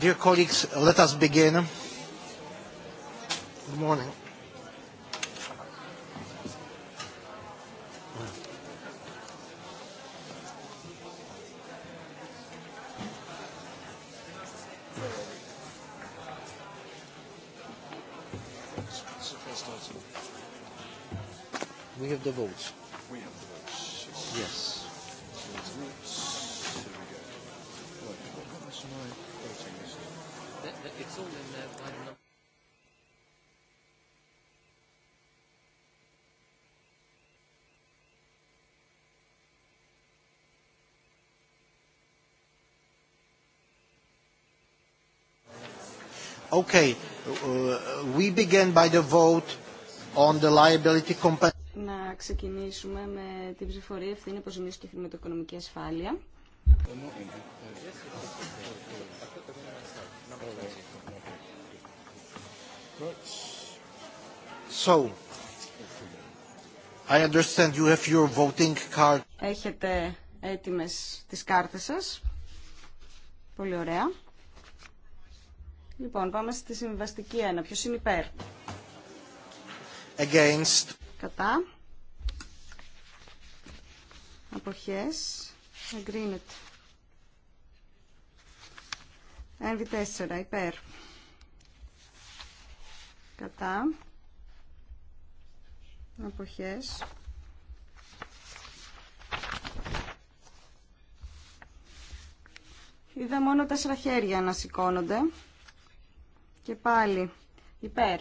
Dear colleagues, let us begin. Good morning. We have the votes. Okay, uh, we begin by the vote on the liability Να ξεκινήσουμε με την ψηφορία ευθύνη αποζημίωση και χρηματοοικονομική ασφάλεια. So, I understand you have your voting card. Έχετε έτοιμες τις κάρτες σας. Πολύ ωραία. Λοιπόν, πάμε στη συμβαστική 1. Ποιος είναι υπέρ. Against. Κατά. Αποχές. Εγκρίνεται. NV4. Υπέρ. Κατά. Αποχές. Είδα μόνο τέσσερα χέρια να σηκώνονται. Και πάλι υπέρ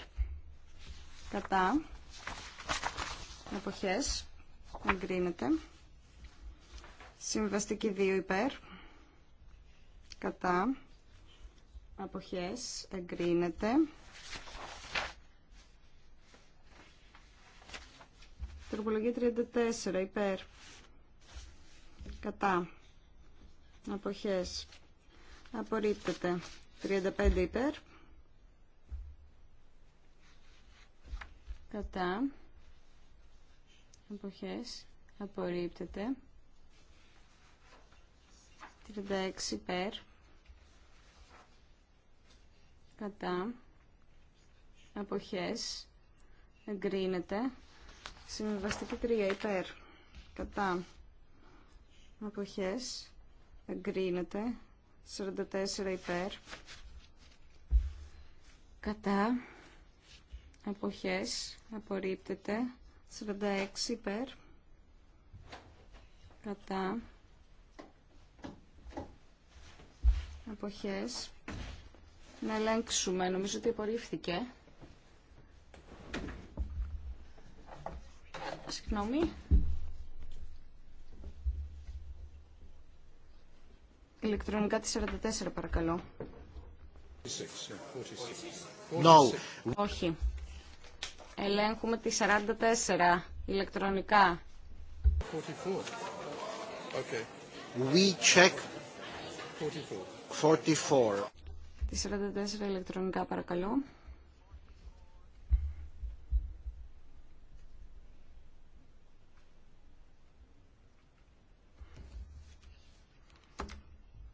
κατά εποχές εγκρίνεται. Συμβαστική 2 υπέρ κατά αποχές εγκρίνεται. Τροπολογία 34 υπέρ κατά αποχές απορρίπτεται. 35 υπέρ κατά εποχές απορρίπτεται 36 υπέρ κατά εποχές εγκρίνεται συμβαστική 3 υπέρ κατά εποχές εγκρίνεται 44 υπέρ κατά αποχές απορρίπτεται 46 υπέρ κατά αποχές να ελέγξουμε νομίζω ότι απορρίφθηκε συγγνώμη ηλεκτρονικά τη 44 παρακαλώ Όχι Ελέγχουμε τη 44 ηλεκτρονικά. We check 44. 44. Τη 44 ηλεκτρονικά παρακαλώ.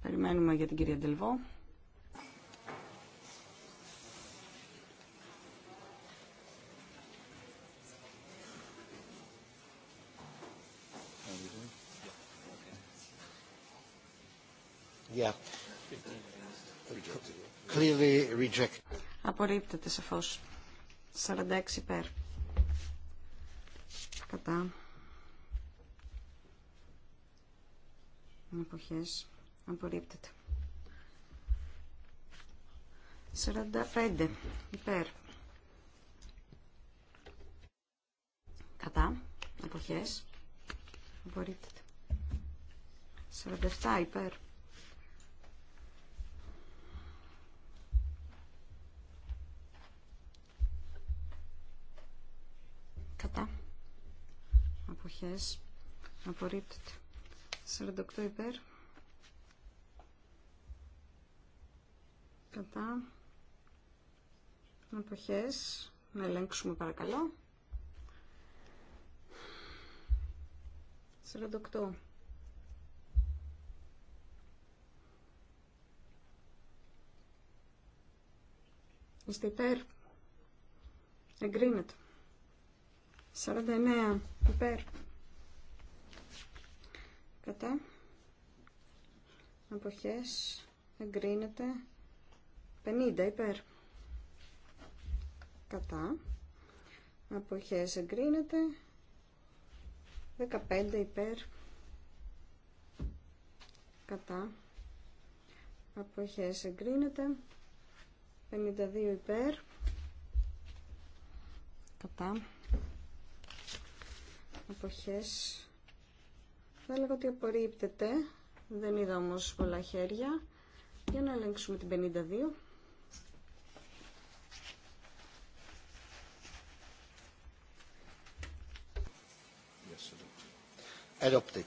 Περιμένουμε για την κυρία Ντελβό. reject. Απορρίπτεται σαφώς. 46 υπέρ. Κατά. Εποχές. Απορρίπτεται. 45 υπέρ. Κατά. Εποχές. Απορρίπτεται. 47 υπέρ. κατά αποχές απορρίπτεται 48 υπέρ κατά αποχές να ελέγξουμε παρακαλώ 48 Είστε υπέρ. Εγκρίνεται. 49 υπέρ κατά αποχές εγκρίνεται 50 υπέρ κατά αποχές εγκρίνεται 15 υπέρ κατά αποχές εγκρίνεται 52 υπέρ κατά αποχές θα έλεγα ότι απορρίπτεται δεν είδα όμως πολλά χέρια για να ελέγξουμε την 52 Adopted.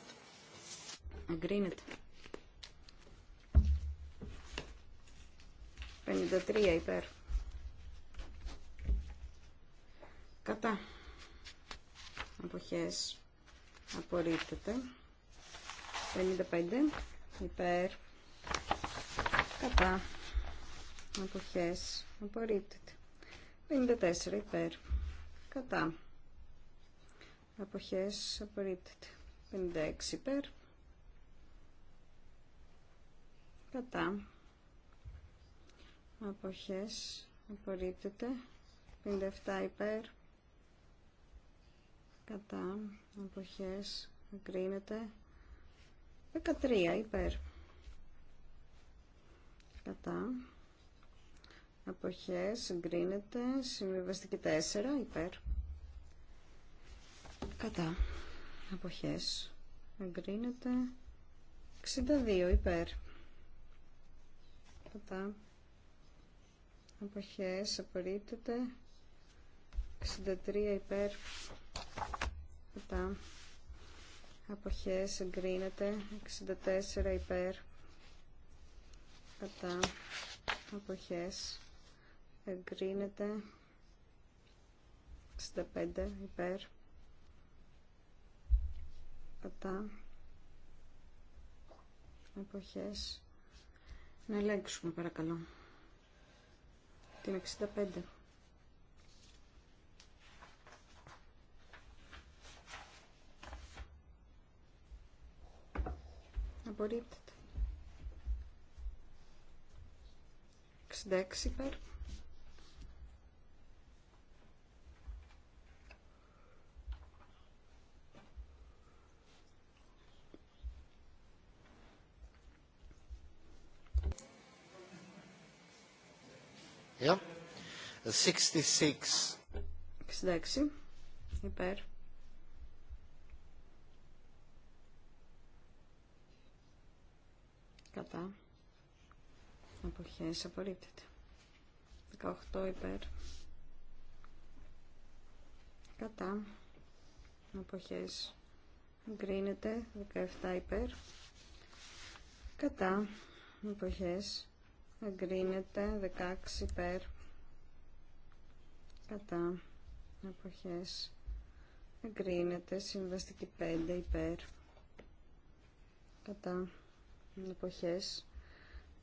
53 υπέρ. Κατά αποχές απορρίπτεται 55 υπέρ κατά αποχές απορρίπτεται 54 υπέρ κατά αποχές απορρίπτεται 56 υπέρ κατά αποχές απορρίπτεται 57 υπέρ κατά εποχές εγκρίνεται 13 υπέρ κατά εποχές εγκρίνεται συμβιβαστική 4 υπέρ κατά εποχές εγκρίνεται 62 υπέρ κατά εποχές απορρίπτεται 63 υπέρ Κατά. Αποχές εγκρίνεται. 64 υπέρ. Κατά. Αποχές εγκρίνεται. 65 υπέρ. Κατά. Αποχές. Να ελέγξουμε παρακαλώ. Την 65. Απορρίπτεται. 66 υπέρ. Yeah. 66. 66 υπέρ. κατά αποχές απορρίπτεται 18 υπέρ κατά αποχές εγκρίνεται 17 υπέρ κατά εποχέ. εγκρίνεται 16 υπέρ κατά εποχέ. εγκρίνεται συμβαστική 5 υπέρ κατά εποχές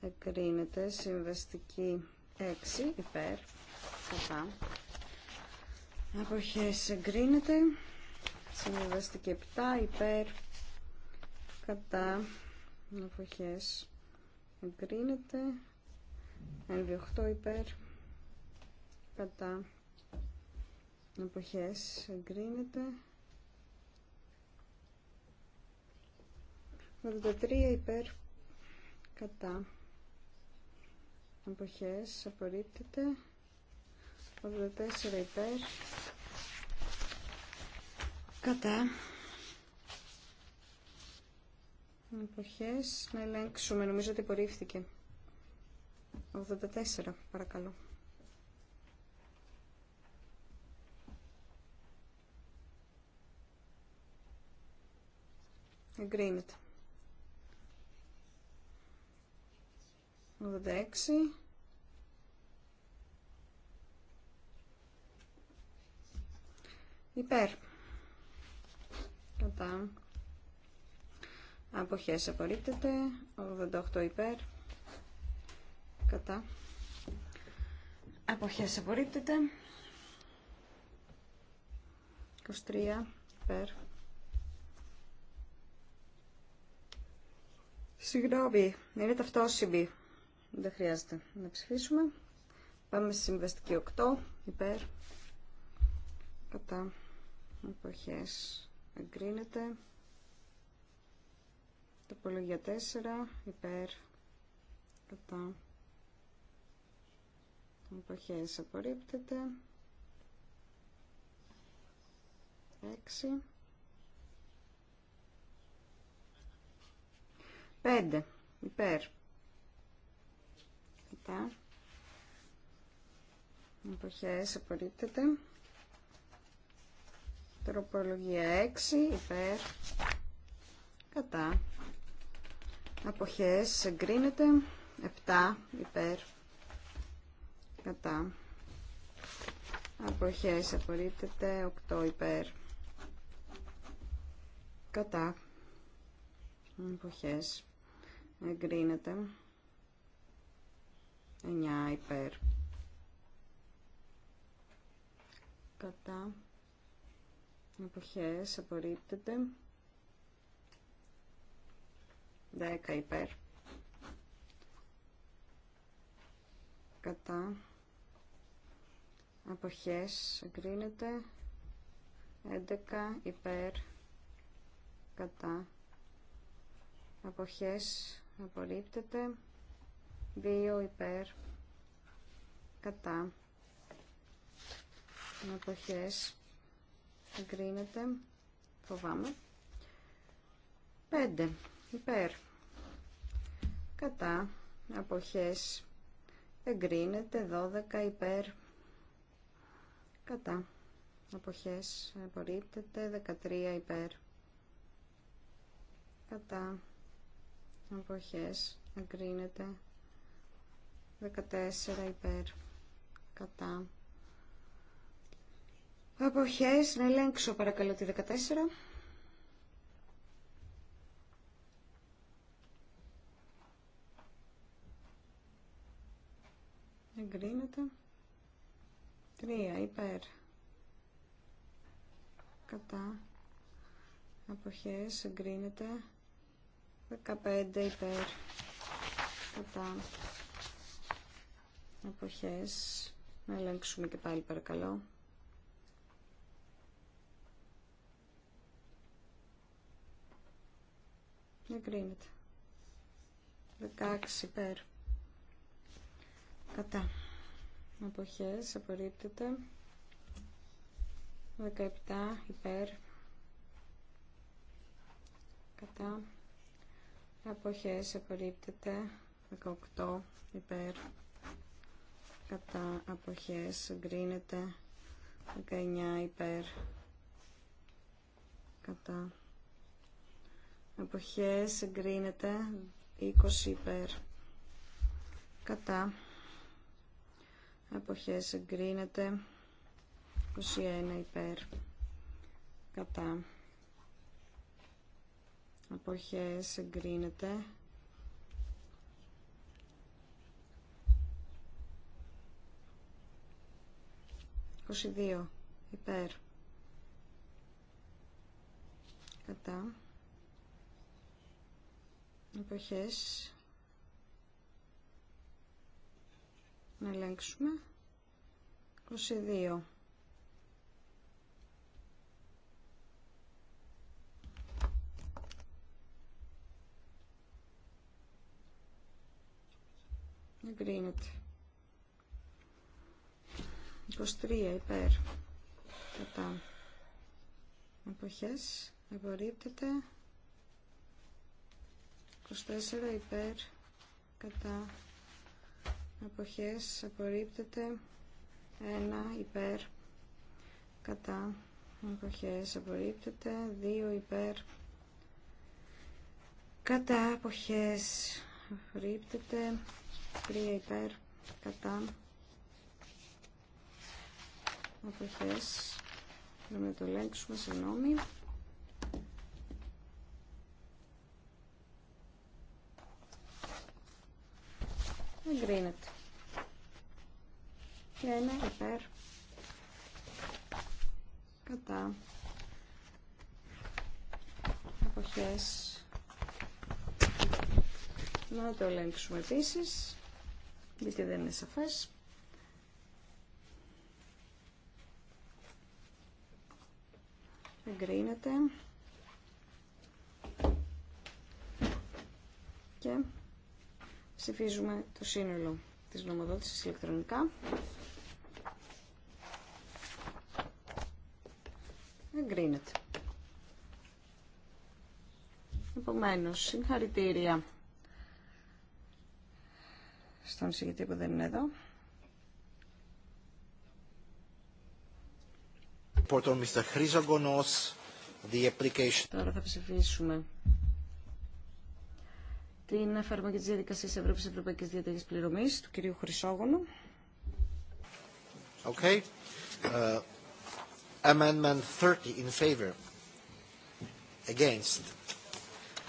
εγκρίνεται συμβαστική 6 υπέρ κατά εποχές εγκρίνεται συμβαστική 7 υπέρ κατά εποχές εγκρίνεται NV8 υπέρ κατά εποχές εγκρίνεται 3 υπέρ κατά εποχές απορρίπτεται 84 υπέρ κατά εποχές να ελέγξουμε νομίζω ότι απορρίφθηκε 84 παρακαλώ εγκρίνεται 86 υπέρ κατά αποχές απορρίπτεται 88 υπέρ κατά αποχές απορρίπτεται 23 υπέρ Συγγνώμη, είναι ταυτόσιμη. Δεν χρειάζεται να ψηφίσουμε. Πάμε στη συμβαστική 8. Υπέρ. Κατά. Εποχές. Εγκρίνεται. Τοπολογία 4. Υπέρ. Κατά. Εποχές. Απορρίπτεται. 6. 5. Υπέρ. Κατά. Εποχές απορρίπτεται. Τροπολογία 6 υπέρ. Κατά. Αποχές εγκρίνεται. 7 υπέρ. Κατά. Αποχές απορρίπτεται. 8 υπέρ. Κατά. Αποχές εγκρίνεται. 9 υπέρ. Κατά. Εποχές απορρίπτεται. 10 υπέρ. Κατά. Αποχές εγκρίνεται 11 υπέρ κατά αποχές απορρίπτεται 2 υπέρ κατά αποχές εγκρίνεται φοβάμαι 5 υπέρ κατά αποχές εγκρίνεται 12 υπέρ κατά αποχές απορρίπτεται 13 υπέρ κατά αποχές εγκρίνεται 14 υπέρ κατά αποχές να ελέγξω παρακαλώ τη 14 εγκρίνεται 3 υπέρ κατά αποχές εγκρίνεται 15 υπέρ κατά εποχές. Να ελέγξουμε και πάλι παρακαλώ. κρίνεται. 16 υπέρ. Κατά. Αποχές απορρίπτεται. 17 υπέρ. Κατά. Αποχές απορρίπτεται. 18 υπέρ κατά αποχές εγκρίνεται 19 υπέρ κατά αποχές εγκρίνεται 20 υπέρ κατά αποχές εγκρίνεται 21 υπέρ κατά αποχές συγκρίνεται. 22 υπέρ κατά εποχές να ελέγξουμε 22 Εγκρίνεται. 23 υπέρ κατά εποχές απορρίπτεται 24 υπέρ κατά εποχές απορρίπτεται 1 υπέρ κατά εποχές απορρίπτεται 2 υπέρ κατά εποχές απορρίπτεται 3 υπέρ κατά αποχές να το ελέγξουμε, συγγνώμη εγκρίνεται και ένα υπέρ κατά αποχές να το ελέγξουμε επίσης γιατί δεν είναι σαφές εγκρίνεται και ψηφίζουμε το σύνολο της νομοδότησης ηλεκτρονικά. Εγκρίνεται. Επομένως, συγχαρητήρια στον συγκεκριμένο που δεν είναι εδώ. application. Τώρα θα ψηφίσουμε την εφαρμογή της διαδικασίας Ευρώπης Ευρωπαϊκής Διαταγής Πληρωμής του κυρίου Χρυσόγονου. Okay. Uh, amendment 30 in favor. Against.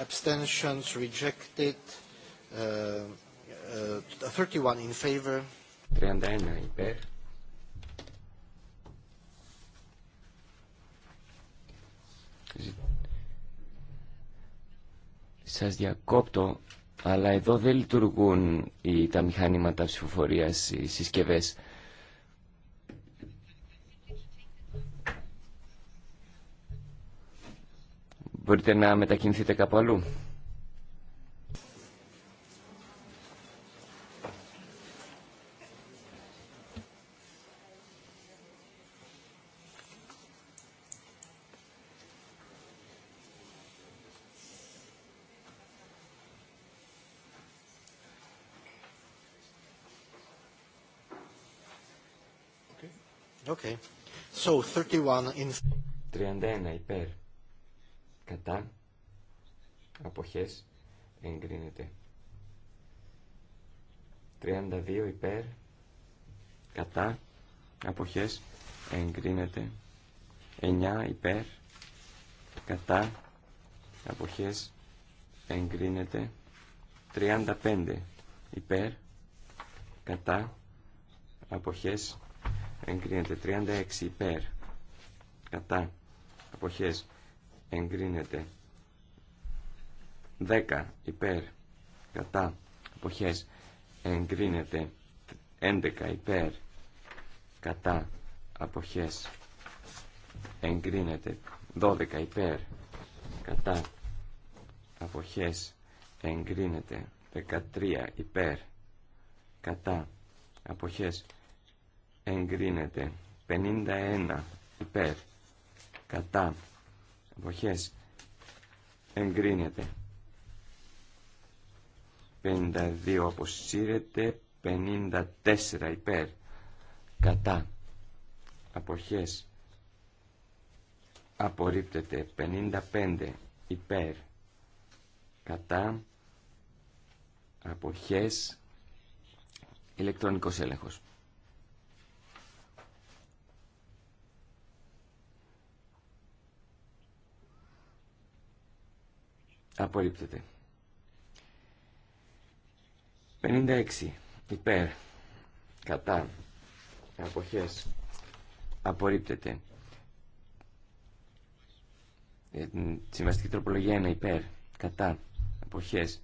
Abstentions rejected. Uh, uh, 31 in favor. 31 υπέρ. Σας διακόπτω, αλλά εδώ δεν λειτουργούν οι, τα μηχανήματα ψηφοφορίας, οι συσκευές. Μπορείτε να μετακινηθείτε κάπου αλλού. 31 υπέρ κατά αποχές εγκρίνεται 32 υπέρ κατά αποχές εγκρίνεται 9 υπέρ κατά αποχές εγκρίνεται 35 υπέρ κατά αποχές εγκρίνεται 36 υπέρ κατά αποχές εγκρίνεται 10 υπέρ κατά αποχές εγκρίνεται 11 υπέρ κατά αποχές εγκρίνεται 12 υπέρ κατά αποχές εγκρίνεται 13 υπέρ κατά αποχές εγκρίνεται 51 υπέρ κατά αποχές εγκρίνεται 52 αποσύρεται 54 υπέρ κατά αποχές απορρίπτεται 55 υπέρ κατά αποχές ηλεκτρονικός έλεγχος Απορρίπτεται. 56. Υπέρ. Κατά. Αποχές. Απορρίπτεται. Ε, συμβαστική τροπολογία 1. Υπέρ. Κατά. Αποχές.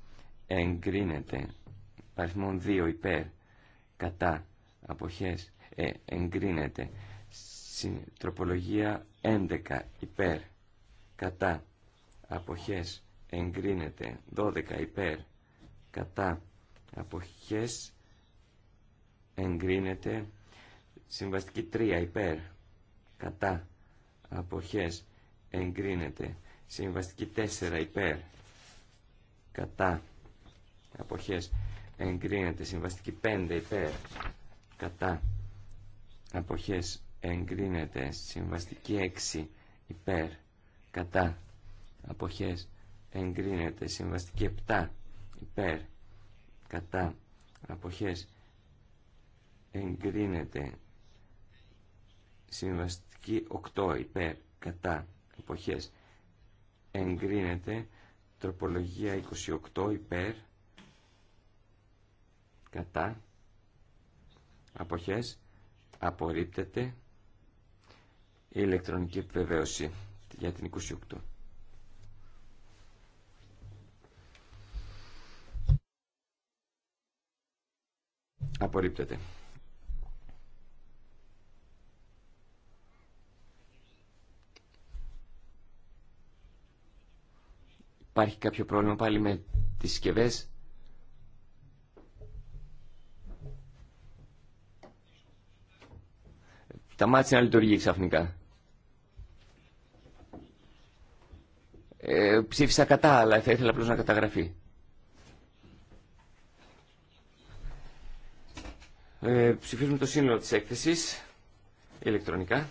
Εγκρίνεται. αριθμό 2. Υπέρ. Κατά. Αποχές. Ε, εγκρίνεται. Τροπολογία 11. Υπέρ. Κατά. Αποχές εγκρίνεται 12 υπέρ κατά αποχές εγκρίνεται συμβαστική 3 υπέρ κατά αποχές εγκρίνεται συμβαστική 4 υπέρ κατά αποχές εγκρίνεται συμβαστική 5 υπέρ κατά αποχές εγκρίνεται συμβαστική 6 υπέρ κατά αποχές εγκρίνεται. Συμβαστική 7 υπέρ κατά αποχές εγκρίνεται. Συμβαστική 8 υπέρ κατά αποχές εγκρίνεται. Τροπολογία 28 υπέρ κατά αποχές απορρίπτεται η ηλεκτρονική επιβεβαίωση για την 28. Απορρίπτεται. Υπάρχει κάποιο πρόβλημα πάλι με τις συσκευέ. Τα μάτια να λειτουργεί ξαφνικά. Ε, ψήφισα κατά, αλλά θα ήθελα απλώς να καταγραφεί. Ε, ψηφίζουμε το σύνολο της έκθεσης ηλεκτρονικά.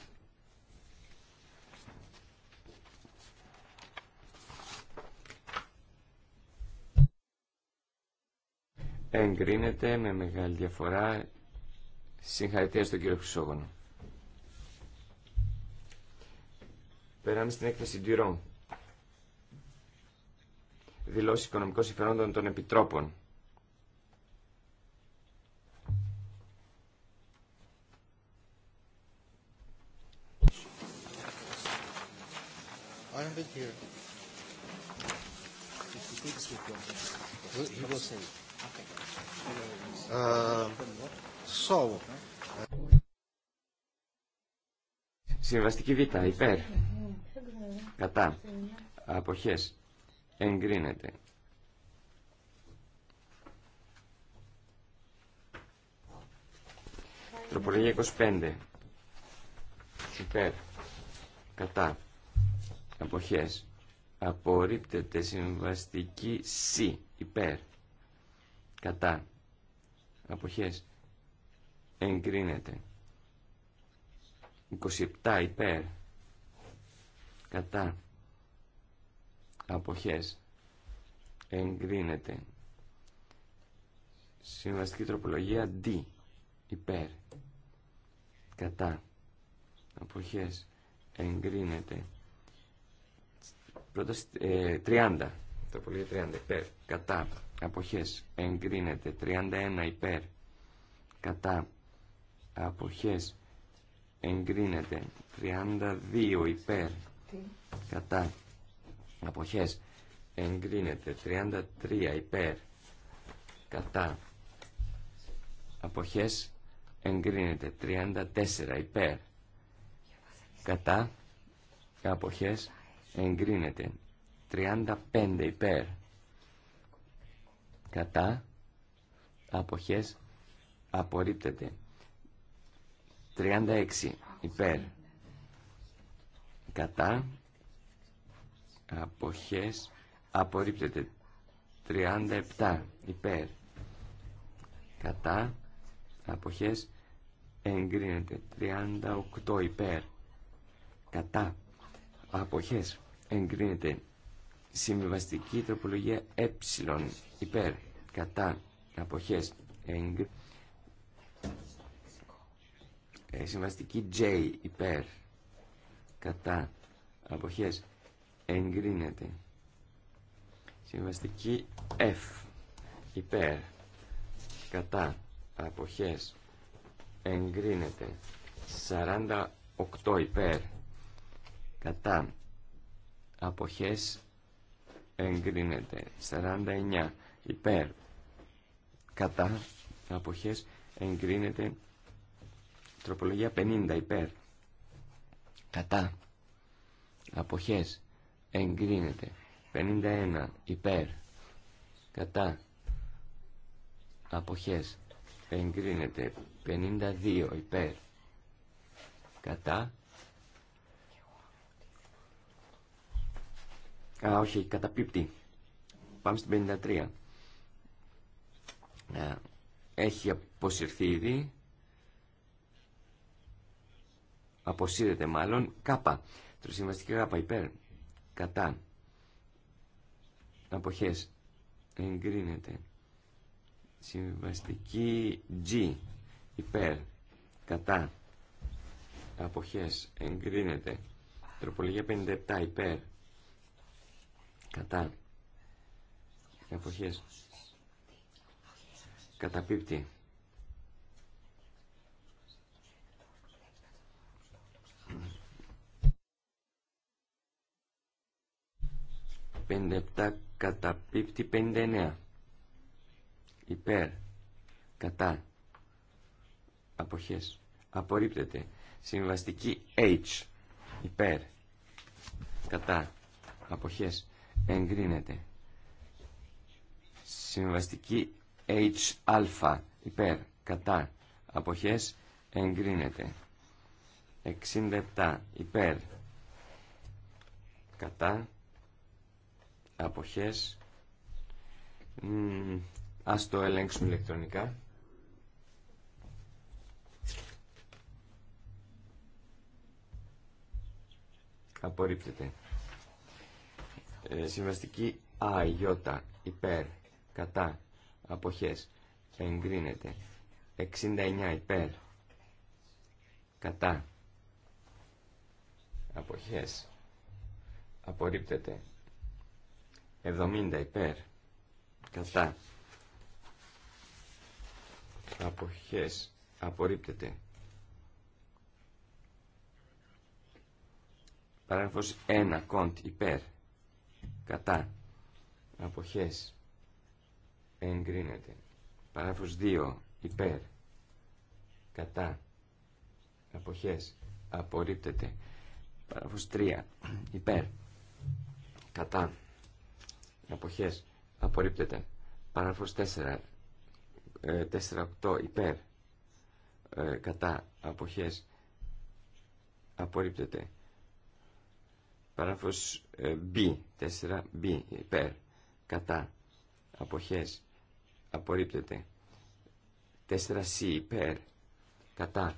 Εγκρίνεται με μεγάλη διαφορά. Συγχαρητήρια στον κύριο Χρυσόγωνο. Περάμε στην έκθεση Ντυρόν. Δηλώσει οικονομικών συμφερόντων των επιτρόπων. here. Συμβαστική βήτα, υπέρ. Κατά. Αποχές. Εγκρίνεται. Τροπολογία 25. Υπέρ. Κατά αποχές απορρίπτεται συμβαστική C υπέρ κατά αποχές εγκρίνεται 27 υπέρ κατά αποχές εγκρίνεται συμβαστική τροπολογία D υπέρ κατά αποχές εγκρίνεται Πρόταση ε, 30. πολύ 30 υπέρ. Κατά. Αποχές. Εγκρίνεται. 31 υπέρ. Κατά. Αποχές. Εγκρίνεται. 32 υπέρ. Κατά. Αποχές. Εγκρίνεται. 33 υπέρ. Κατά. Αποχές. Εγκρίνεται. 34 υπέρ. Κατά. Αποχές εγκρίνεται 35 υπέρ κατά αποχές απορρίπτεται 36 υπέρ κατά αποχές απορρίπτεται 37 υπέρ κατά αποχές εγκρίνεται 38 υπέρ κατά αποχές εγκρίνεται συμβιβαστική τροπολογία ε υπέρ κατά αποχές εγκρίνεται συμβαστική J υπέρ κατά αποχές εγκρίνεται συμβαστική F υπέρ κατά αποχές εγκρίνεται 48 υπέρ κατά αποχές εγκρίνεται 49 υπέρ κατά αποχές εγκρίνεται τροπολογία 50 υπέρ κατά αποχές εγκρίνεται 51 υπέρ κατά αποχές εγκρίνεται 52 υπέρ κατά Α, όχι, καταπίπτει. Πάμε στην 53. Ε, έχει αποσυρθεί ήδη. Αποσύρεται μάλλον. Κάπα. Τροσυμβαστική γάπα υπέρ. Κατά. Αποχές. Εγκρίνεται. Συμβαστική G. Υπέρ. Κατά. Αποχές. Εγκρίνεται. Τροπολογία 57. Υπέρ κατά εποχές καταπίπτει Πεντεπτά καταπίπτει 59 υπέρ κατά αποχές απορρίπτεται συμβαστική H υπέρ κατά αποχές εγκρίνεται. Συμβαστική Hα υπέρ κατά αποχές εγκρίνεται. 67 υπέρ κατά αποχές ας το ελέγξουμε ηλεκτρονικά απορρίπτεται ε, συμβαστική Α, υπέρ, κατά, αποχές, εγκρίνεται. 69 υπέρ, κατά, αποχές, απορρίπτεται. 70 υπέρ, κατά, αποχές, απορρίπτεται. Παράγραφος 1, κοντ, υπέρ, κατά αποχές εγκρίνεται. Παράγραφος 2 υπέρ κατά αποχές απορρίπτεται. Παράγραφος 3 υπέρ κατά αποχές απορρίπτεται. Παράγραφος 4 4-8 ε, υπέρ ε, κατά αποχές απορρίπτεται. Παράγραφος ε, B, 4B, υπέρ, κατά, αποχές, απορρίπτεται. 4C, υπέρ, κατά,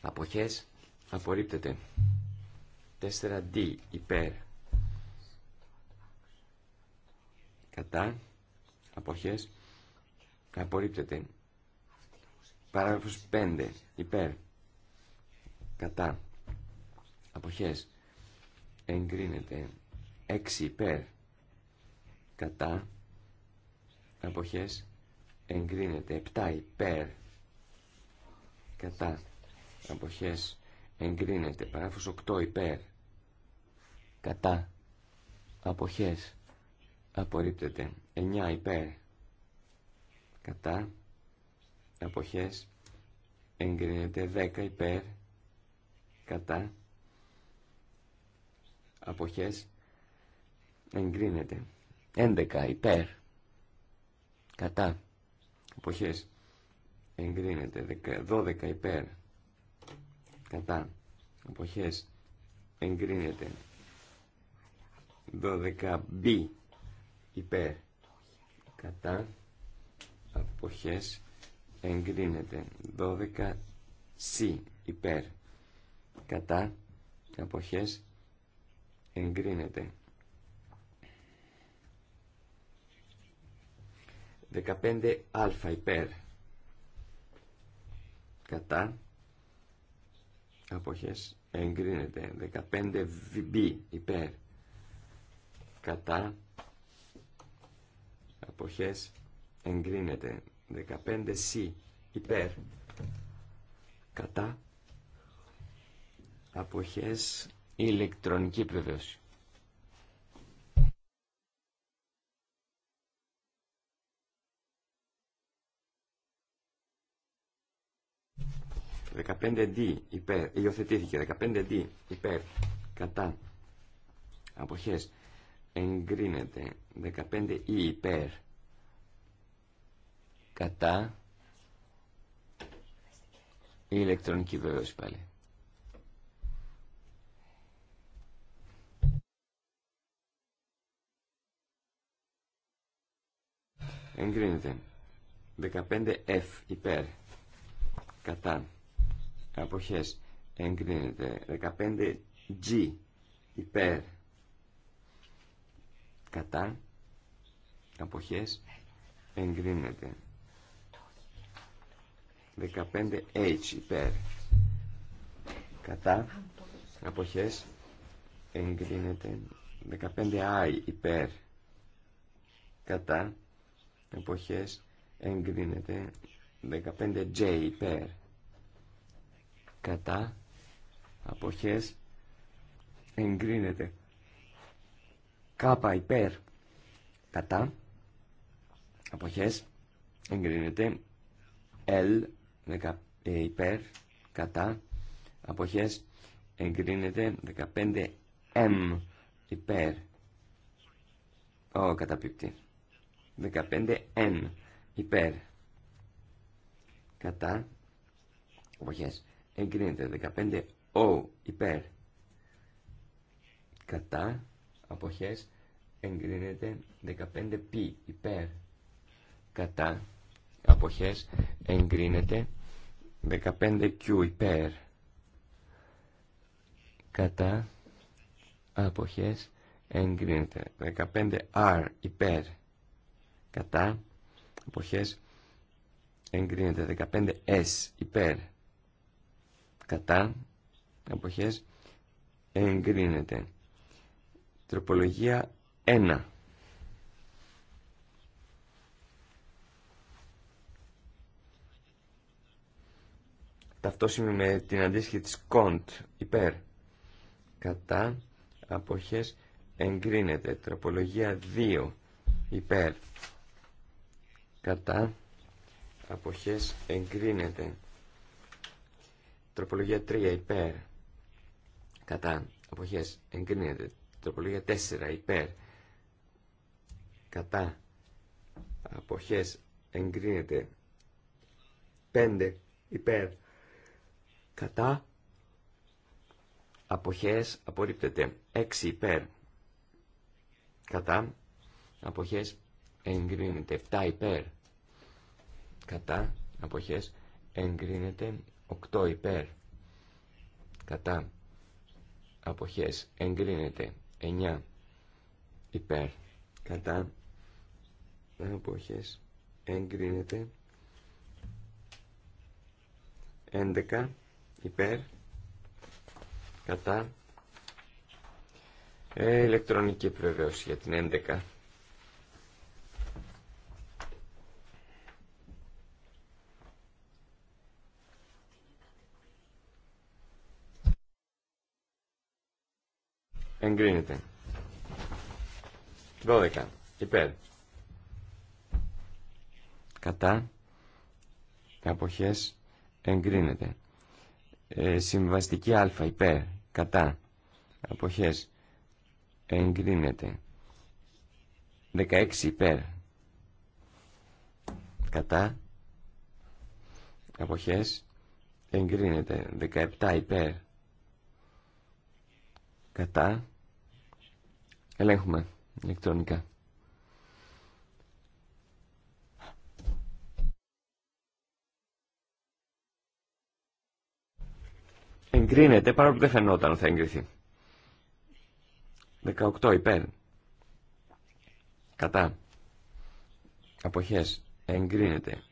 αποχές, απορρίπτεται. 4D, υπέρ, κατά, αποχές, απορρίπτεται. Παράγραφος 5, υπέρ, κατά, αποχές εγκρίνεται 6 υπέρ κατά αποχές εγκρίνεται 7 υπέρ κατά αποχές εγκρίνεται παράφος 8 υπέρ κατά αποχές απορρίπτεται 9 υπέρ κατά αποχές εγκρίνεται 10 υπέρ κατά αποχές εγκρίνεται 11 υπέρ κατά αποχές εγκρίνεται 12 υπέρ κατά αποχές εγκρίνεται 12 B υπέρ κατά αποχές εγκρίνεται 12 C υπέρ κατά αποχές εγκρίνεται. 15α υπέρ κατά αποχές εγκρίνεται 15β υπέρ κατά αποχές εγκρίνεται Σ υπέρ κατά αποχές η ηλεκτρονική επιβεβαίωση. D υπέρ, υιοθετήθηκε 15D υπέρ κατά αποχές εγκρίνεται 15E υπέρ κατά η ηλεκτρονική βεβαίωση πάλι. εγκρίνεται. 15F υπέρ κατά αποχές εγκρίνεται. 15G υπέρ κατά αποχές εγκρίνεται. 15H υπέρ κατά αποχές εγκρίνεται. 15I υπέρ κατά εποχές εγκρίνεται 15J υπέρ κατά αποχές εγκρίνεται κάπα υπέρ κατά αποχές εγκρίνεται L ε, υπέρ κατά αποχές εγκρίνεται 15M υπέρ ο καταπίπτη 15N υπέρ κατά αποχές εγκρίνεται 15O υπέρ κατά αποχές εγκρίνεται 15P υπέρ κατά αποχές εγκρίνεται 15Q υπέρ κατά αποχές εγκρίνεται 15R υπέρ κατά εποχές εγκρίνεται 15S υπέρ κατά εποχές εγκρίνεται τροπολογία 1 ταυτόσιμη με την αντίστοιχη της κοντ υπέρ κατά αποχές εγκρίνεται τροπολογία 2 υπέρ κατά αποχές εγκρίνεται τροπολογία 3 υπέρ κατά αποχές εγκρίνεται τροπολογία 4 υπέρ κατά αποχές εγκρίνεται 5 υπέρ κατά αποχές απορρίπτεται 6 υπέρ κατά αποχές εγκρίνεται 7 υπέρ κατά αποχές εγκρίνεται 8 υπέρ κατά αποχές εγκρίνεται 9 υπέρ κατά αποχές εγκρίνεται 11 υπέρ κατά Ελεκτρονική ηλεκτρονική για την 11 εγκρίνεται. 12. Υπέρ. Κατά. Αποχές εγκρίνεται. Ε, συμβαστική α. Υπέρ. Κατά. Αποχές εγκρίνεται. 16. Υπέρ. Κατά. Αποχές εγκρίνεται. 17. Υπέρ. Κατά. Ελέγχουμε ηλεκτρονικά. Εγκρίνεται παρόλο που δεν φαινόταν ότι θα εγκριθεί. 18 υπέρ. Κατά. Αποχές. Εγκρίνεται.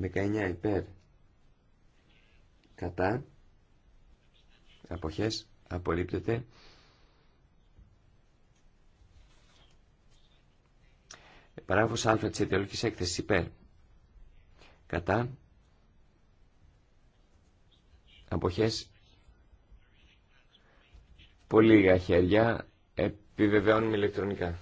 19 υπέρ. Κατά. Αποχές. Απορρίπτεται. Παράγραφος α της αιτιολογικής έκθεσης υπέρ. Κατά. Αποχές. Πολύ λίγα χέρια. Επιβεβαιώνουμε ηλεκτρονικά.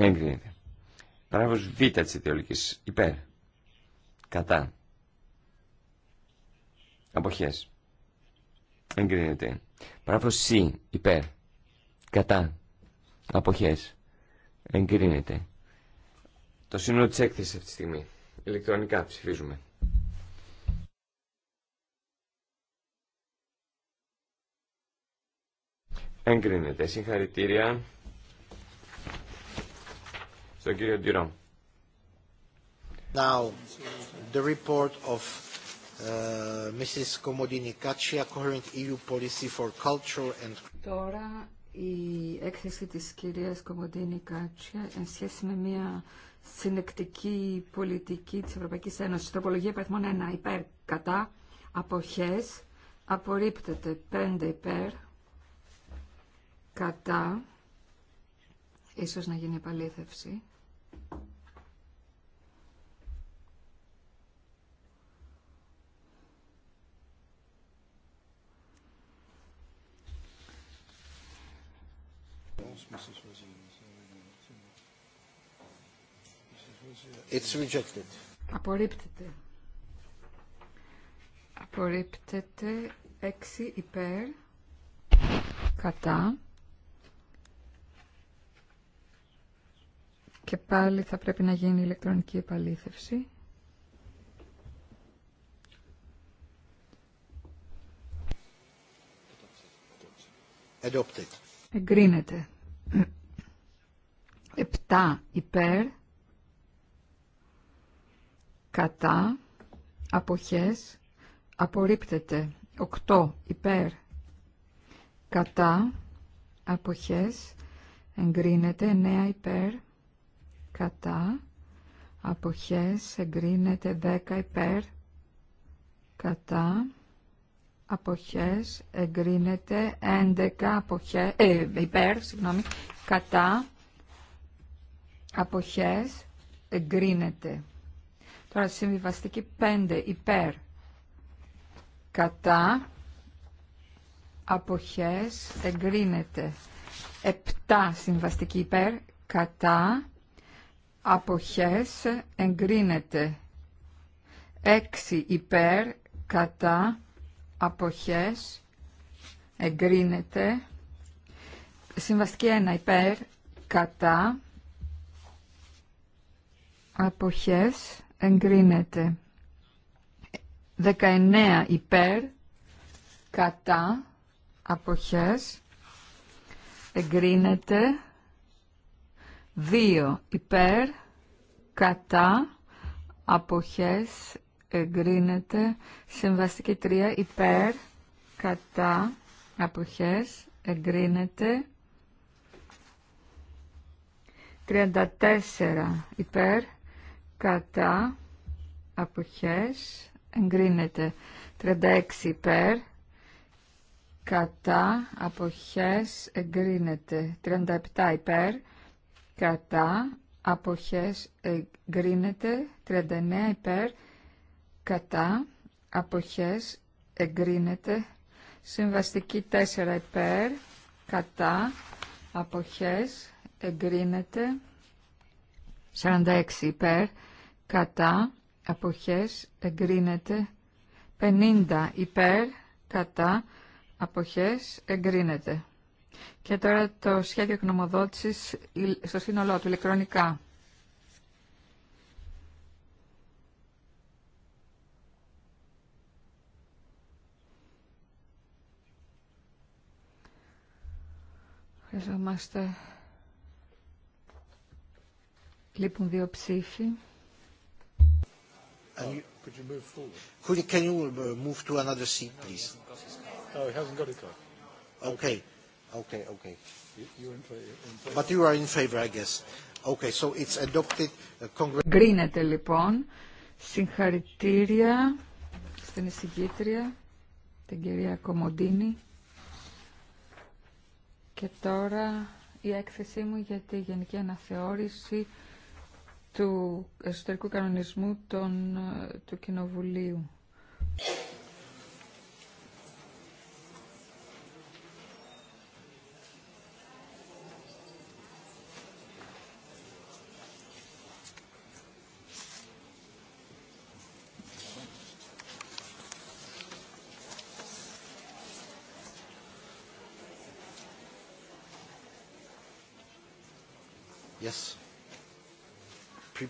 Εγκρίνεται. Παράγραφος β της αιτιολογικής υπέρ. Κατά. Αποχές. Εγκρίνεται. Παράγραφος C. Υπέρ. Κατά. Αποχές. Εγκρίνεται. Το σύνολο της έκθεσης αυτή τη στιγμή. Ηλεκτρονικά ψηφίζουμε. Εγκρίνεται. Συγχαρητήρια στον κύριο Ντυρό. Now, the report of Uh, e Τώρα η έκθεση της κυρίας Κομοντίνη Κάτσια εν σχέση με μια συνεκτική πολιτική της Ευρωπαϊκής Ένωσης. Τροπολογία υπαριθμών 1 υπέρ κατά αποχές απορρίπτεται 5 υπέρ κατά ίσως να γίνει επαλήθευση. It's rejected. Απορρίπτεται. Απορρίπτεται Έξι υπέρ κατά και πάλι θα πρέπει να γίνει ηλεκτρονική επαλήθευση. Adopted. Εγκρίνεται. 7 υπέρ, κατά, αποχές, απορρίπτεται. 8 υπέρ, κατά, αποχές, εγκρίνεται. 9 υπέρ, κατά, αποχές, εγκρίνεται. 10 υπέρ, κατά, αποχές, εγκρίνεται. 11 ε, υπέρ, κατά, αποχές εγκρίνεται. Τώρα συμβιβαστική 5 υπέρ κατά αποχές εγκρίνεται. 7 συμβαστική υπέρ κατά αποχές εγκρίνεται. 6 υπέρ κατά αποχές εγκρίνεται. Συμβαστική 1 υπέρ κατά αποχές εγκρίνεται 19 υπέρ κατά αποχές εγκρίνεται 2 υπέρ κατά αποχές εγκρίνεται συμβαστική 3 υπέρ κατά αποχές εγκρίνεται 34 υπέρ κατά αποχές εγκρίνεται 36 υπέρ κατά αποχές εγκρίνεται 37 υπέρ κατά αποχές εγκρίνεται 39 υπέρ κατά αποχές εγκρίνεται συμβαστική 4 υπέρ κατά αποχές εγκρίνεται 46 υπέρ κατά αποχές εγκρίνεται 50 υπέρ κατά αποχές εγκρίνεται. Και τώρα το σχέδιο γνωμοδότησης στο σύνολό του ηλεκτρονικά. Χρειαζόμαστε. Λείπουν δύο ψήφοι. Could you move forward? Could you, Can you move to another seat, please? No, he hasn't got a card. Okay. Okay, okay. you're in favor. But you are in favor, I guess. Okay, so it's adopted. Γκρίνεται λοιπόν. Συγχαρητήρια στην εισηγήτρια, την κυρία Κομοντίνη. Και τώρα η έκθεσή μου για τη γενική αναθεώρηση του εσωτερικού κανονισμού των, ε, του Κοινοβουλίου.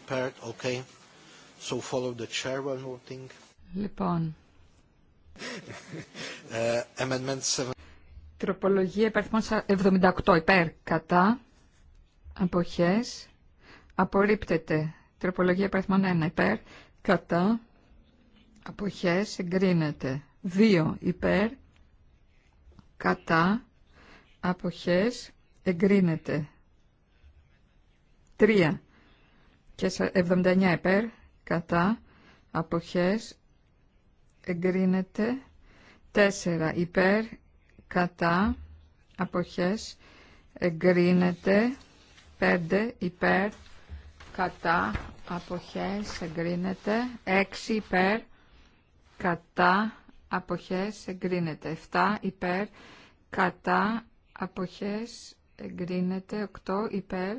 prepared? Okay. So follow the chair voting. Λοιπόν. Uh, amendment 7. Τροπολογία υπαριθμών 78 υπέρ κατά αποχές απορρίπτεται. Τροπολογία υπαριθμών 1 υπέρ κατά αποχές εγκρίνεται. 2 υπέρ κατά αποχές εγκρίνεται. 3 και 79 υπέρ κατά αποχές εγκρίνεται 4 υπέρ κατά αποχές εγκρίνεται 5 υπέρ κατά αποχές εγκρίνεται 6 υπέρ κατά αποχές εγκρίνεται 7 υπέρ κατά αποχές εγκρίνεται 8 υπέρ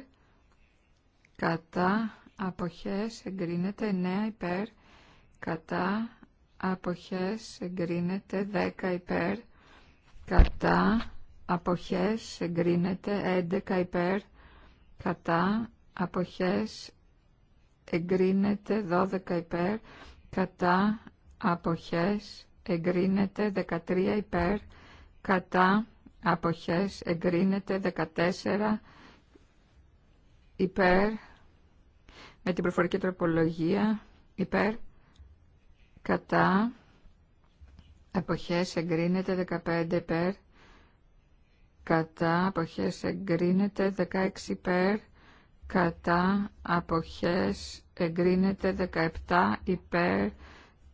κατά αποχές εγκρίνεται 9 υπέρ, κατά αποχές εγκρίνεται 10 υπέρ, κατά αποχές εγκρίνεται 11 υπέρ, κατά αποχές εγκρίνεται 12 υπέρ, κατά αποχές εγκρίνεται 13 υπέρ, κατά αποχές εγκρίνεται 14 υπέρ, με την προφορική τροπολογία υπέρ κατά αποχές εγκρίνεται 15 υπέρ κατά αποχές εγκρίνεται 16 υπέρ κατά αποχές εγκρίνεται 17 υπέρ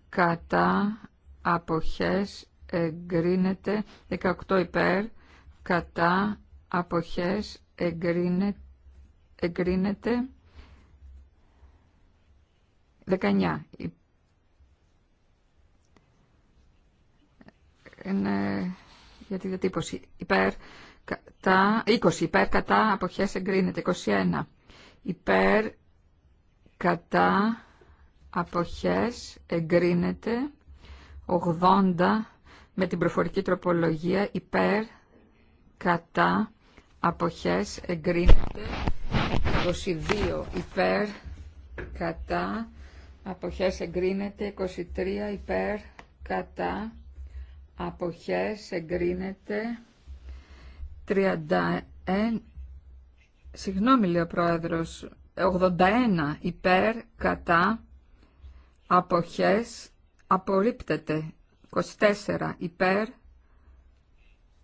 κατά αποχές εγκρίνεται 18 υπέρ κατά αποχές εγκρίνεται 19. Είναι για τη διατύπωση. Υπέρ, κατά, 20. Υπέρ, κατά, αποχές εγκρίνεται. 21. Υπέρ, κατά, αποχές εγκρίνεται. 80 με την προφορική τροπολογία υπέρ, κατά, αποχές εγκρίνεται. 22 υπέρ, κατά, αποχές εγκρίνεται 23 υπέρ κατά αποχές εγκρίνεται 31 συγγνώμη λέει ο πρόεδρος 81 υπέρ κατά αποχές απορρίπτεται 24 υπέρ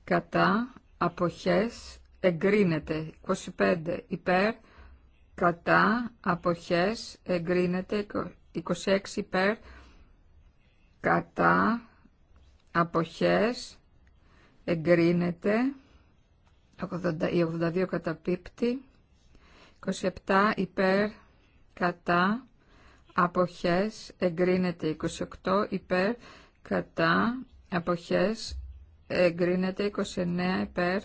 κατά αποχές εγκρίνεται 25 υπέρ κατά αποχές εγκρίνεται 26 υπέρ κατά αποχές εγκρίνεται η 82 καταπίπτει 27 υπέρ κατά αποχές εγκρίνεται 28 υπέρ κατά αποχές εγκρίνεται 29 υπέρ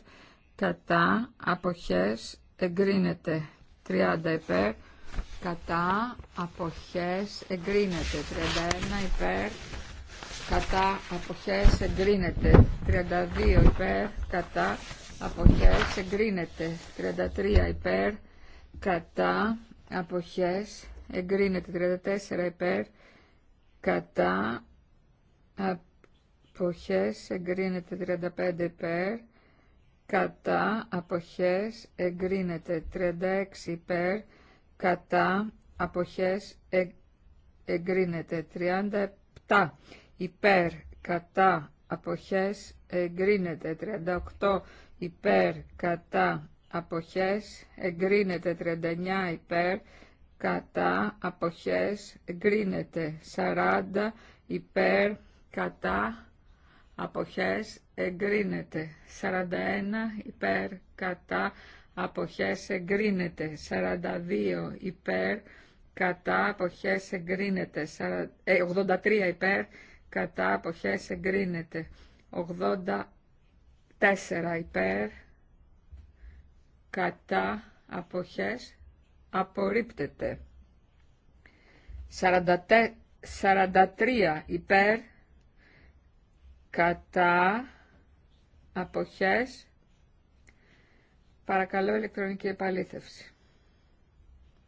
κατά αποχές εγκρίνεται 30 υπέρ κατά αποχές εγκρίνεται 31 υπέρ κατά αποχές εγκρίνεται 32 υπέρ κατά αποχές εγκρίνεται 33 υπέρ κατά αποχές εγκρίνεται 34 υπέρ κατά αποχές εγκρίνεται 35 υπέρ κατά αποχές εγκρίνεται 36 υπέρ κατά αποχές ε, εγκρίνεται 37 υπέρ κατά αποχές εγκρίνεται 38 υπέρ κατά αποχές εγκρίνεται 39 υπέρ κατά αποχές εγκρίνεται 40 υπέρ κατά αποχές εγκρίνεται 41 υπέρ κατά αποχές εγκρίνεται 42 υπέρ κατά αποχές εγκρίνεται 83 ε, υπέρ κατά αποχές εγκρίνεται 84 υπέρ κατά αποχές απορρίπτεται 43 υπέρ κατά αποχές Παρακαλώ ηλεκτρονική επαλήθευση.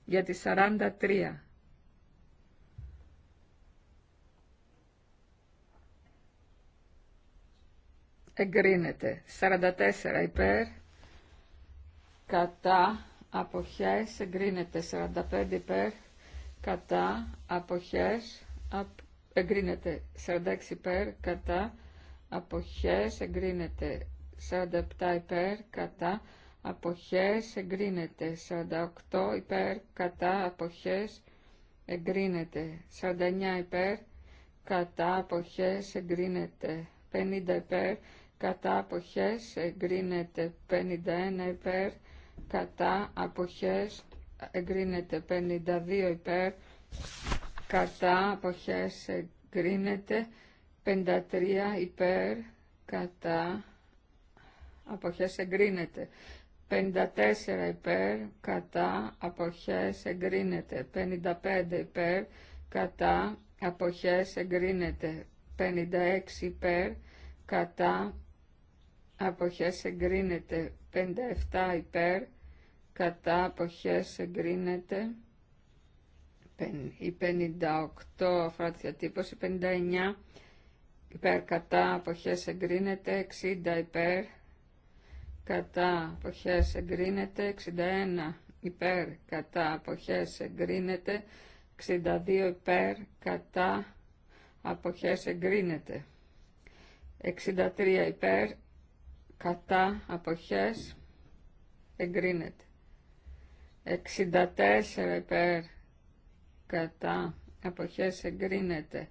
Για τη 43. Εγκρίνεται. 44 υπέρ. Κατά. Αποχές. Εγκρίνεται. 45 υπέρ. Κατά. Αποχές. Εγκρίνεται. 46 υπέρ. Κατά. Αποχές. Εγκρίνεται. 47 υπέρ. Κατά αποχές εγκρίνεται 48 υπέρ κατά αποχές εγκρίνεται 49 υπέρ κατά αποχές εγκρίνεται 50 υπέρ κατά αποχές εγκρίνεται 51 υπέρ κατά αποχές εγκρίνεται 52 υπέρ κατά αποχές εγκρίνεται 53 υπέρ κατά αποχές εγκρίνεται 54 υπέρ, κατά, αποχές, εγκρίνεται. 55 υπέρ, κατά, αποχές, εγκρίνεται. 56 υπέρ, κατά, αποχές, εγκρίνεται. 57 υπέρ, κατά, αποχές, εγκρίνεται. Η 58 αφορά τη 59 υπέρ, κατά, αποχές, εγκρίνεται. 60 υπέρ, κατά αποχές εγκρίνεται 61 υπέρ κατά αποχές εγκρίνεται 62 υπέρ κατά αποχές εγκρίνεται 63 υπέρ κατά αποχές εγκρίνεται 64 υπέρ κατά αποχές εγκρίνεται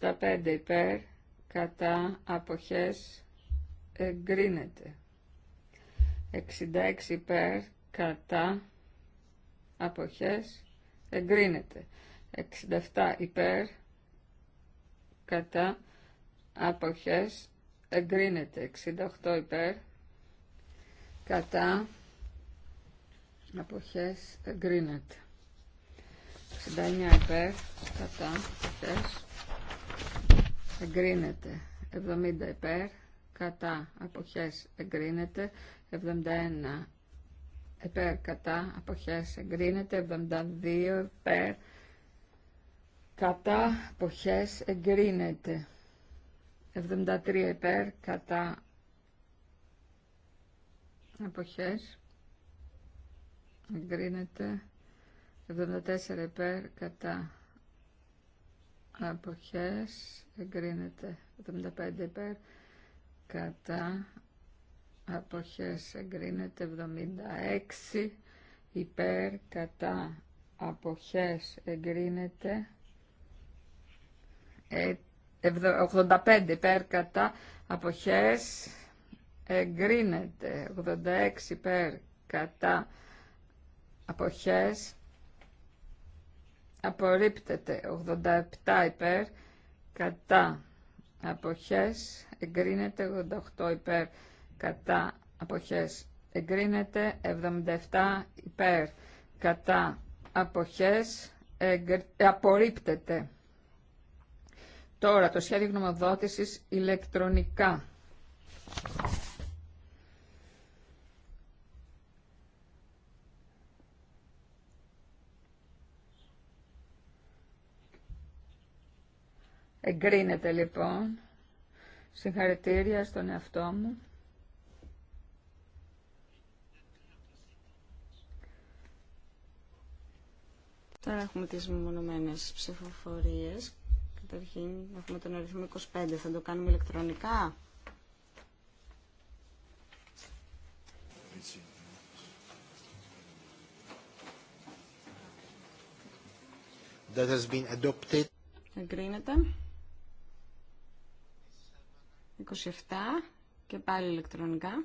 65 υπέρ κατά αποχές εγκρίνεται 66 υπέρ κατά αποχές εγκρίνεται 67 υπέρ κατά αποχές εγκρίνεται 68 υπέρ κατά αποχές εγκρίνεται 69 υπέρ κατά αποχές εγκρίνεται 70 υπέρ κατά αποχές εγκρίνεται 71 επέρ κατά αποχές εγκρίνεται 72 επέρ κατά αποχές εγκρίνεται 73 επέρ κατά αποχές εγκρίνεται 74 επέρ κατά αποχές εγκρίνεται 75 επέρ κατά αποχές εγκρίνεται 76 υπέρ κατά αποχές εγκρίνεται 85 ε, υπέρ κατά αποχές εγκρίνεται 86 υπέρ κατά αποχές απορρίπτεται 87 υπέρ κατά αποχές εγκρίνεται 88 υπέρ κατά αποχές εγκρίνεται 77 υπέρ κατά αποχές απορρίπτεται. Τώρα το σχέδιο γνωμοδότησης ηλεκτρονικά. Εγκρίνεται λοιπόν. Συγχαρητήρια στον εαυτό μου. Τώρα έχουμε τις μονομένες ψηφοφορίες. Καταρχήν έχουμε τον αριθμό 25. Θα το κάνουμε ηλεκτρονικά. That has been adopted. Εγκρίνεται. 27 και πάλι ηλεκτρονικά.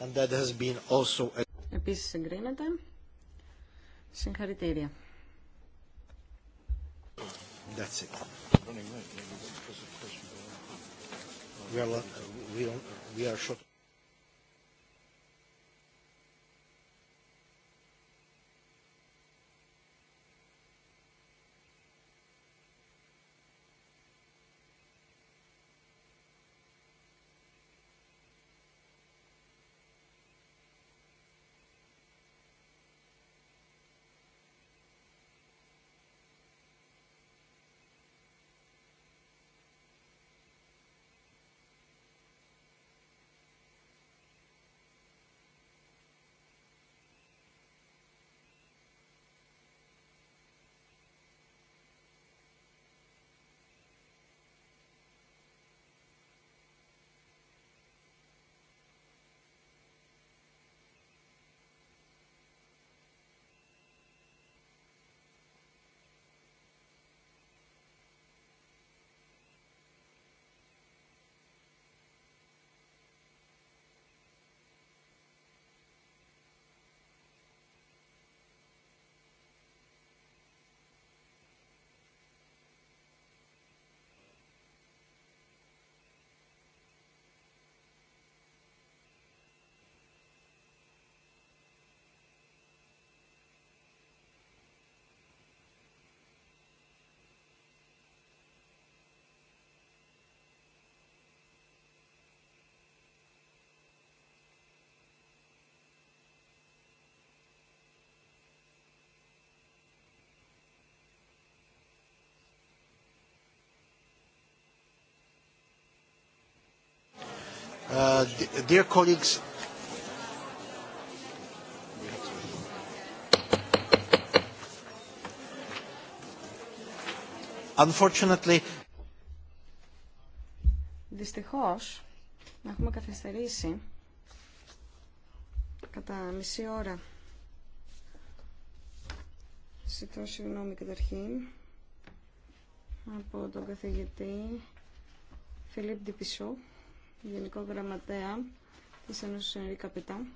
And that has been also... a Επίσης εγκρίνεται. Συγχαρητήρια. That's it. We are, we are short. Uh, dear colleagues, unfortunately, δυστυχώς να έχουμε καθυστερήσει κατά μισή ώρα. Ζητώ συγγνώμη καταρχήν από τον καθηγητή Φιλίπ Ντιπισού. Γενικό Γραμματέα της Ένωσης Ενρή Καπιτά.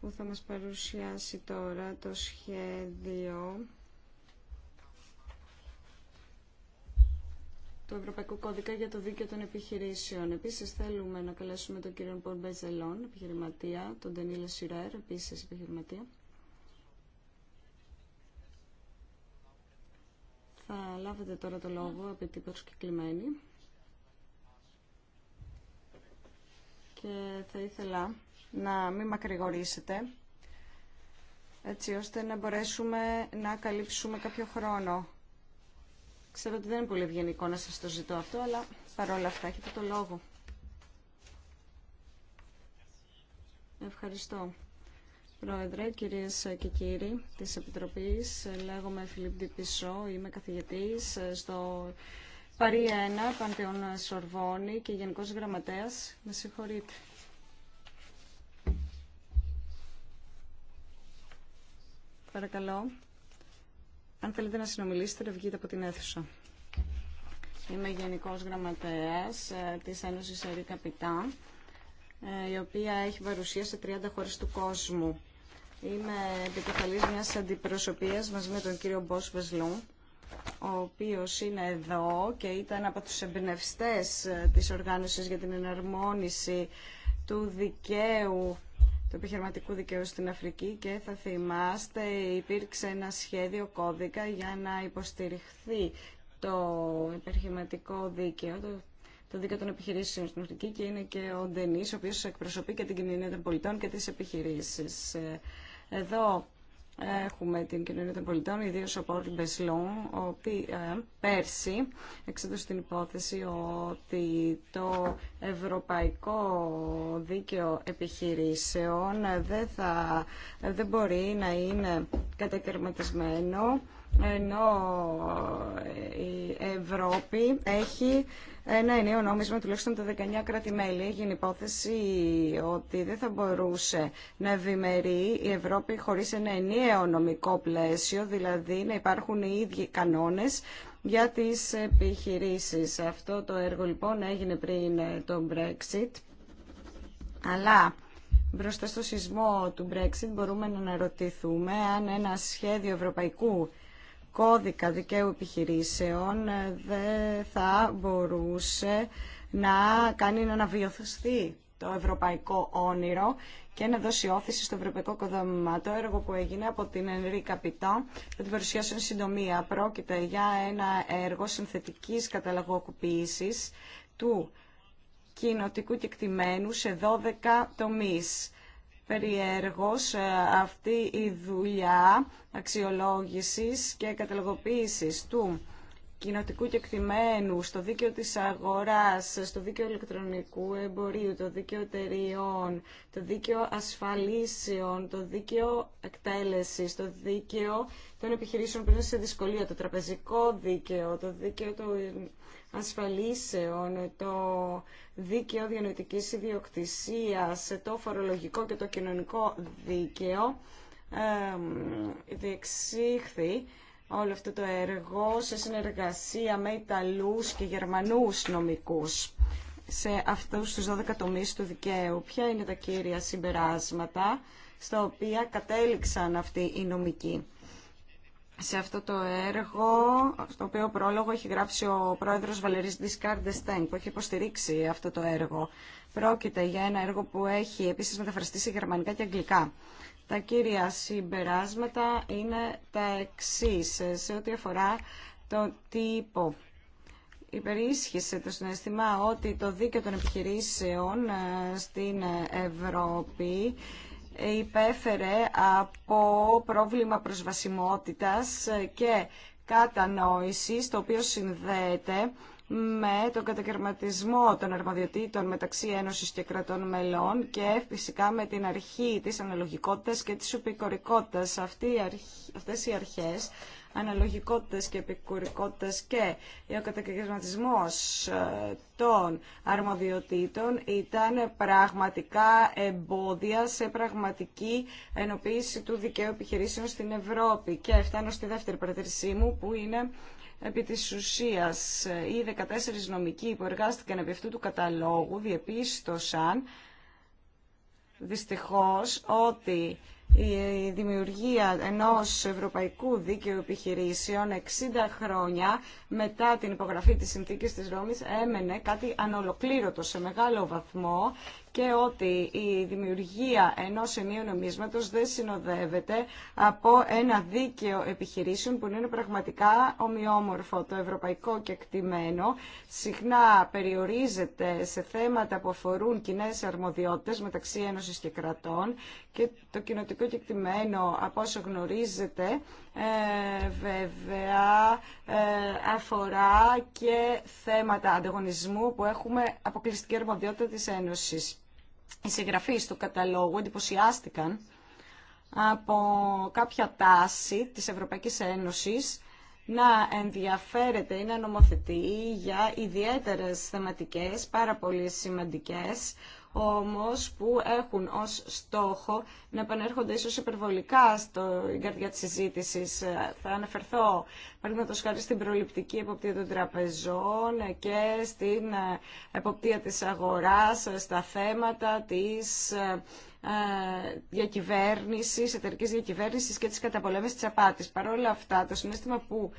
που θα μας παρουσιάσει τώρα το σχέδιο του Ευρωπαϊκού Κώδικα για το Δίκαιο των Επιχειρήσεων. Επίσης θέλουμε να καλέσουμε τον κύριο Πορμπεζελόν, επιχειρηματία, τον Ντενίλα Σιρέρ, επίσης επιχειρηματία. Θα λάβετε τώρα το λόγο επειδή την προσκεκλημένη. Και θα ήθελα να μην μακρηγορήσετε, έτσι ώστε να μπορέσουμε να καλύψουμε κάποιο χρόνο. Ξέρω ότι δεν είναι πολύ ευγενικό να σας το ζητώ αυτό, αλλά παρόλα αυτά έχετε το λόγο. Ευχαριστώ. Πρόεδρε, κυρίες και κύριοι της Επιτροπής, λέγομαι Φιλίπ Πισό, είμαι καθηγητής στο Παρί 1, Παντεών Σορβόνη και Γενικός Γραμματέας. Με συγχωρείτε. Παρακαλώ, αν θέλετε να συνομιλήσετε, βγείτε από την αίθουσα. Είμαι Γενικός Γραμματέας ε, της Ένωσης Ερή Καπιτά, ε, η οποία έχει παρουσία σε 30 χώρες του κόσμου. Είμαι επικεφαλής μιας αντιπροσωπείας μαζί με τον κύριο Μπός Βεσλούν, ο οποίος είναι εδώ και ήταν από τους εμπνευστέ ε, της οργάνωσης για την εναρμόνιση του δικαίου του επιχειρηματικού δικαίου στην Αφρική και θα θυμάστε υπήρξε ένα σχέδιο κώδικα για να υποστηριχθεί το επιχειρηματικό δίκαιο, το, δίκαιο των επιχειρήσεων στην Αφρική και είναι και ο Ντενής, ο οποίος εκπροσωπεί και την κοινωνία των πολιτών και τις επιχειρήσεις. Ε, εδώ έχουμε την κοινωνία των πολιτών, ιδίως ο Πόρλ Μπεσλόν, ο ε, πέρσι εξέδωσε την υπόθεση ότι το ευρωπαϊκό δίκαιο επιχειρήσεων δεν, θα, δεν μπορεί να είναι κατακαιρματισμένο ενώ η Ευρώπη έχει ένα ενιαίο νόμισμα τουλάχιστον τα 19 κράτη-μέλη. Έγινε υπόθεση ότι δεν θα μπορούσε να ευημερεί η Ευρώπη χωρί ένα ενιαίο νομικό πλαίσιο, δηλαδή να υπάρχουν οι ίδιοι κανόνες για τις επιχειρήσεις. Αυτό το έργο λοιπόν έγινε πριν το Brexit, αλλά... Μπροστά στο σεισμό του Brexit μπορούμε να αναρωτηθούμε αν ένα σχέδιο ευρωπαϊκού κώδικα δικαίου επιχειρήσεων ε, δεν θα μπορούσε να κάνει να αναβιωθεί το ευρωπαϊκό όνειρο και να δώσει όθηση στο ευρωπαϊκό κοδόμημα. Το έργο που έγινε από την Ενρή Καπιτό θα την παρουσιάσω εν συντομία. Πρόκειται για ένα έργο συνθετικής καταλαγοκοποίησης του κοινοτικού κεκτημένου σε 12 τομείς περιέργως ε, αυτή η δουλειά αξιολόγησης και καταλογοποίησης του κοινοτικού κεκτημένου, στο δίκαιο της αγοράς, στο δίκαιο ηλεκτρονικού εμπορίου, το δίκαιο εταιριών, το δίκαιο ασφαλίσεων, το δίκαιο εκτέλεση, το δίκαιο των επιχειρήσεων που είναι σε δυσκολία, το τραπεζικό δίκαιο, το δίκαιο των ασφαλίσεων, το δίκαιο διανοητικής ιδιοκτησία, το φορολογικό και το κοινωνικό δίκαιο, διεξήχθη όλο αυτό το έργο σε συνεργασία με Ιταλούς και Γερμανούς νομικούς σε αυτούς τους 12 τομείς του δικαίου. Ποια είναι τα κύρια συμπεράσματα στα οποία κατέληξαν αυτοί οι νομικοί. Σε αυτό το έργο, στο οποίο πρόλογο έχει γράψει ο πρόεδρος Βαλερίς Δισκάρντε Στέν, που έχει υποστηρίξει αυτό το έργο. Πρόκειται για ένα έργο που έχει επίσης μεταφραστεί σε γερμανικά και αγγλικά. Τα κύρια συμπεράσματα είναι τα εξής σε ό,τι αφορά τον τύπο υπερίσχυσε το συνέστημα ότι το δίκαιο των επιχειρήσεων ε, στην Ευρώπη υπέφερε από πρόβλημα προσβασιμότητας και κατανόησης, το οποίο συνδέεται με τον κατακαιρματισμό των αρμοδιοτήτων μεταξύ Ένωση και κρατών μελών και φυσικά με την αρχή της αναλογικότητας και της υπηκορικότητα. Αυτές οι αρχές αναλογικότητας και επικουρικότητας και ο κατακαιρματισμός ε, των αρμοδιοτήτων ήταν πραγματικά εμπόδια σε πραγματική ενοποίηση του δικαίου επιχειρήσεων στην Ευρώπη. Και φτάνω στη δεύτερη παρατηρήσή μου που είναι Επί τη ουσίας, οι 14 νομικοί που εργάστηκαν επί αυτού του καταλόγου διεπίστωσαν δυστυχώ ότι η δημιουργία ενός ευρωπαϊκού δίκαιου επιχειρήσεων 60 χρόνια μετά την υπογραφή της συνθήκης της Ρώμης έμενε κάτι ανολοκλήρωτο σε μεγάλο βαθμό και ότι η δημιουργία ενός ενίου νομίσματος δεν συνοδεύεται από ένα δίκαιο επιχειρήσεων που είναι πραγματικά ομοιόμορφο. Το ευρωπαϊκό κεκτημένο συχνά περιορίζεται σε θέματα που αφορούν κοινέ αρμοδιότητες μεταξύ Ένωσης και κρατών και το κοινοτικό κεκτημένο από όσο γνωρίζετε ε, βέβαια ε, αφορά και θέματα ανταγωνισμού που έχουμε αποκλειστική αρμοδιότητα της Ένωσης οι συγγραφείς του καταλόγου εντυπωσιάστηκαν από κάποια τάση της Ευρωπαϊκής Ένωσης να ενδιαφέρεται ή να νομοθετεί για ιδιαίτερες θεματικές, πάρα πολύ σημαντικές, όμως που έχουν ως στόχο να επανέρχονται ίσως υπερβολικά στην καρδιά της συζήτηση. Ε, θα αναφερθώ, παραδείγματο χάρη στην προληπτική εποπτεία των τραπεζών ε, και στην ε, εποπτεία της αγοράς, στα θέματα της διακυβέρνησης, εταιρικής διακυβέρνησης και της καταπολέμησης της απάτης. Παρ' όλα αυτά, το συνέστημα που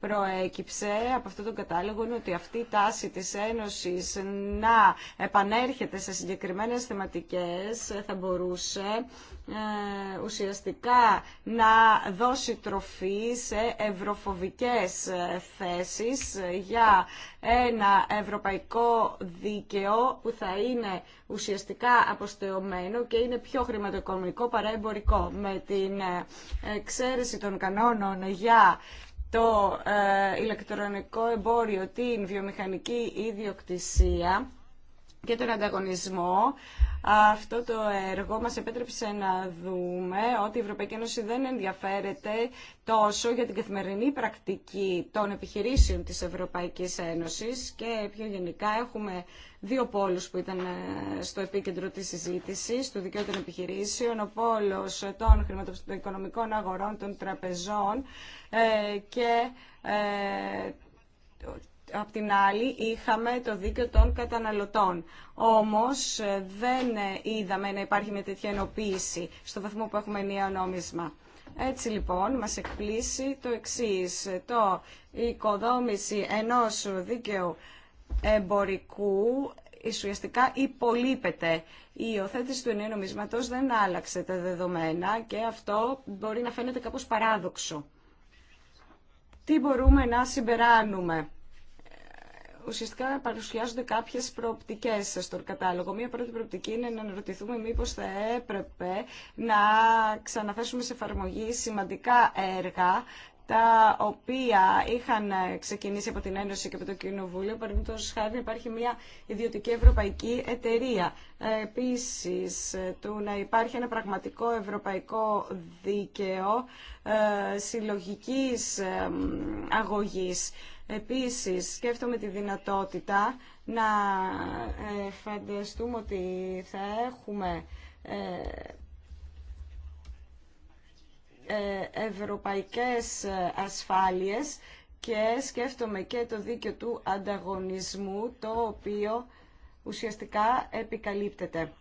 προέκυψε από αυτόν τον κατάλογο ότι αυτή η τάση της Ένωσης να επανέρχεται σε συγκεκριμένες θεματικές θα μπορούσε ε, ουσιαστικά να δώσει τροφή σε ευρωφοβικές θέσεις για ένα ευρωπαϊκό δίκαιο που θα είναι ουσιαστικά αποστεωμένο και είναι πιο χρηματοοικονομικό παρά εμπορικό. Με την ε, εξαίρεση των κανόνων για το ε, ηλεκτρονικό εμπόριο, την βιομηχανική ιδιοκτησία και τον ανταγωνισμό, αυτό το έργο μας επέτρεψε να δούμε ότι η Ευρωπαϊκή Ένωση δεν ενδιαφέρεται τόσο για την καθημερινή πρακτική των επιχειρήσεων της Ευρωπαϊκής Ένωσης και πιο γενικά έχουμε δύο πόλους που ήταν ε, στο επίκεντρο της συζήτησης του δικαίου των επιχειρήσεων, ο πόλος των χρηματοοικονομικών αγορών, των τραπεζών ε, και ε, Απ' την άλλη είχαμε το δίκαιο των καταναλωτών. Όμως ε, δεν ε, είδαμε να υπάρχει μια τέτοια ενοποίηση στο βαθμό που έχουμε ενιαίο νόμισμα. Έτσι λοιπόν μας εκπλήσει το εξής, το οικοδόμηση ενός δίκαιου εμπορικού ουσιαστικά υπολείπεται. Η υιοθέτηση του ενιαίου νομισματός δεν άλλαξε τα δεδομένα και αυτό μπορεί να φαίνεται κάπως παράδοξο. Τι μπορούμε να συμπεράνουμε ουσιαστικά παρουσιάζονται κάποιες προοπτικές στον κατάλογο. Μία πρώτη προοπτική είναι να αναρωτηθούμε μήπως θα έπρεπε να ξαναθέσουμε σε εφαρμογή σημαντικά έργα τα οποία είχαν ξεκινήσει από την Ένωση και από το Κοινοβούλιο. Παραδείγματο χάρη υπάρχει μια ιδιωτική ευρωπαϊκή εταιρεία. Επίση, του να υπάρχει ένα πραγματικό ευρωπαϊκό δίκαιο ε, συλλογική ε, αγωγής Επίσης, σκέφτομαι τη δυνατότητα να ε, φανταστούμε ότι θα έχουμε ε, ε, ευρωπαϊκές ασφάλειες και σκέφτομαι και το δίκαιο του ανταγωνισμού, το οποίο ουσιαστικά επικαλύπτεται.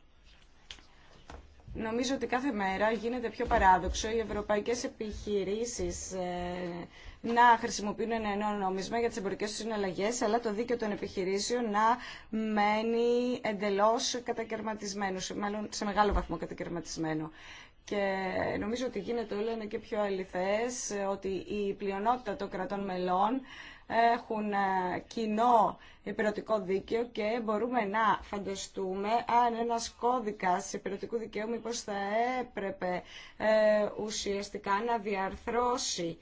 Νομίζω ότι κάθε μέρα γίνεται πιο παράδοξο οι ευρωπαϊκές επιχειρήσεις να χρησιμοποιούν ένα νέο νόμισμα για τις εμπορικές του συναλλαγές, αλλά το δίκαιο των επιχειρήσεων να μένει εντελώς κατακαιρματισμένο, μάλλον σε μεγάλο βαθμό κατακαιρματισμένο. Και νομίζω ότι γίνεται όλο ένα και πιο αληθές, ότι η πλειονότητα των κρατών μελών έχουν ε, κοινό υπηρετικό δίκαιο και μπορούμε να φανταστούμε αν ένας κώδικας υπηρετικού δικαίου μήπως θα έπρεπε ε, ουσιαστικά να διαρθρώσει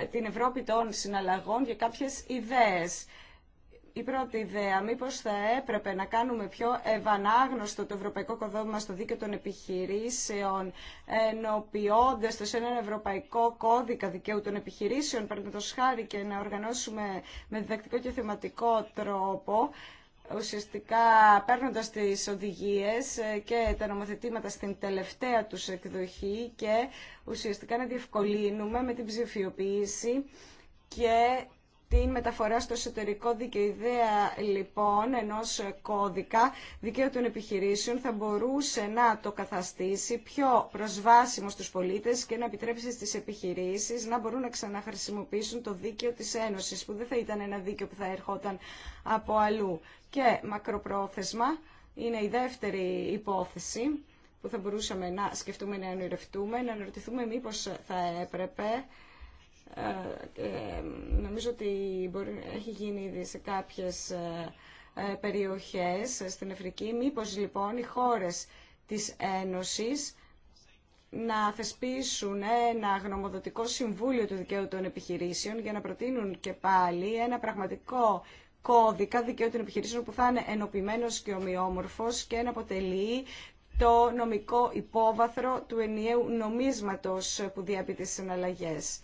ε, την Ευρώπη των συναλλαγών για κάποιες ιδέες. Η πρώτη ιδέα, μήπως θα έπρεπε να κάνουμε πιο ευανάγνωστο το ευρωπαϊκό κοδόμημα στο δίκαιο των επιχειρήσεων, ενωποιώντα το σε έναν ευρωπαϊκό κώδικα δικαίου των επιχειρήσεων, το χάρη και να οργανώσουμε με διδακτικό και θεματικό τρόπο ουσιαστικά παίρνοντας τις οδηγίες ε, και τα νομοθετήματα στην τελευταία τους εκδοχή και ουσιαστικά να διευκολύνουμε με την ψηφιοποίηση και την μεταφορά στο εσωτερικό ιδέα λοιπόν ενός κώδικα δικαίου των επιχειρήσεων θα μπορούσε να το καθαστήσει πιο προσβάσιμο στους πολίτες και να επιτρέψει στις επιχειρήσεις να μπορούν να ξαναχρησιμοποιήσουν το δίκαιο της Ένωσης που δεν θα ήταν ένα δίκαιο που θα ερχόταν από αλλού. Και μακροπρόθεσμα είναι η δεύτερη υπόθεση που θα μπορούσαμε να σκεφτούμε να ενωρευτούμε, να αναρωτηθούμε μήπως θα έπρεπε ε, ε, νομίζω ότι μπορεί, έχει γίνει ήδη σε κάποιες ε, περιοχές στην Αφρική. Μήπως λοιπόν οι χώρες της Ένωσης να θεσπίσουν ένα γνωμοδοτικό συμβούλιο του δικαίου των επιχειρήσεων για να προτείνουν και πάλι ένα πραγματικό κώδικα δικαίου των επιχειρήσεων που θα είναι ενοποιημένος και ομοιόμορφος και να αποτελεί το νομικό υπόβαθρο του ενιαίου νομίσματος που διέπει τις συναλλαγές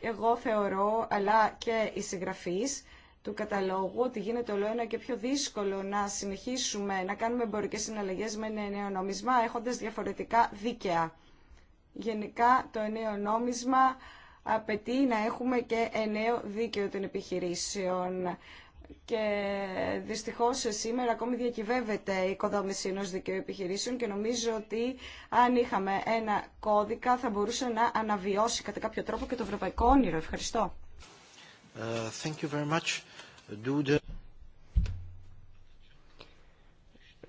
εγώ θεωρώ, αλλά και οι συγγραφείς του καταλόγου, ότι γίνεται όλο ένα και πιο δύσκολο να συνεχίσουμε να κάνουμε εμπορικές συναλλαγές με ένα νέο νόμισμα, έχοντας διαφορετικά δίκαια. Γενικά, το νέο νόμισμα απαιτεί να έχουμε και νέο δίκαιο των επιχειρήσεων και δυστυχώς σήμερα ακόμη διακυβεύεται η οικοδόμηση ενό δικαίου επιχειρήσεων και νομίζω ότι αν είχαμε ένα κώδικα θα μπορούσε να αναβιώσει κατά κάποιο τρόπο και το ευρωπαϊκό όνειρο. Ευχαριστώ. Ε,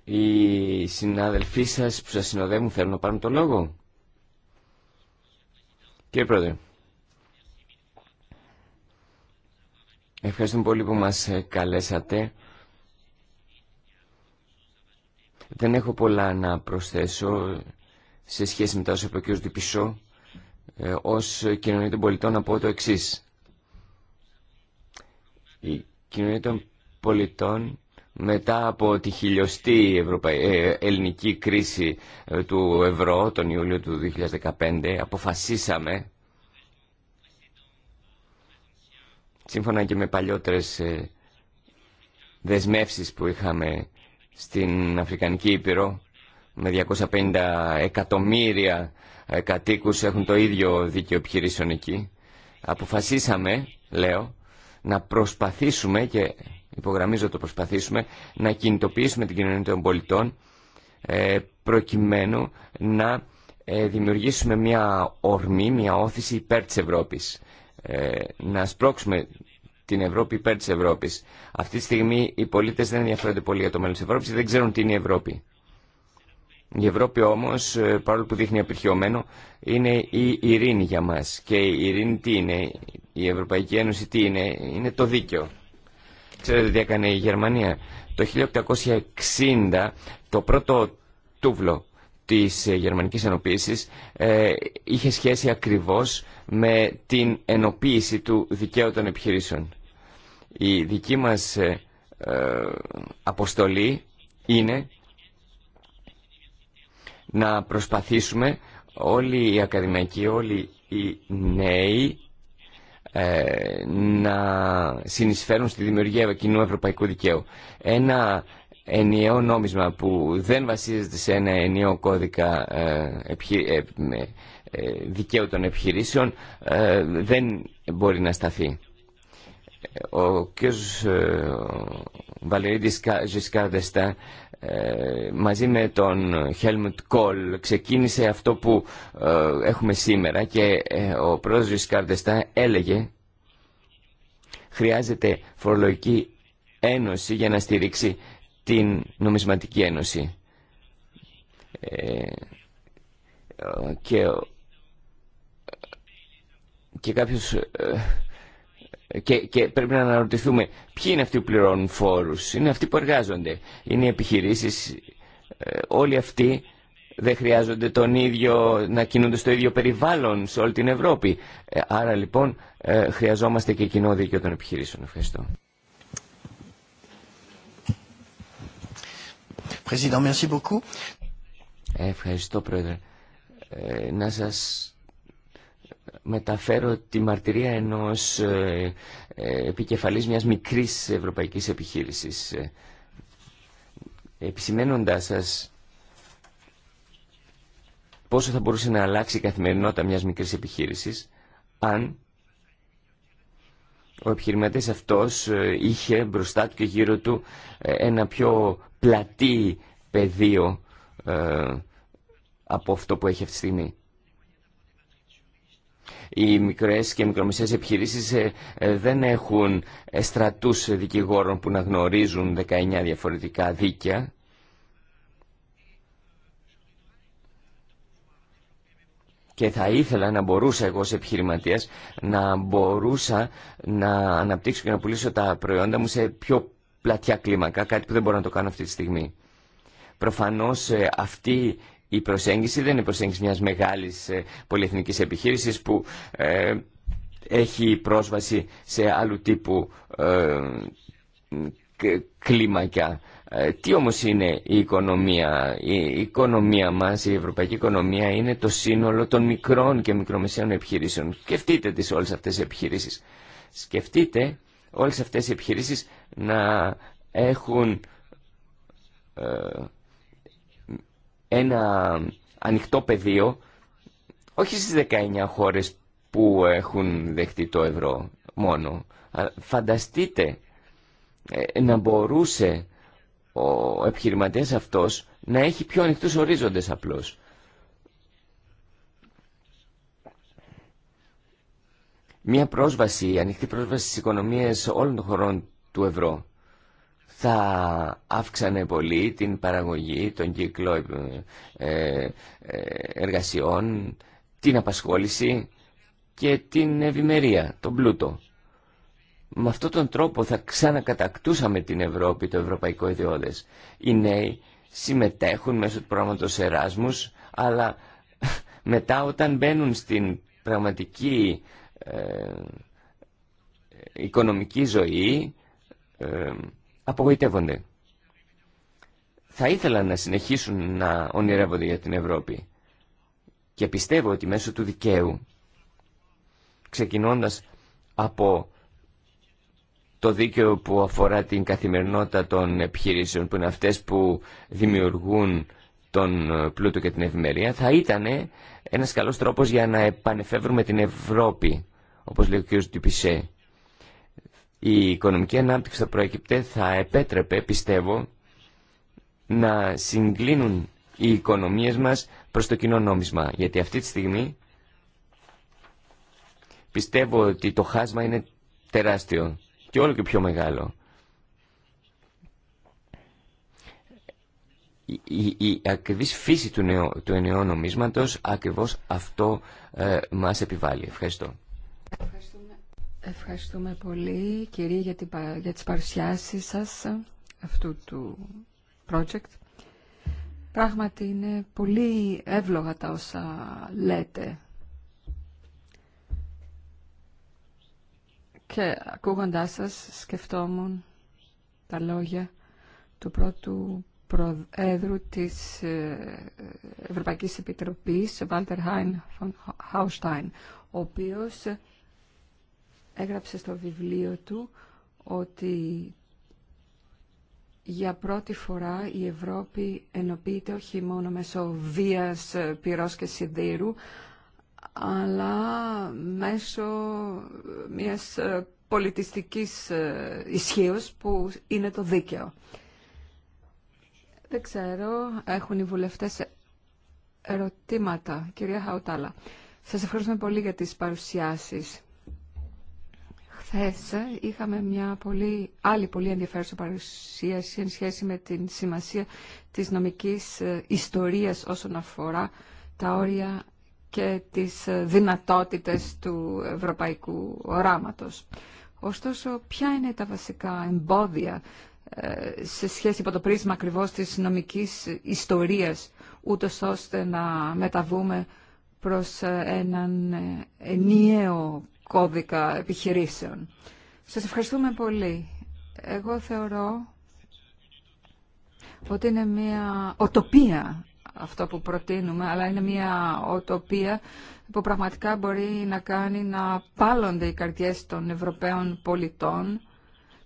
Οι συναδελφοί σας που σας συνοδεύουν θέλουν να πάρουν το λόγο. Κύριε Πρόεδρε. Ευχαριστούμε πολύ που μας ε, καλέσατε. Δεν έχω πολλά να προσθέσω σε σχέση με τα όσα είπε ο κ. Ε, ως κοινωνία των πολιτών να πω το εξή. Η κοινωνία των πολιτών μετά από τη χιλιοστή ευρωπαϊ... Ε, ελληνική κρίση του ευρώ τον Ιούλιο του 2015 αποφασίσαμε σύμφωνα και με παλιότερες ε, δεσμεύσεις που είχαμε στην Αφρικανική Ήπειρο με 250 εκατομμύρια ε, κατοίκους έχουν το ίδιο δίκαιο επιχειρήσεων εκεί. Αποφασίσαμε, λέω, να προσπαθήσουμε και υπογραμμίζω το προσπαθήσουμε να κινητοποιήσουμε την κοινωνία των πολιτών ε, προκειμένου να δημιουργήσουμε μια ορμή, μια όθηση υπέρ της Ευρώπης. Ε, να σπρώξουμε την Ευρώπη υπέρ τη Ευρώπη. Αυτή τη στιγμή οι πολίτε δεν ενδιαφέρονται πολύ για το μέλλον της Ευρώπης, δεν ξέρουν τι είναι η Ευρώπη. Η Ευρώπη όμω, ε, παρόλο που δείχνει απειρχιωμένο, είναι η ειρήνη για μα. Και η ειρήνη τι είναι, η Ευρωπαϊκή Ένωση τι είναι, είναι το δίκαιο. Ξέρετε τι έκανε η Γερμανία. Το 1860 το πρώτο τούβλο της ε, γερμανικής ενοποίησης ε, είχε σχέση ακριβώς με την ενοποίηση του δικαίου των επιχειρήσεων. Η δική μας ε, αποστολή είναι να προσπαθήσουμε όλοι οι ακαδημαϊκοί, όλοι οι νέοι να συνεισφέρουν στη δημιουργία κοινού ευρωπαϊκού δικαίου. Ένα ενιαίο νόμισμα που δεν βασίζεται σε ένα ενιαίο κώδικα ε, ε, ε, δικαίου των επιχειρήσεων δεν μπορεί να σταθεί. Ο κ. Βαλερίδης Ζισκάρδεστα μαζί με τον Χέλμουντ Κόλ ξεκίνησε αυτό που έχουμε σήμερα και ο πρόεδρος Ζισκάρδεστα έλεγε χρειάζεται φορολογική ένωση για να στηρίξει την νομισματική ένωση. Ε, και, ε, και κάποιος... Ε, και, και, πρέπει να αναρωτηθούμε ποιοι είναι αυτοί που πληρώνουν φόρους, είναι αυτοί που εργάζονται, είναι οι επιχειρήσεις, ε, όλοι αυτοί δεν χρειάζονται τον ίδιο, να κινούνται στο ίδιο περιβάλλον σε όλη την Ευρώπη. Άρα λοιπόν χρειαζόμαστε και κοινό δίκαιο των επιχειρήσεων. Ευχαριστώ. Ευχαριστώ, Πρόεδρε. Ε, να σας μεταφέρω τη μαρτυρία ενός ε, ε, επικεφαλής μιας μικρής ευρωπαϊκής επιχείρησης. Επισημένοντάς σας πόσο θα μπορούσε να αλλάξει η καθημερινότητα μιας μικρής επιχείρησης αν ο επιχειρηματής αυτός είχε μπροστά του και γύρω του ένα πιο πλατή πεδίο ε, από αυτό που έχει αυτή τη στιγμή. Οι μικρές και μικρομεσαίες επιχειρήσεις ε, ε, δεν έχουν στρατούς δικηγόρων που να γνωρίζουν 19 διαφορετικά δίκαια. Και θα ήθελα να μπορούσα εγώ ως επιχειρηματίας να μπορούσα να αναπτύξω και να πουλήσω τα προϊόντα μου σε πιο πλατιά κλίμακα, κάτι που δεν μπορώ να το κάνω αυτή τη στιγμή. Προφανώς ε, αυτή η προσέγγιση δεν είναι προσέγγιση μιας μεγάλης ε, πολυεθνικής επιχείρησης που ε, έχει πρόσβαση σε άλλου τύπου κλίμακια. Τι όμως είναι η οικονομία. Η οικονομία μας, η ευρωπαϊκή οικονομία είναι το σύνολο των μικρών και μικρομεσαίων επιχειρήσεων. Σκεφτείτε τις όλες αυτές τις επιχειρήσεις. Σκεφτείτε όλες αυτές οι επιχειρήσεις να έχουν ε, ένα ανοιχτό πεδίο, όχι στις 19 χώρες που έχουν δεχτεί το ευρώ μόνο. Φανταστείτε ε, να μπορούσε ο επιχειρηματίας αυτός να έχει πιο ανοιχτούς ορίζοντες απλώς. μια πρόσβαση, ανοιχτή πρόσβαση στις οικονομίες όλων των χωρών του ευρώ. Θα αύξανε πολύ την παραγωγή, τον κύκλο ε, ε, εργασιών, την απασχόληση και την ευημερία, τον πλούτο. Με αυτόν τον τρόπο θα ξανακατακτούσαμε την Ευρώπη, το Ευρωπαϊκό Ιδεώδες. Οι νέοι συμμετέχουν μέσω του πρόγραμματος Εράσμους, αλλά μετά όταν μπαίνουν στην πραγματική ε, οικονομική ζωή ε, απογοητεύονται. Θα ήθελα να συνεχίσουν να ονειρεύονται για την Ευρώπη και πιστεύω ότι μέσω του δικαίου, ξεκινώντας από το δίκαιο που αφορά την καθημερινότητα των επιχειρήσεων, που είναι αυτές που δημιουργούν τον ε, πλούτο και την ευημερία, θα ήταν ένας καλός τρόπος για να επανεφεύρουμε την Ευρώπη όπως λέει ο κ. Τιπισέ. Η οικονομική ανάπτυξη θα προεκυπτέ θα επέτρεπε, πιστεύω, να συγκλίνουν οι οικονομίες μας προς το κοινό νόμισμα. Γιατί αυτή τη στιγμή πιστεύω ότι το χάσμα είναι τεράστιο και όλο και πιο μεγάλο. Η, η, η ακριβής φύση του νέου, νομίσματος ακριβώς αυτό ε, μας επιβάλλει. Ευχαριστώ. Ευχαριστούμε. πολύ κυρία για, για τις παρουσιάσεις σας αυτού του project. Πράγματι είναι πολύ εύλογα τα όσα λέτε. Και ακούγοντάς σας σκεφτόμουν τα λόγια του πρώτου Προέδρου της ε, Ευρωπαϊκής Επιτροπής, Βάλτερ Χάιν Χάουστάιν, ο οποίος έγραψε στο βιβλίο του ότι για πρώτη φορά η Ευρώπη ενοποιείται όχι μόνο μέσω βίας, πυρός και σιδήρου, αλλά μέσω μιας ε, πολιτιστικής ε, ισχύω που είναι το δίκαιο. Δεν ξέρω, έχουν οι βουλευτές ερωτήματα. Κυρία Χαουτάλα, σας ευχαριστούμε πολύ για τις παρουσιάσεις. Χθες είχαμε μια πολύ, άλλη πολύ ενδιαφέρουσα παρουσίαση εν σχέση με την σημασία της νομικής ε, ιστορίας όσον αφορά τα όρια και τις ε, δυνατότητες του ευρωπαϊκού οράματος. Ωστόσο, ποια είναι τα βασικά εμπόδια ε, σε σχέση με το πρίσμα ακριβώ της νομικής ιστορίας, ούτω ώστε να μεταβούμε προς έναν ενιαίο κώδικα επιχειρήσεων. Σας ευχαριστούμε πολύ. Εγώ θεωρώ ότι είναι μια οτοπία αυτό που προτείνουμε, αλλά είναι μια οτοπία που πραγματικά μπορεί να κάνει να πάλλονται οι καρδιές των Ευρωπαίων πολιτών,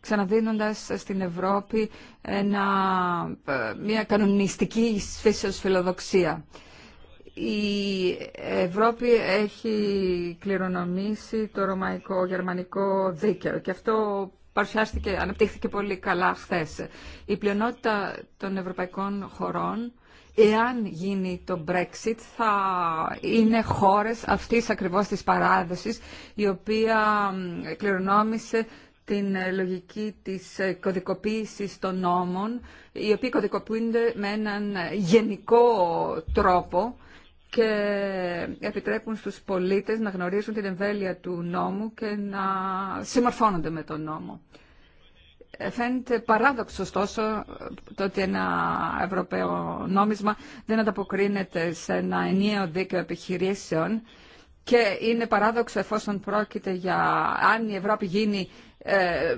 ξαναδίνοντας στην Ευρώπη ένα, ε, μια κανονιστική φύσεως φιλοδοξία η Ευρώπη έχει κληρονομήσει το ρωμαϊκό-γερμανικό δίκαιο και αυτό παρουσιάστηκε, αναπτύχθηκε πολύ καλά χθε. Η πλειονότητα των ευρωπαϊκών χωρών, εάν γίνει το Brexit, θα είναι χώρες αυτής ακριβώς της παράδοσης, η οποία κληρονόμησε την λογική της κωδικοποίησης των νόμων, οι οποίοι κωδικοποιούνται με έναν γενικό τρόπο και επιτρέπουν στους πολίτες να γνωρίζουν την εμβέλεια του νόμου και να συμμορφώνονται με τον νόμο. Ε, φαίνεται παράδοξο ωστόσο το ότι ένα ευρωπαίο νόμισμα δεν ανταποκρίνεται σε ένα ενιαίο δίκαιο επιχειρήσεων και είναι παράδοξο εφόσον πρόκειται για αν η Ευρώπη γίνει ε,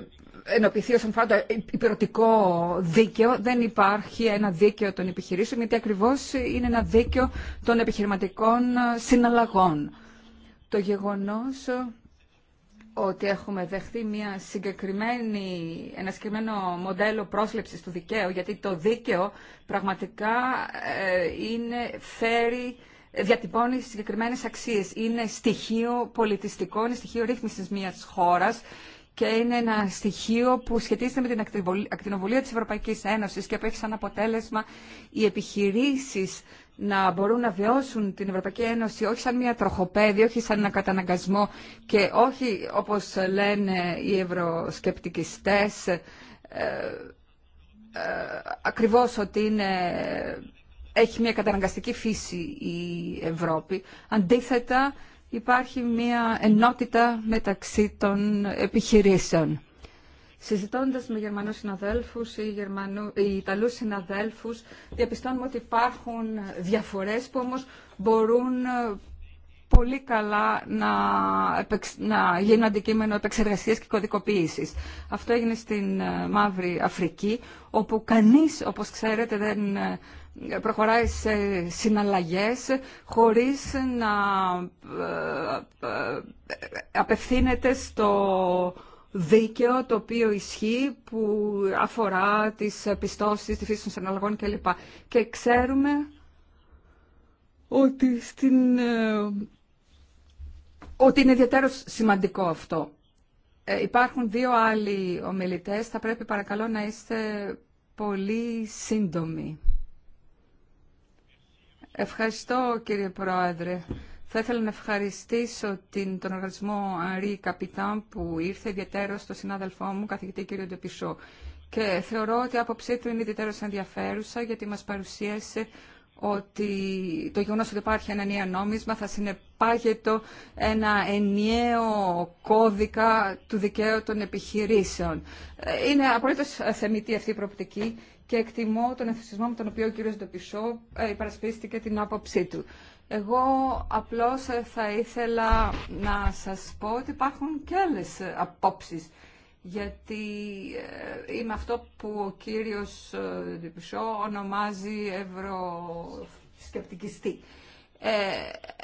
ενωπηθεί όσον αφορά το υπηρετικό δίκαιο. Δεν υπάρχει ένα δίκαιο των επιχειρήσεων, γιατί ακριβώς είναι ένα δίκαιο των επιχειρηματικών συναλλαγών. Το γεγονός ότι έχουμε δεχθεί μια συγκεκριμένη, ένα συγκεκριμένο μοντέλο πρόσληψης του δικαίου, γιατί το δίκαιο πραγματικά ε, είναι, φέρει, διατυπώνει συγκεκριμένες αξίες. Είναι στοιχείο πολιτιστικό, είναι στοιχείο ρύθμισης μιας χώρας και είναι ένα στοιχείο που σχετίζεται με την ακτινοβολία της Ευρωπαϊκής Ένωσης και που έχει σαν αποτέλεσμα οι επιχειρήσεις να μπορούν να βιώσουν την Ευρωπαϊκή Ένωση όχι σαν μια τροχοπέδη, όχι σαν ένα καταναγκασμό και όχι όπως λένε οι ευρωσκεπτικιστές ε, ε ακριβώς ότι είναι, έχει μια καταναγκαστική φύση η Ευρώπη. Αντίθετα, υπάρχει μια ενότητα μεταξύ των επιχειρήσεων. Συζητώντα με Γερμανού συναδέλφου ή, Γερμανού, ή Ιταλούς συναδέλφους, διαπιστώνουμε ότι υπάρχουν διαφορές που όμω μπορούν ε, πολύ καλά να, να γίνουν αντικείμενο επεξεργασία και κωδικοποίηση. Αυτό έγινε στην ε, Μαύρη Αφρική, όπου κανείς, όπως ξέρετε, δεν ε, προχωράει σε συναλλαγές χωρίς να ε, ε, απευθύνεται στο δίκαιο το οποίο ισχύει που αφορά τις πιστώσεις, τη φύση των συναλλαγών κλπ. Και ξέρουμε ότι, στην, ε, ότι είναι ιδιαίτερο σημαντικό αυτό. υπάρχουν δύο άλλοι ομιλητές, θα πρέπει παρακαλώ να είστε πολύ σύντομοι. Ευχαριστώ κύριε Πρόεδρε. Θα ήθελα να ευχαριστήσω τον οργανισμό Αρή Καπιτάν που ήρθε ιδιαίτερο στο συνάδελφό μου, καθηγητή κύριο Ντεπισό. Και θεωρώ ότι η άποψή του είναι ιδιαίτερο ενδιαφέρουσα γιατί μας παρουσίασε ότι το γεγονό ότι υπάρχει ένα νέο νόμισμα θα συνεπάγεται ένα ενιαίο κώδικα του δικαίου των επιχειρήσεων. Ε, είναι απολύτω θεμητή αυτή η προοπτική και εκτιμώ τον ενθουσιασμό με τον οποίο ο κύριος Ντοπισό ε, υπερασπίστηκε την άποψή του. Εγώ απλώς ε, θα ήθελα να σας πω ότι υπάρχουν και άλλες ε, απόψεις γιατί είμαι αυτό που ο κύριος Ντοπισό ονομάζει ευρωσκεπτικιστή.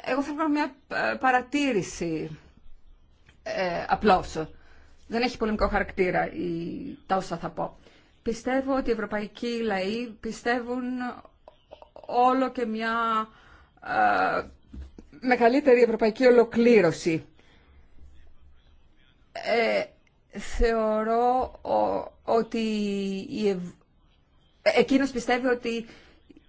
εγώ θέλω να μια παρατήρηση απλώς. Δεν έχει πολεμικό χαρακτήρα η, τα όσα θα πω. Πιστεύω ότι οι ευρωπαϊκοί λαοί πιστεύουν όλο και μια ε, μεγαλύτερη ευρωπαϊκή ολοκλήρωση. Ε, θεωρώ ότι η εκείνος πιστεύει ότι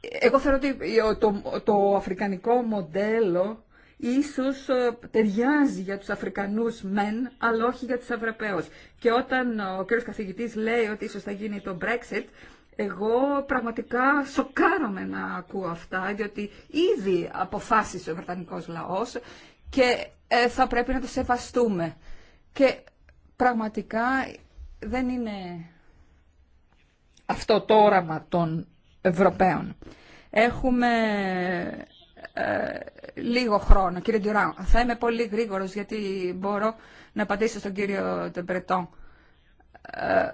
εγώ θεωρώ ότι το, το αφρικανικό μοντέλο ίσως ε, ταιριάζει για τους Αφρικανούς μεν, αλλά όχι για τους Ευρωπαίους. Και όταν ο κύριος καθηγητής λέει ότι ίσως θα γίνει το Brexit, εγώ πραγματικά σοκάρομαι να ακούω αυτά, διότι ήδη αποφάσισε ο Βρετανικός λαός και ε, θα πρέπει να το σεβαστούμε. Και πραγματικά δεν είναι αυτό το όραμα των Ευρωπαίων. Έχουμε ε, λίγο χρόνο. Κύριε Ντουράν, θα είμαι πολύ γρήγορος γιατί μπορώ να απαντήσω στον κύριο Τεμπρετόν. Ε,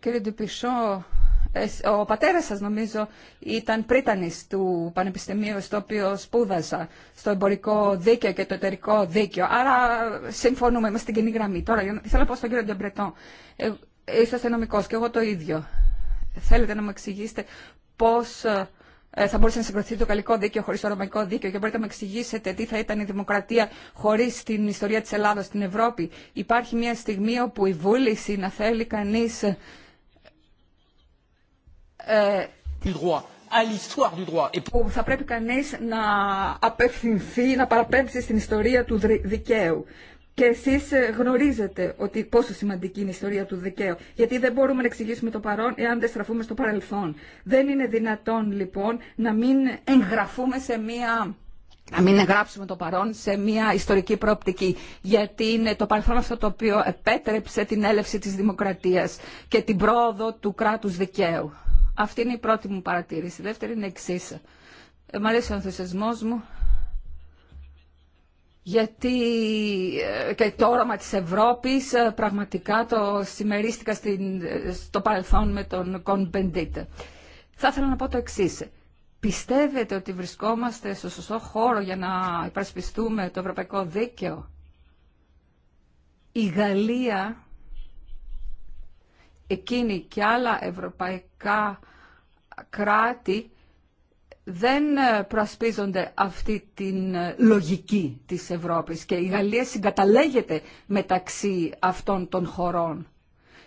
κύριε Ντουπισό, ε, ο πατέρας σας νομίζω ήταν πρίτανης του Πανεπιστημίου στο οποίο σπούδασα στο εμπορικό δίκαιο και το εταιρικό δίκαιο. Άρα συμφωνούμε, είμαστε στην κοινή γραμμή. Τώρα θέλω να πω στον κύριο Ντεμπρετόν, είσαστε νομικός και εγώ το ίδιο. Θέλετε να μου εξηγήσετε πώς ε, θα μπορούσε να συγκροθεί το γαλλικό δίκαιο χωρί το ρωμαϊκό δίκαιο και μπορείτε να μου εξηγήσετε τι θα ήταν η δημοκρατία χωρί την ιστορία τη Ελλάδα στην Ευρώπη. Υπάρχει μια στιγμή όπου η βούληση να θέλει κανεί. Ε, που θα πρέπει κανεί να απευθυνθεί, να παραπέμψει στην ιστορία του δικαίου. Και εσεί ε, γνωρίζετε ότι πόσο σημαντική είναι η ιστορία του δικαίου. Γιατί δεν μπορούμε να εξηγήσουμε το παρόν εάν δεν στραφούμε στο παρελθόν. Δεν είναι δυνατόν λοιπόν να μην εγγραφούμε σε μία. Να μην εγγράψουμε το παρόν σε μια ιστορική προοπτική, γιατί είναι το παρελθόν αυτό το οποίο επέτρεψε την έλευση της δημοκρατίας και την πρόοδο του κράτους δικαίου. Αυτή είναι η πρώτη μου παρατήρηση. Η δεύτερη είναι εξή. Ε, μ' αρέσει ο ενθουσιασμό μου, γιατί ε, και το όραμα της Ευρώπης ε, πραγματικά το συμμερίστηκα στην, ε, στο παρελθόν με τον Κον Θα ήθελα να πω το εξή. Πιστεύετε ότι βρισκόμαστε στο σωστό χώρο για να υπερασπιστούμε το ευρωπαϊκό δίκαιο. Η Γαλλία, εκείνη και άλλα ευρωπαϊκά κράτη δεν ε, προασπίζονται αυτή την ε, λογική της Ευρώπης και η Γαλλία συγκαταλέγεται μεταξύ αυτών των χωρών.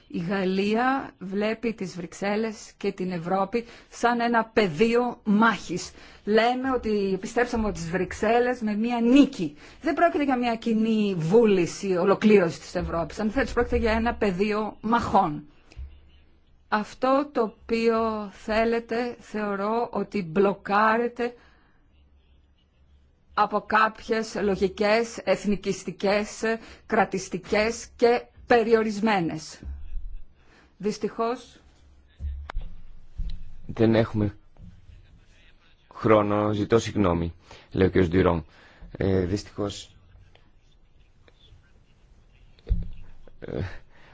Η Γαλλία βλέπει τις Βρυξέλλες και την Ευρώπη σαν ένα πεδίο μάχης. Λέμε ότι πιστέψαμε ότι τις Βρυξέλλες με μία νίκη. Δεν πρόκειται για μία κοινή βούληση ολοκλήρωση της Ευρώπης. Αν θέλετε, πρόκειται για ένα πεδίο μαχών. Αυτό το οποίο θέλετε θεωρώ ότι μπλοκάρετε από κάποιες λογικές, εθνικιστικές, κρατιστικές και περιορισμένες. Δυστυχώς... Δεν έχουμε χρόνο, ζητώ συγγνώμη, λέει ο κ. Ε, δυστυχώς... Ε,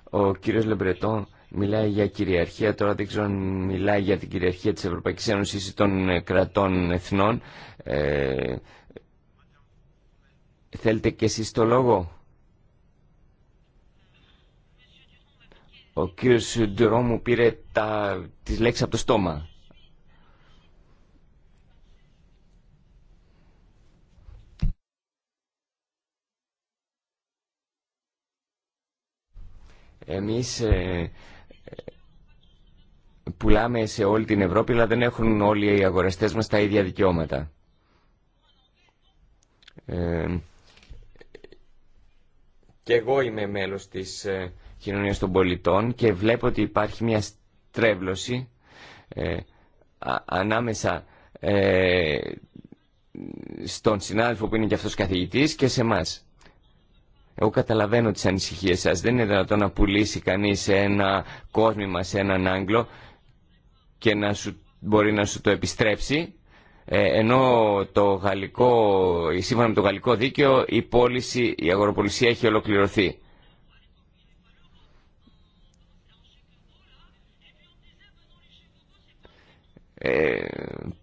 ο κύριος Λεμπρετών μιλάει για κυριαρχία, τώρα δεν ξέρω αν μιλάει για την κυριαρχία της Ευρωπαϊκής Ένωσης ή των ε, κρατών εθνών. Ε, θέλετε και εσείς το λόγο. Ο κύριος Ντουρό πήρε τα, τις λέξεις από το στόμα. Εμείς ε, πουλάμε σε όλη την Ευρώπη, αλλά δεν έχουν όλοι οι αγοραστές μας τα ίδια δικαιώματα. Ε, και εγώ είμαι μέλος της ε, κοινωνίας των πολιτών και βλέπω ότι υπάρχει μια στρέβλωση ε, ανάμεσα ε, στον συνάδελφο που είναι και αυτός καθηγητής και σε μας. Εγώ καταλαβαίνω τις ανησυχίες σας. Δεν είναι δυνατόν να πουλήσει κανείς ένα κόσμημα σε έναν Άγγλο και να σου, μπορεί να σου το επιστρέψει ε, ενώ το γαλλικό, σύμφωνα με το γαλλικό δίκαιο η, η αγοροπολισία έχει ολοκληρωθεί. Ε,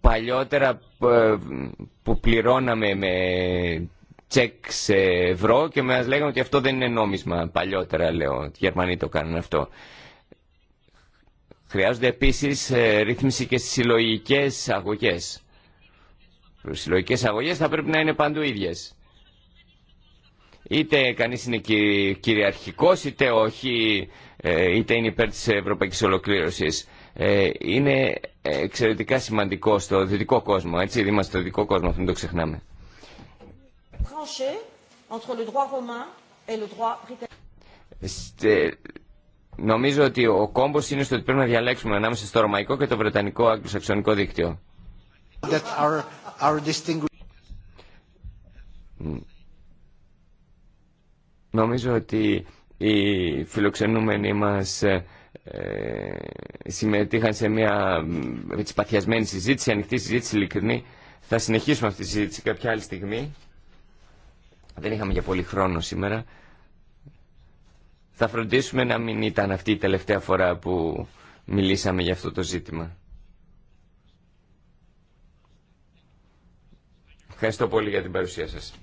παλιότερα ε, που πληρώναμε με τσεκ σε ευρώ και μας λέγανε ότι αυτό δεν είναι νόμισμα παλιότερα λέω, οι Γερμανοί το κάνουν αυτό Χρειάζονται επίσης ε, ρύθμιση και στις συλλογικές αγωγές. Οι συλλογικές αγωγές θα πρέπει να είναι παντού ίδιες. Είτε κανείς είναι κυριαρχικός, είτε όχι, ε, είτε είναι υπέρ της ευρωπαϊκής ολοκλήρωσης. Ε, είναι εξαιρετικά σημαντικό στο δυτικό κόσμο, έτσι, είμαστε στο δυτικό κόσμο, αυτό μην το ξεχνάμε. Entre Νομίζω ότι ο κόμπο είναι στο ότι πρέπει να διαλέξουμε ανάμεσα στο ρωμαϊκό και το βρετανικό αγγλοσαξονικό δίκτυο. Νομίζω ότι οι φιλοξενούμενοι μας ε, ε συμμετείχαν σε μια παθιασμένη συζήτηση, ανοιχτή συζήτηση ειλικρινή. Θα συνεχίσουμε αυτή τη συζήτηση κάποια άλλη στιγμή. Δεν είχαμε για πολύ χρόνο σήμερα. Θα φροντίσουμε να μην ήταν αυτή η τελευταία φορά που μιλήσαμε για αυτό το ζήτημα. Ευχαριστώ πολύ για την παρουσία σας.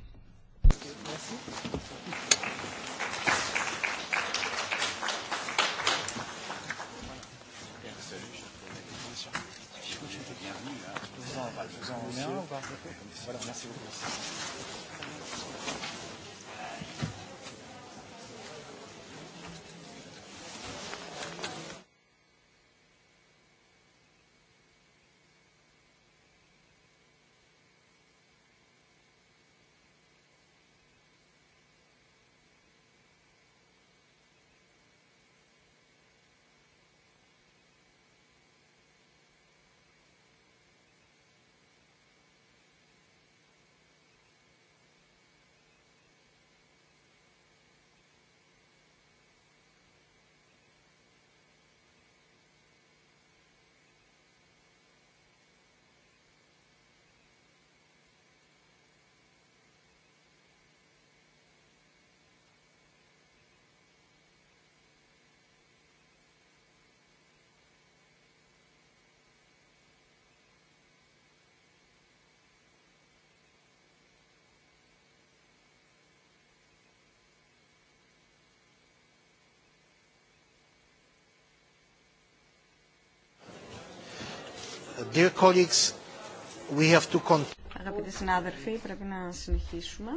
Αγαπητοί συνάδελφοι, πρέπει να συνεχίσουμε.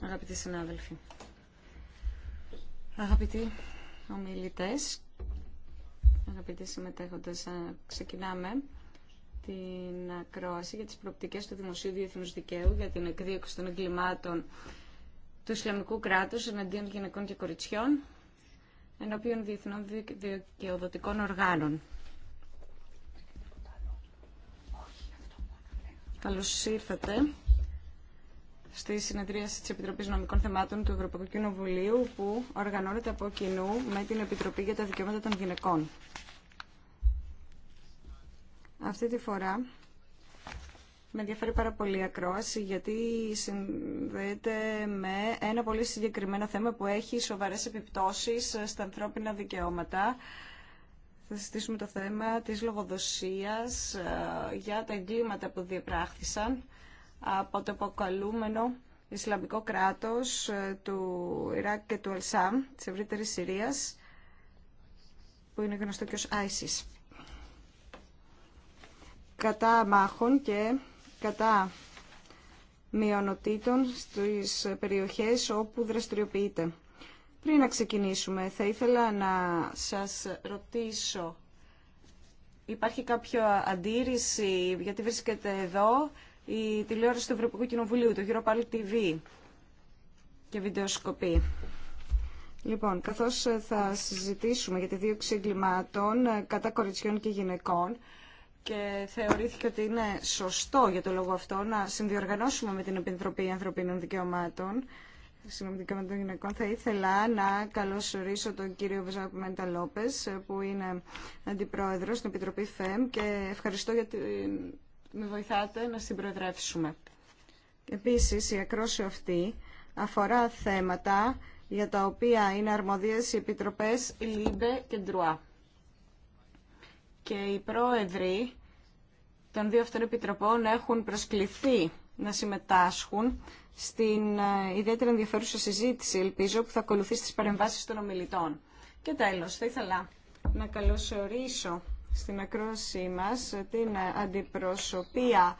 Αγαπητοί συνάδελφοι, αγαπητοί ομιλητές, αγαπητοί συμμετέχοντες, ε, ξεκινάμε την ακρόαση για τις προοπτικές του Δημοσίου Διεθνούς Δικαίου για την εκδίωξη των εγκλημάτων του Ισλαμικού κράτους εναντίον γυναικών και κοριτσιών ενώπιον διεθνών δικαιοδοτικών οργάνων. Καλώς ήρθατε στη συνεδρίαση της Επιτροπής Νομικών Θεμάτων του Ευρωπαϊκού Κοινοβουλίου που οργανώνεται από κοινού με την Επιτροπή για τα Δικαιώματα των Γυναικών. Αυτή τη φορά με ενδιαφέρει πάρα πολύ η ακρόαση γιατί συνδέεται με ένα πολύ συγκεκριμένο θέμα που έχει σοβαρές επιπτώσεις στα ανθρώπινα δικαιώματα. Θα συζητήσουμε το θέμα της λογοδοσίας ε, για τα εγκλήματα που διαπράχθησαν από το αποκαλούμενο Ισλαμικό κράτος ε, του Ιράκ και του Αλσάμ, της ευρύτερη Συρίας, που είναι γνωστό και ως Άϊσις. Κατά μάχων και κατά μειονοτήτων στις περιοχές όπου δραστηριοποιείται. Πριν να ξεκινήσουμε, θα ήθελα να σας ρωτήσω, υπάρχει κάποια αντίρρηση γιατί βρίσκεται εδώ η τηλεόραση του Ευρωπαϊκού Κοινοβουλίου, το Πάλι TV και βιντεοσκοπή. Λοιπόν, καθώς ε, θα συζητήσουμε για τη δίωξη εγκλημάτων ε, κατά κοριτσιών και γυναικών και θεωρήθηκε ότι είναι σωστό για το λόγο αυτό να συνδιοργανώσουμε με την Επιτροπή Ανθρωπίνων Δικαιωμάτων Συγγνώμη, με των γυναικών. Θα ήθελα να καλωσορίσω τον κύριο Βεζάκο Μέντα Λόπε, ε, που είναι αντιπρόεδρο στην Επιτροπή ΦΕΜ και ευχαριστώ για την με βοηθάτε να συμπροεδρεύσουμε. Επίσης, η ακρόση αυτή αφορά θέματα για τα οποία είναι αρμοδίες οι επιτροπές ΛΥΜΠΕ και ΝΤΡΟΑ. Και οι πρόεδροι των δύο αυτών επιτροπών έχουν προσκληθεί να συμμετάσχουν στην ε, ιδιαίτερα ενδιαφέρουσα συζήτηση, ελπίζω, που θα ακολουθήσει τις παρεμβάσεις των ομιλητών. Και τέλος, θα ήθελα να καλωσορίσω στην ακρόση μας την αντιπροσωπεία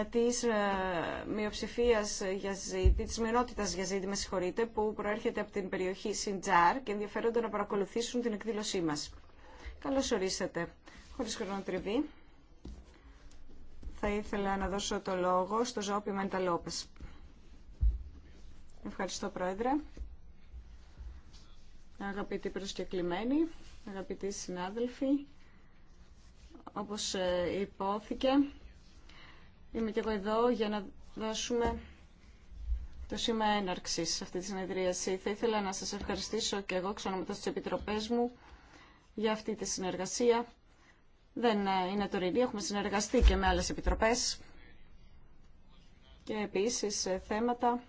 ε, της ε, μειοψηφίας για ζήτη, της μειονότητας για ζήτη, με συγχωρείτε, που προέρχεται από την περιοχή Σιντζάρ και ενδιαφέρονται να παρακολουθήσουν την εκδήλωσή μας. Καλώς ορίσατε. Χωρίς χρονοτριβή, θα ήθελα να δώσω το λόγο στο Ζώπη Μέντα Λόπες. Ευχαριστώ, Πρόεδρε. Αγαπητοί προσκεκλημένοι, αγαπητοί συνάδελφοι. Όπως ε, υπόθηκε, είμαι και εγώ εδώ για να δώσουμε το σήμα έναρξη σε αυτή τη συνεδρίαση. Θα ήθελα να σας ευχαριστήσω και εγώ μετά στις επιτροπές μου για αυτή τη συνεργασία. Δεν ε, είναι τωρινή, έχουμε συνεργαστεί και με άλλες επιτροπές και επίσης ε, θέματα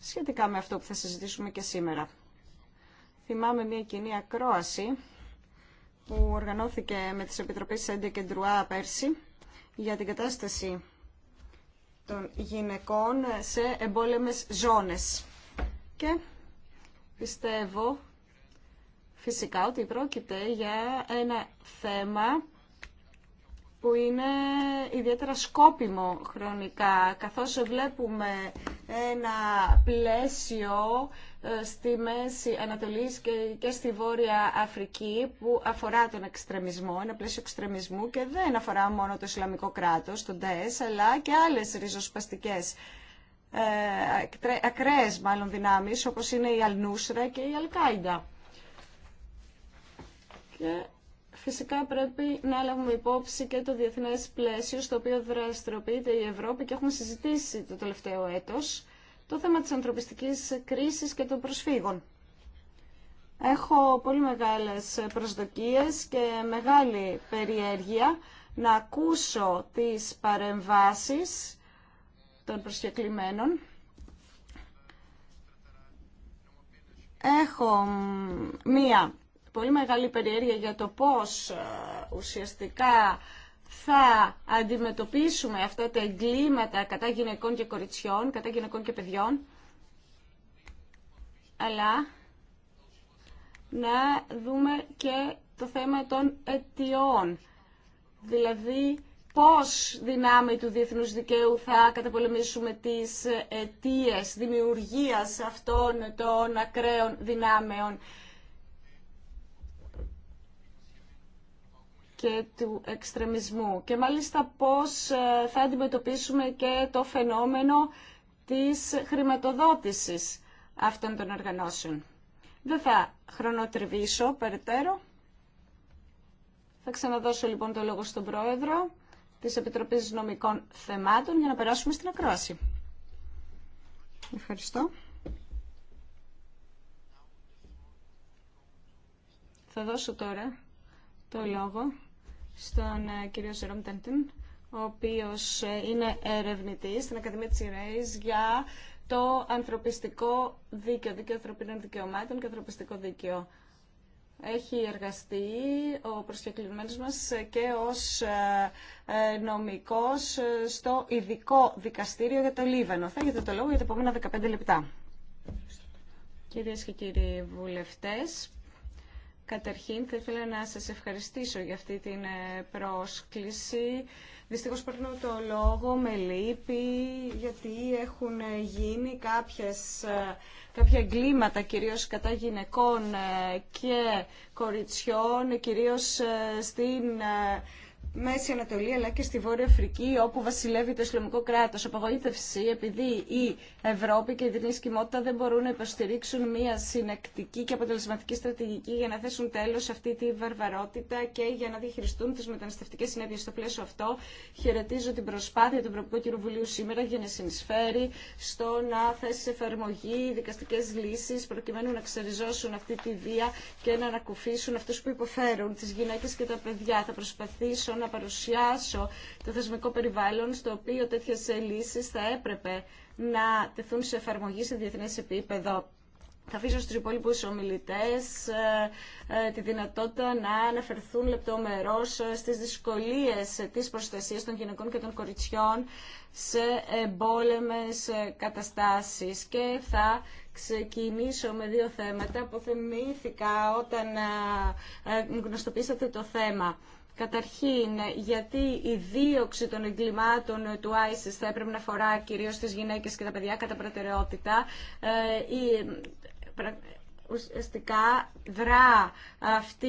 σχετικά με αυτό που θα συζητήσουμε και σήμερα. Θυμάμαι μια κοινή ακρόαση που οργανώθηκε με τις Επιτροπές Σέντε και Ντρουά πέρσι για την κατάσταση των γυναικών σε εμπόλεμες ζώνες. Και πιστεύω φυσικά ότι πρόκειται για ένα θέμα που είναι ιδιαίτερα σκόπιμο χρονικά, καθώς βλέπουμε ένα πλαίσιο ε, στη Μέση Ανατολή και στη Βόρεια Αφρική που αφορά τον εξτρεμισμό, ένα πλαίσιο εξτρεμισμού και δεν αφορά μόνο το Ισλαμικό κράτος, τον ΤΕΣ, αλλά και άλλες ριζοσπαστικές ε, ακραίες μάλλον δυνάμεις όπως είναι η Αλνούσρα και η Αλκάιντα. Φυσικά πρέπει να λάβουμε υπόψη και το διεθνές πλαίσιο στο οποίο δραστηριοποιείται η Ευρώπη και έχουμε συζητήσει το τελευταίο έτος το θέμα της ανθρωπιστικής κρίσης και των προσφύγων. Έχω πολύ μεγάλες προσδοκίες και μεγάλη περιέργεια να ακούσω τις παρεμβάσεις των προσκεκλημένων. Έχω μία πολύ μεγάλη περιέργεια για το πώς ε, ουσιαστικά θα αντιμετωπίσουμε αυτά τα εγκλήματα κατά γυναικών και κοριτσιών, κατά γυναικών και παιδιών, αλλά να δούμε και το θέμα των αιτιών. Δηλαδή, πώς δυνάμει του διεθνούς δικαίου θα καταπολεμήσουμε τις αιτίες δημιουργίας αυτών των ακραίων δυνάμεων και του εξτρεμισμού και μάλιστα πώς ε, θα αντιμετωπίσουμε και το φαινόμενο της χρηματοδότησης αυτών των οργανώσεων. Δεν θα χρονοτριβήσω περαιτέρω. Θα ξαναδώσω λοιπόν το λόγο στον Πρόεδρο της Επιτροπής Νομικών Θεμάτων για να περάσουμε στην ακρόαση. Ευχαριστώ. Θα δώσω τώρα το λόγο στον ε, κύριο Ζερόμ Τέντιν, ο οποίος ε, είναι ερευνητής στην Ακαδημία της Ιρέης για το ανθρωπιστικό δίκαιο, δίκαιο ανθρωπίνων δικαιωμάτων και ανθρωπιστικό δίκαιο. Έχει εργαστεί ο προσκεκλημένος μας και ως ε, νομικός στο ειδικό δικαστήριο για το Λίβανο. Θα έχετε το λόγο για τα επόμενα 15 λεπτά. Κυρίες και κύριοι βουλευτές, Καταρχήν θα ήθελα να σας ευχαριστήσω για αυτή την ε, πρόσκληση. Δυστυχώς παίρνω το λόγο με λύπη γιατί έχουν ε, γίνει κάποιες, ε, κάποια εγκλήματα κυρίως κατά γυναικών και κοριτσιών κυρίως στην Μέση Ανατολή αλλά και στη Βόρεια Αφρική όπου βασιλεύει το Ισλαμικό κράτος. Απογοήτευση, επειδή η Ευρώπη και η διεθνή κοιμότητα δεν μπορούν να υποστηρίξουν μια συνεκτική και αποτελεσματική στρατηγική για να θέσουν τέλος αυτή τη βαρβαρότητα και για να διαχειριστούν τις μεταναστευτικές συνέπειες. Στο πλαίσιο αυτό χαιρετίζω την προσπάθεια του Ευρωπαϊκού Κοινοβουλίου σήμερα για να συνεισφέρει στο να θέσει σε εφαρμογή δικαστικές λύσει προκειμένου να ξεριζώσουν αυτή τη βία και να ανακουφίσουν αυτούς που υποφέρουν, τις γυναίκες και τα παιδιά. Θα προσπαθήσω να παρουσιάσω το θεσμικό περιβάλλον στο οποίο τέτοιες λύσεις θα έπρεπε να τεθούν σε εφαρμογή σε διεθνές επίπεδο. Θα αφήσω στους υπόλοιπους ομιλητές ε, ε, τη δυνατότητα να αναφερθούν λεπτομερώς ε, στις δυσκολίες της προστασίας των γυναικών και των κοριτσιών σε εμπόλεμε καταστάσεις. Και θα ξεκινήσω με δύο θέματα που θεμήθηκα όταν γνωστοποίησατε το θέμα. Καταρχήν, γιατί η δίωξη των εγκλημάτων του ISIS θα έπρεπε να αφορά κυρίως τις γυναίκες και τα παιδιά κατά προτεραιότητα. Ε, ε, ουσιαστικά δρά αυτή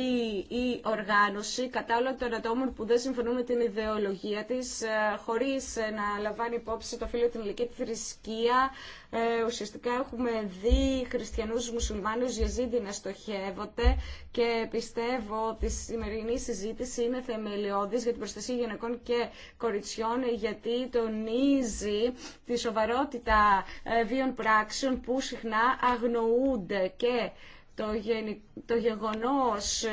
η οργάνωση κατά όλων των ατόμων που δεν συμφωνούν με την ιδεολογία της ε, χωρίς ε, να λαμβάνει υπόψη το φίλο την ηλικία, τη θρησκεία. Ε, ουσιαστικά έχουμε δει χριστιανούς, μουσουλμάνους, γεζίδι να στοχεύονται και πιστεύω ότι η σημερινή συζήτηση είναι θεμελιώδης για την προστασία γυναικών και κοριτσιών γιατί τονίζει τη σοβαρότητα βίων πράξεων που συχνά αγνοούνται και το, γεν... το γεγονός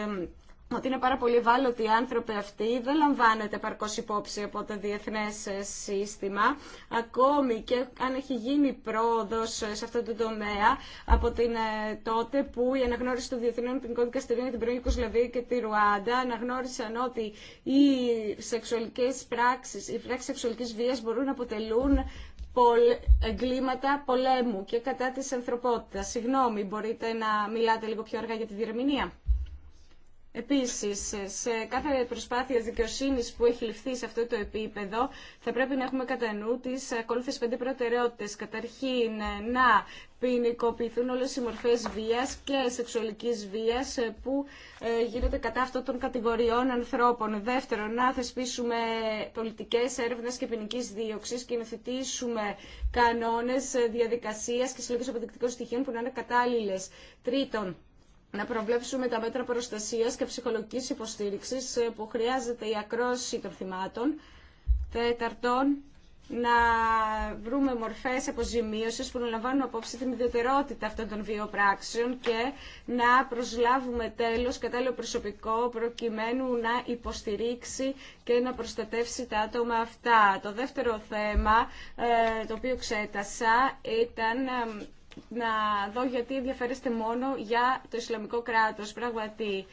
ότι είναι πάρα πολύ ευάλωτοι οι άνθρωποι αυτοί, δεν λαμβάνεται παρκώς υπόψη από το διεθνές ε, σύστημα. Ακόμη και αν έχει γίνει πρόοδος ε, σε αυτό το τομέα από την ε, τότε που η αναγνώριση των Διεθνών Ποινικών Δικαστηρίων για την πρώην Ιουκοσλαβία και τη Ρουάντα αναγνώρισαν ότι οι σεξουαλικές πράξεις, οι πράξεις σεξουαλικής βίας μπορούν να αποτελούν εγκλήματα πολέμου και κατά της ανθρωπότητας. Συγγνώμη, μπορείτε να μιλάτε λίγο πιο αργά για τη διερμηνία. Επίση, σε κάθε προσπάθεια δικαιοσύνη που έχει ληφθεί σε αυτό το επίπεδο, θα πρέπει να έχουμε κατά νου τι ακόλουθε πέντε προτεραιότητε, Καταρχήν, να ποινικοποιηθούν όλε οι μορφέ βία και σεξουαλική βία ε, που ε, γίνονται κατά αυτών των κατηγοριών ανθρώπων. Δεύτερον, να θεσπίσουμε πολιτικέ έρευνε και ποινική δίωξη και να θετήσουμε κανόνες ε, διαδικασίας και συλλογή αποδεικτικών στοιχείων που να είναι κατάλληλε. Τρίτον, να προβλέψουμε τα μέτρα προστασίας και ψυχολογικής υποστήριξης ε, που χρειάζεται η ακρόση των θυμάτων. Τέταρτον, να βρούμε μορφές αποζημίωση που να λαμβάνουν απόψη την ιδιαιτερότητα αυτών των βιοπράξεων και να προσλάβουμε τέλος κατάλληλο προσωπικό προκειμένου να υποστηρίξει και να προστατεύσει τα άτομα αυτά. Το δεύτερο θέμα ε, το οποίο ξέτασα ήταν ε, να δω γιατί ενδιαφέρεστε μόνο για το Ισλαμικό κράτος. Πραγματι,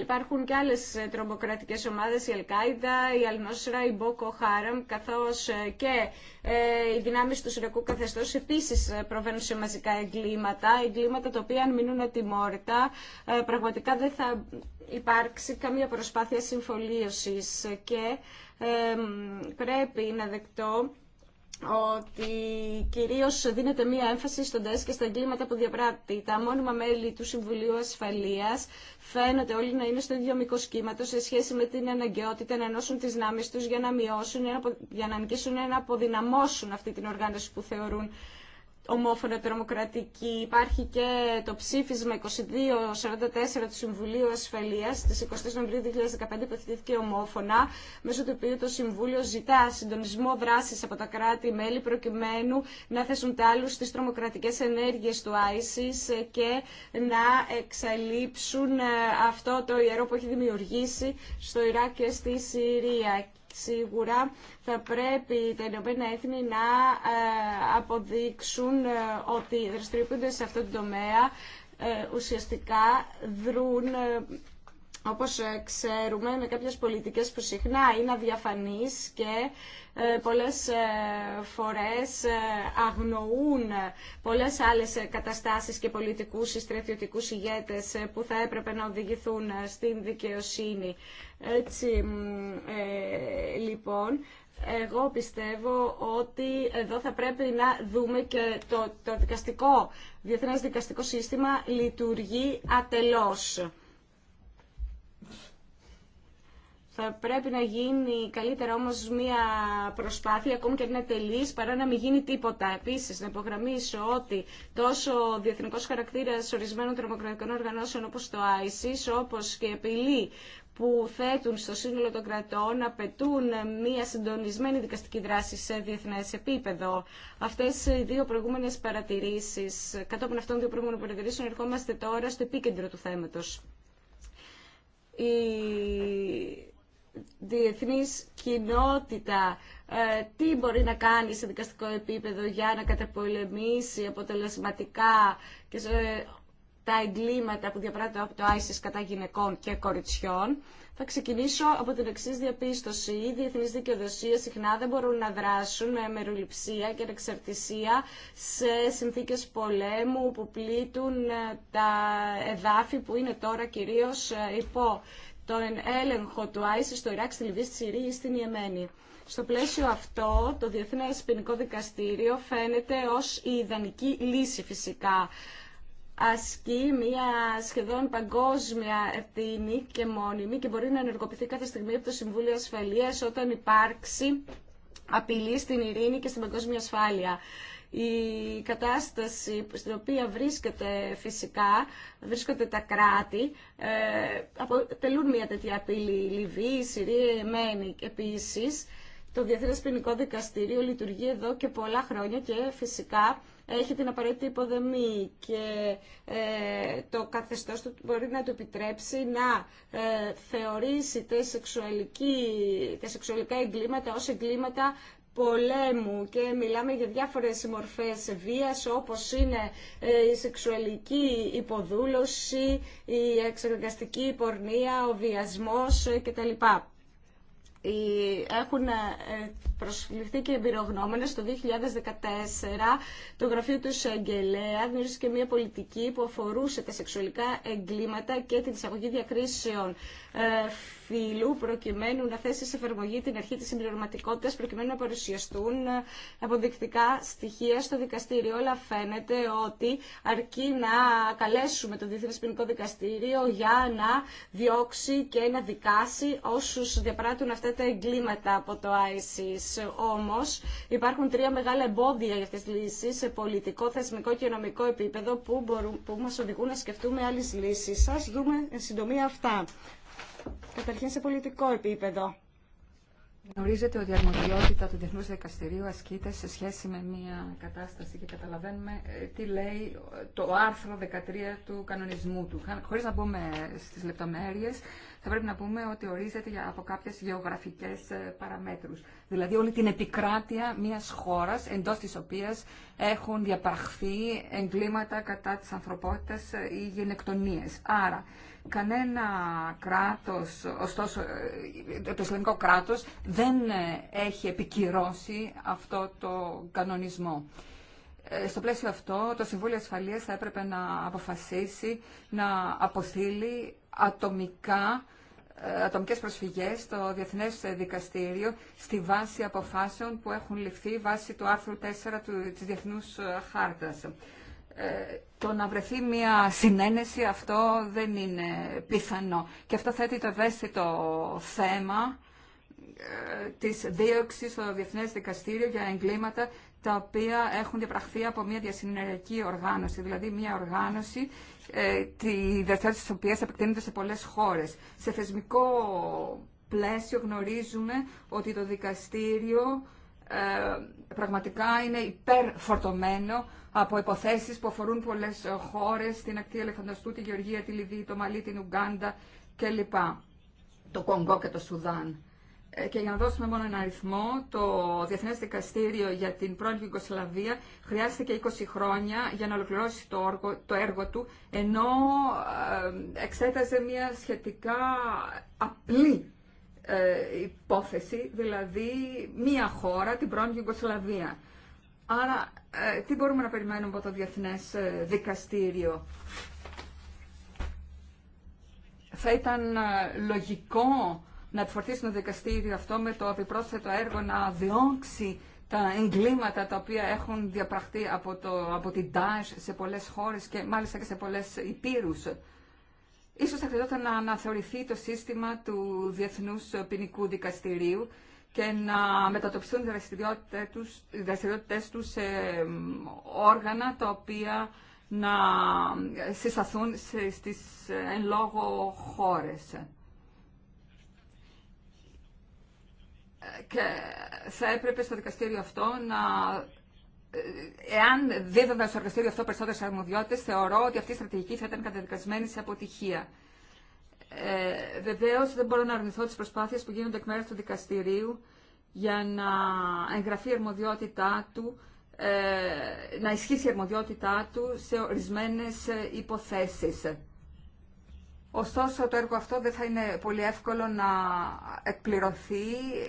υπάρχουν και άλλες ε, τρομοκρατικές ομάδες, η Αλκάιδα, η Αλνόσρα, η Μπόκο Χάραμ, καθώς ε, και ε, οι δυνάμεις του Συριακού καθεστώς επίσης προβαίνουν σε μαζικά εγκλήματα, εγκλήματα τα οποία αν μείνουν ατιμόρυτα, πραγματικά δεν θα υπάρξει καμία προσπάθεια συμφωλίωσης και πρέπει να δεκτώ ότι κυρίως δίνεται μία έμφαση στον ΤΕΣ και στα εγκλήματα που διαπράττει. Τα μόνιμα μέλη του Συμβουλίου Ασφαλείας φαίνεται όλοι να είναι στο ίδιο μήκο κύματο σε σχέση με την αναγκαιότητα να ενώσουν τις δυνάμει τους για να μειώσουν, για να νικήσουν, να αποδυναμώσουν αυτή την οργάνωση που θεωρούν ομόφωνα τρομοκρατική. Υπάρχει και το ψήφισμα 2244 του Συμβουλίου Ασφαλείας της 20 Νοεμβρίου 2015 που ομόφωνα, μέσω του οποίου το Συμβούλιο ζητά συντονισμό δράσης από τα κράτη-μέλη προκειμένου να θέσουν τάλους στις τρομοκρατικές ενέργειες του ISIS και να εξαλείψουν ε, αυτό το ιερό που έχει δημιουργήσει στο Ιράκ και στη Συρία. Σίγουρα θα πρέπει τα Ηνωμένα Έθνη να ε, αποδείξουν ε, ότι δραστηριοποιούνται σε αυτό το τομέα ε, ουσιαστικά δρούν όπως ε, ξέρουμε, με κάποιες πολιτικές που συχνά είναι αδιαφανείς και ε, πολλές ε, φορές αγνοούν πολλές άλλες καταστάσεις και πολιτικούς ή στρατιωτικούς ηγέτες που θα έπρεπε να οδηγηθούν στην δικαιοσύνη. Έτσι, λοιπόν, εγώ πιστεύω ότι εδώ θα πρέπει να δούμε και το, το δικαστικό, διεθνές δικαστικό σύστημα λειτουργεί ατελώς. Θα πρέπει να γίνει καλύτερα όμω μια προσπάθεια, ακόμη και αν είναι τελής, παρά να μην γίνει τίποτα. επίση. να υπογραμμίσω ότι τόσο ο διεθνικός χαρακτήρας ορισμένων τρομοκρατικών οργανώσεων όπω το ISIS, όπω και η απειλή που θέτουν στο σύνολο των κρατών απαιτούν μια συντονισμένη δικαστική δράση σε διεθνέ επίπεδο. Αυτέ οι δύο προηγούμενε παρατηρήσει, κατόπιν αυτών των δύο προηγούμενων παρατηρήσεων, ερχόμαστε τώρα στο επίκεντρο του θέματο. Η διεθνής κοινότητα ε, τι μπορεί να κάνει σε δικαστικό επίπεδο για να καταπολεμήσει αποτελεσματικά και τα εγκλήματα που διαπράττουν από το ISIS κατά γυναικών και κοριτσιών. Θα ξεκινήσω από την εξή διαπίστωση. Οι διεθνεί δικαιοδοσίε συχνά δεν μπορούν να δράσουν με μεροληψία και ανεξαρτησία σε συνθήκε πολέμου που πλήττουν ε, τα εδάφη που είναι τώρα κυρίω ε, υπό τον έλεγχο του ISIS στο Ιράκ, στη Λιβύη, στη Συρία ή στην Ιεμένη. Στο πλαίσιο αυτό, το Διεθνές Ποινικό Δικαστήριο φαίνεται ως η ιδανική λύση φυσικά. Ασκεί μια σχεδόν παγκόσμια ευθύνη και μόνιμη και μπορεί να ενεργοποιηθεί κάθε στιγμή από το Συμβούλιο Ασφαλείας όταν υπάρξει απειλή στην ειρήνη και στην παγκόσμια ασφάλεια η κατάσταση στην οποία βρίσκεται φυσικά, βρίσκονται τα κράτη, ε, αποτελούν μια τέτοια απειλή. Λιβύη, η Συρία, η Εμένη επίσης. Το Διεθνές Ποινικό Δικαστήριο λειτουργεί εδώ και πολλά χρόνια και φυσικά έχει την απαραίτητη υποδομή και ε, το καθεστώς του μπορεί να του επιτρέψει να ε, θεωρήσει τα σεξουαλικά εγκλήματα ως εγκλήματα πολέμου και μιλάμε για διάφορες μορφές βίας όπως είναι ε, η σεξουαλική υποδούλωση, η εξεργαστική πορνεία, ο βιασμός ε, κτλ. Έχουν ε, προσληφθεί και εμπειρογνώμενες το 2014 το γραφείο του Εισαγγελέα δημιούργησε και μια πολιτική που αφορούσε τα σεξουαλικά εγκλήματα και την εισαγωγή διακρίσεων φύλου προκειμένου να θέσει σε εφαρμογή την αρχή της συμπληρωματικότητας προκειμένου να παρουσιαστούν αποδεικτικά στοιχεία στο δικαστήριο. Όλα φαίνεται ότι αρκεί να καλέσουμε το Διεθνές Ποινικό Δικαστήριο για να διώξει και να δικάσει όσους διαπράττουν αυτά τα εγκλήματα από το ISIS. Όμως υπάρχουν τρία μεγάλα εμπόδια για αυτές τις λύσεις σε πολιτικό, θεσμικό και νομικό επίπεδο που, μπορούν, που μας οδηγούν να σκεφτούμε άλλες λύσεις. Σας δούμε συντομία αυτά καταρχήν σε πολιτικό επίπεδο. Γνωρίζετε ότι η αρμοδιότητα του Διεθνούς Δικαστηρίου ασκείται σε σχέση με μια κατάσταση και καταλαβαίνουμε ε, τι λέει το άρθρο 13 του κανονισμού του. Χωρίς να μπούμε στις λεπτομέρειες, θα πρέπει να πούμε ότι ορίζεται από κάποιες γεωγραφικές ε, παραμέτρους. Δηλαδή όλη την επικράτεια μιας χώρας εντός της οποίας έχουν διαπραχθεί εγκλήματα κατά της ανθρωπότητας ε, ή γενεκτονίες. Άρα, Κανένα κράτος, ωστόσο ε, το Ισλαμικό κράτος δεν ε, έχει επικυρώσει αυτό το κανονισμό. Ε, στο πλαίσιο αυτό, το Συμβούλιο Ασφαλείας θα έπρεπε να αποφασίσει να αποθύλει ατομικά ατομικές προσφυγές στο Διεθνές Δικαστήριο στη βάση αποφάσεων που έχουν ληφθεί βάσει του άρθρου 4 του, της Διεθνούς Χάρτας. Ε, το να βρεθεί μια συνένεση αυτό δεν είναι πιθανό. Και αυτό θέτει το ευαίσθητο θέμα ε, της δίωξης στο Διεθνές Δικαστήριο για εγκλήματα τα οποία έχουν διαπραχθεί από μια διασυνεργική οργάνωση, δηλαδή μια οργάνωση ε, τη δευτερότητα της οποίας επεκτείνεται σε πολλές χώρες. Σε θεσμικό πλαίσιο γνωρίζουμε ότι το δικαστήριο πραγματικά είναι υπερφορτωμένο από υποθέσεις που αφορούν πολλές ε, χώρες, την ακτή Ελεφανταστού, τη Γεωργία, τη Λιβύη, το Μαλί, την Ουγκάντα κλπ. Το Κονγκό και το Σουδάν. Ε, και για να δώσουμε μόνο ένα αριθμό, το Διεθνές Δικαστήριο για την πρώην Ιουγκοσλαβία χρειάστηκε 20 χρόνια για να ολοκληρώσει το, έργο του, ενώ ε, εξέταζε μια σχετικά απλή υπόθεση, δηλαδή μια χώρα, την πρώην Ιουγκοσλαβία. Άρα, ε, τι μπορούμε να περιμένουμε από το Διεθνές ε, Δικαστήριο. Θα ήταν ε, λογικό να επιφορτήσει το δικαστήριο αυτό με το επιπρόσθετο έργο να διώξει τα εγκλήματα τα οποία έχουν διαπραχτεί από, το, από την ΤΑΕΣ σε πολλές χώρες και μάλιστα και σε πολλές υπήρους. Ίσως θα χρειαζόταν να αναθεωρηθεί το σύστημα του Διεθνούς Ποινικού Δικαστηρίου και να μετατοπιστούν οι δραστηριότητε του σε όργανα τα οποία να συσταθούν στι εν λόγω χώρες. Και θα έπρεπε στο δικαστήριο αυτό να... Εάν δίδονταν στο δικαστήριο αυτό περισσότερε αρμοδιότητε, θεωρώ ότι αυτή η στρατηγική θα ήταν καταδικασμένη σε αποτυχία. Ε, βεβαίως δεν μπορώ να αρνηθώ τι προσπάθειες που γίνονται εκ μέρους του δικαστηρίου για να εγγραφεί η αρμοδιότητά του, ε, να ισχύσει η αρμοδιότητά του σε ορισμένες ε, υποθέσεις. Ωστόσο, το έργο αυτό δεν θα είναι πολύ εύκολο να εκπληρωθεί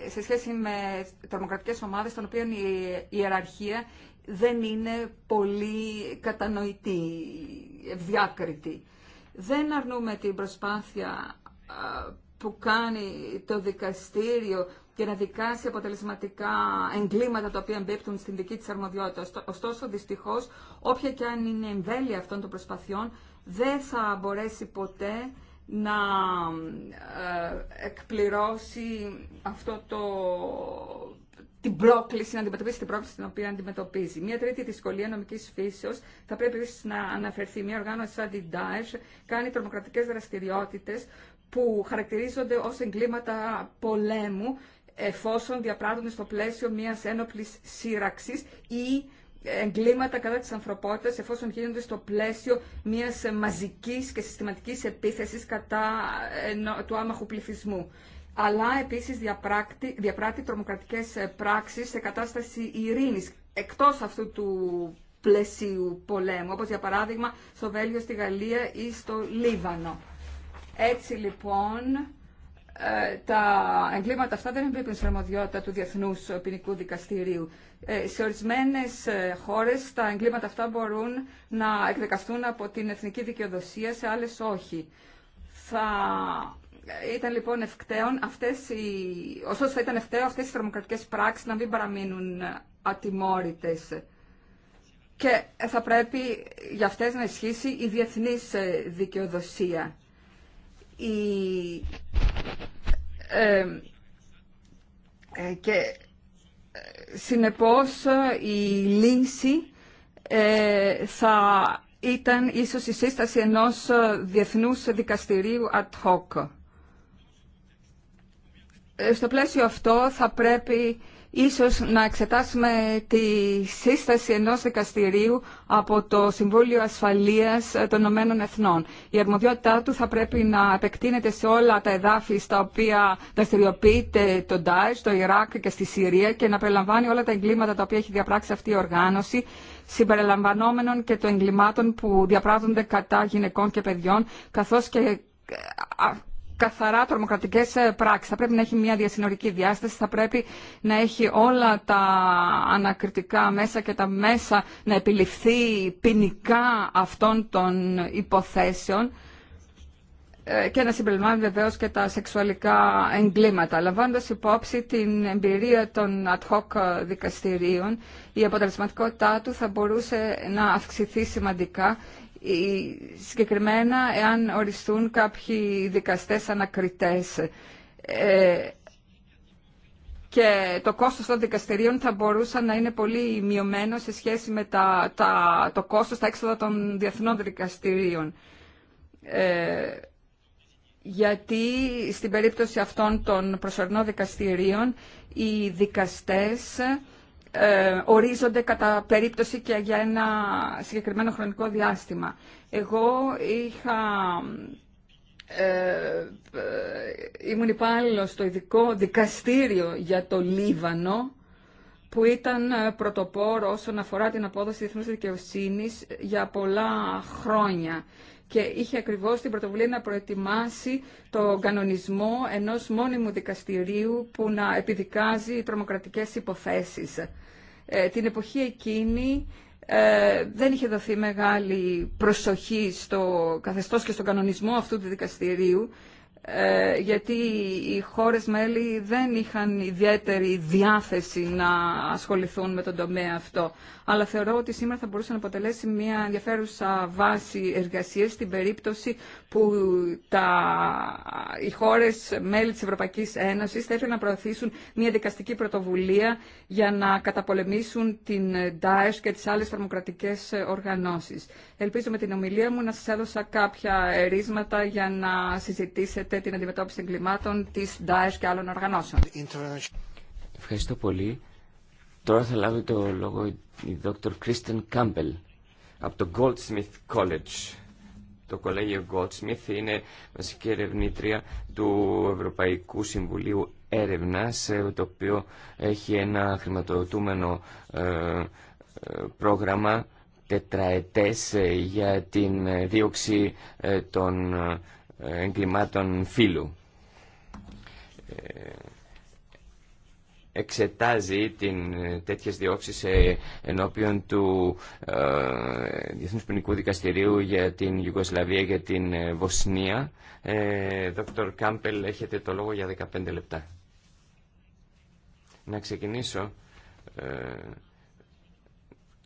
σε σχέση με τρομοκρατικέ ομάδες, των οποίων η ιεραρχία δεν είναι πολύ κατανοητή, διάκριτη δεν αρνούμε την προσπάθεια που κάνει το δικαστήριο και να δικάσει αποτελεσματικά εγκλήματα τα οποία εμπίπτουν στην δική της αρμοδιότητα. Ωστόσο, δυστυχώς, όποια και αν είναι εμβέλεια αυτών των προσπαθειών, δεν θα μπορέσει ποτέ να ε, εκπληρώσει αυτό το πρόκληση, να αντιμετωπίσει την πρόκληση την οποία αντιμετωπίζει. Μία τρίτη δυσκολία νομική φύσεω θα πρέπει επίση να αναφερθεί. Μία οργάνωση σαν την Daesh κάνει τρομοκρατικέ δραστηριότητε που χαρακτηρίζονται ω εγκλήματα πολέμου εφόσον διαπράττονται στο πλαίσιο μια ένοπλη σύραξη ή εγκλήματα κατά της ανθρωπότητας εφόσον γίνονται στο πλαίσιο μιας μαζικής και συστηματικής επίθεσης κατά του άμαχου πληθυσμού αλλά επίσης διαπράκτη, διαπράττει τρομοκρατικές ε, πράξεις σε κατάσταση ειρήνης, εκτός αυτού του πλαισίου πολέμου, όπως για παράδειγμα στο Βέλγιο, στη Γαλλία ή στο Λίβανο. Έτσι λοιπόν, ε, τα εγκλήματα αυτά δεν εμπίπτουν στην αρμοδιότητα του Διεθνού Ποινικού Δικαστηρίου. Ε, σε ορισμένε χώρες τα εγκλήματα αυτά μπορούν να εκδικαστούν από την εθνική δικαιοδοσία, σε άλλες όχι. Θα ήταν λοιπόν ευκταίων αυτές οι... Ωστόσο θα ήταν ευκταίο αυτές οι τρομοκρατικές πράξεις να μην παραμείνουν ατιμόρυτες. Και θα πρέπει για αυτές να ισχύσει η διεθνής ε, δικαιοδοσία. Η... Ε, ε, και συνεπώς η λύση θα ήταν ίσως η σύσταση ενός διεθνούς δικαστηρίου ad hoc. Ε, στο πλαίσιο αυτό θα πρέπει ίσως να εξετάσουμε τη σύσταση ενός δικαστηρίου από το Συμβούλιο Ασφαλείας των Ηνωμένων Εθνών. Η αρμοδιότητά του θα πρέπει να επεκτείνεται σε όλα τα εδάφη στα οποία δραστηριοποιείται το ΝΤΑΕΣ, το Ιράκ και στη Συρία και να περιλαμβάνει όλα τα εγκλήματα τα οποία έχει διαπράξει αυτή η οργάνωση συμπεριλαμβανόμενων και των εγκλημάτων που διαπράττονται κατά γυναικών και παιδιών καθώς και ε, καθαρά τρομοκρατικέ ε, πράξεις. Θα πρέπει να έχει μια διασυνορική διάσταση, θα πρέπει να έχει όλα τα ανακριτικά μέσα και τα μέσα να επιληφθεί ποινικά αυτών των υποθέσεων ε, και να συμπεριλαμβάνει βεβαίω και τα σεξουαλικά εγκλήματα. Λαμβάνοντα υπόψη την εμπειρία των ad hoc δικαστηρίων, η αποτελεσματικότητά του θα μπορούσε να αυξηθεί σημαντικά συγκεκριμένα εάν οριστούν κάποιοι δικαστές ανακριτές ε, και το κόστος των δικαστηρίων θα μπορούσε να είναι πολύ μειωμένο σε σχέση με τα, το κόστος, τα έξοδα των διεθνών δικαστηρίων. Ε, γιατί στην περίπτωση αυτών των προσωρινών δικαστηρίων οι δικαστές ε, ορίζονται κατά περίπτωση και για ένα συγκεκριμένο χρονικό διάστημα. Εγώ είχα, ε, ε ήμουν υπάλληλο στο ειδικό δικαστήριο για το Λίβανο που ήταν ε, πρωτοπόρο όσον αφορά την απόδοση διεθνούς δικαιοσύνης για πολλά χρόνια και είχε ακριβώς την πρωτοβουλία να προετοιμάσει το κανονισμό ενός μόνιμου δικαστηρίου που να επιδικάζει τρομοκρατικές υποθέσεις. Ε, την εποχή εκείνη ε, δεν είχε δοθεί μεγάλη προσοχή στο καθεστώς και στον κανονισμό αυτού του δικαστηρίου ε, γιατί οι χώρες μέλη δεν είχαν ιδιαίτερη διάθεση να ασχοληθούν με τον τομέα αυτό. Αλλά θεωρώ ότι σήμερα θα μπορούσε να αποτελέσει μια ενδιαφέρουσα βάση εργασίας στην περίπτωση που τα, οι χώρες μέλη της Ευρωπαϊκής Ένωσης θα να προωθήσουν μια δικαστική πρωτοβουλία για να καταπολεμήσουν την ΝΤΑΕΣ και τις άλλες θερμοκρατικές οργανώσεις. Ελπίζω με την ομιλία μου να σας έδωσα κάποια ερίσματα για να συζητήσετε την αντιμετώπιση εγκλημάτων κλιμάτων της ΝΤΑΕΣ και άλλων οργανώσεων. Ευχαριστώ πολύ. Τώρα θα λάβει το λόγο η δόκτωρ Κρίστεν Κάμπελ από το Goldsmith College. Το κολέγιο Goldsmith είναι βασική ερευνήτρια του Ευρωπαϊκού Συμβουλίου Έρευνας, ε, το οποίο έχει ένα χρηματοδοτούμενο ε, ε, πρόγραμμα τετραετές ε, για την ε, δίωξη ε, των εγκλημάτων φύλου. Εξετάζει την, τέτοιες διώξεις ενώπιον του ε, Διεθνούς Ποινικού Δικαστηρίου για την Ιουγκοσλαβία και την Βοσνία. Ε, Δόκτωρ Κάμπελ, έχετε το λόγο για 15 λεπτά. Να ξεκινήσω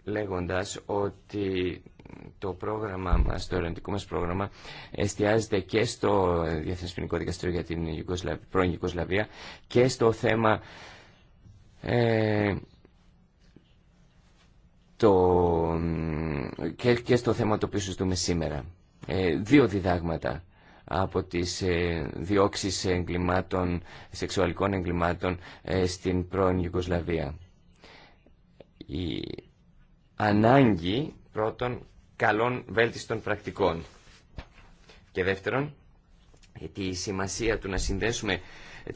λέγοντας ότι το πρόγραμμα μας, το ερευνητικό μας πρόγραμμα εστιάζεται και στο Διεθνές Ποινικό Δικαστήριο για την Ιουγκοσλαβία, πρώην Ιουγκοσλαβία και στο θέμα ε, το, και, και, στο θέμα το οποίο συζητούμε σήμερα. Ε, δύο διδάγματα από τις ε, διώξεις εγκλημάτων, σεξουαλικών εγκλημάτων ε, στην πρώην Ιουγκοσλαβία. Η, ανάγκη πρώτον καλών βέλτιστων πρακτικών και δεύτερον τη σημασία του να συνδέσουμε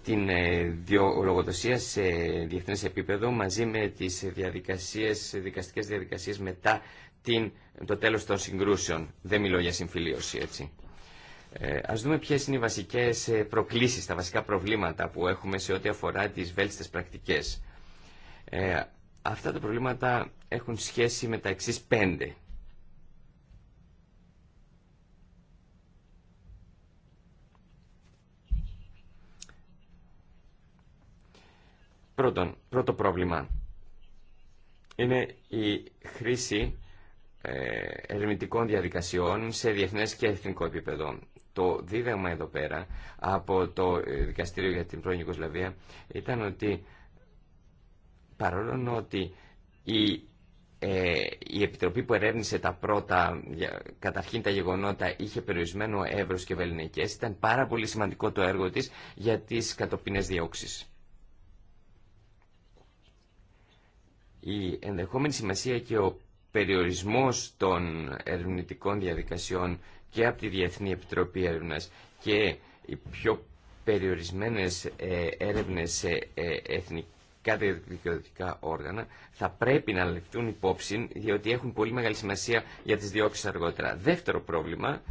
την ε, διολογοδοσία σε διεθνές επίπεδο μαζί με τις διαδικασίες, δικαστικές διαδικασίες μετά την, το τέλος των συγκρούσεων. Δεν μιλώ για συμφιλίωση έτσι. Ε, ας δούμε ποιες είναι οι βασικές ε, προκλήσεις, τα βασικά προβλήματα που έχουμε σε ό,τι αφορά τις βέλτιστες πρακτικές. Ε, Αυτά τα προβλήματα έχουν σχέση με τα εξής πέντε. Πρώτον, πρώτο πρόβλημα είναι η χρήση ε, ερευνητικών διαδικασιών σε διεθνές και εθνικό επίπεδο. Το δίδαγμα εδώ πέρα από το Δικαστήριο για την πρώην Ιουγκοσλαβία ήταν ότι παρόλο ότι ε, η, Επιτροπή που ερεύνησε τα πρώτα, καταρχήν τα γεγονότα, είχε περιορισμένο εύρος και βεληνικέ, ήταν πάρα πολύ σημαντικό το έργο τη για τι κατοπινές διώξει. Η ενδεχόμενη σημασία και ο περιορισμός των ερευνητικών διαδικασιών και από τη Διεθνή Επιτροπή Έρευνας και οι πιο περιορισμένες ε, έρευνες σε ε, κάθε δικαιωτικά όργανα θα πρέπει να λεφτούν υπόψη διότι έχουν πολύ μεγάλη σημασία για τις διώξεις αργότερα. Δεύτερο πρόβλημα,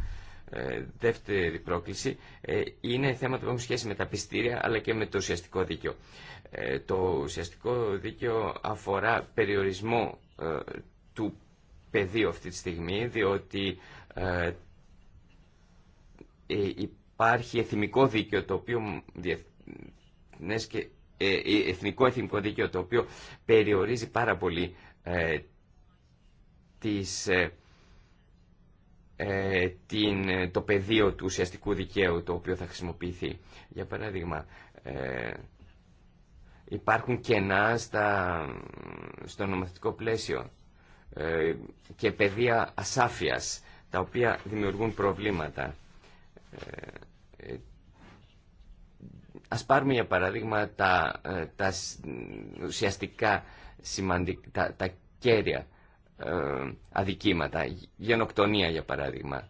ε, δεύτερη πρόκληση, ε, είναι θέματα που έχουν σχέση με τα πιστήρια αλλά και με το ουσιαστικό δίκαιο. Ε, το ουσιαστικό δίκαιο αφορά περιορισμό του πεδίου αυτή τη στιγμή διότι υπάρχει εθιμικό δίκαιο το οποίο διεθνές και ε, ε, εθνικό εθνικό δίκαιο το οποίο περιορίζει πάρα πολύ ε, την, το πεδίο του ουσιαστικού δικαίου το οποίο θα χρησιμοποιηθεί. Για παράδειγμα, ε, υπάρχουν κενά στα, στο νομοθετικό πλαίσιο και πεδία ασάφειας τα οποία δημιουργούν προβλήματα Ας πάρουμε για παράδειγμα τα, ε, τα ουσιαστικά σημαντικά, τα, κέρια ε, αδικήματα, γενοκτονία για παράδειγμα.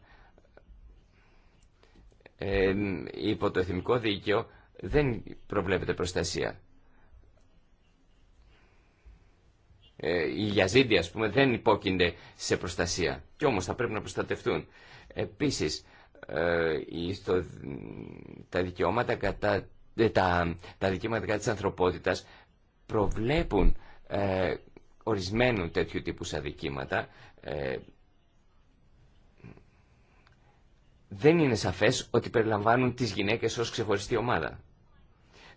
Ε, υπό το εθνικό δίκαιο δεν προβλέπεται προστασία. Ε, οι γιαζίδοι ας πούμε δεν υπόκεινται σε προστασία και όμως θα πρέπει να προστατευτούν. Επίσης, ε, στο, τα δικαιώματα κατά ε, τα, τα δικαιώματα της ανθρωπότητας προβλέπουν ε, ορισμένου τέτοιου τύπου αδικήματα. Ε, δεν είναι σαφές ότι περιλαμβάνουν τις γυναίκες ως ξεχωριστή ομάδα.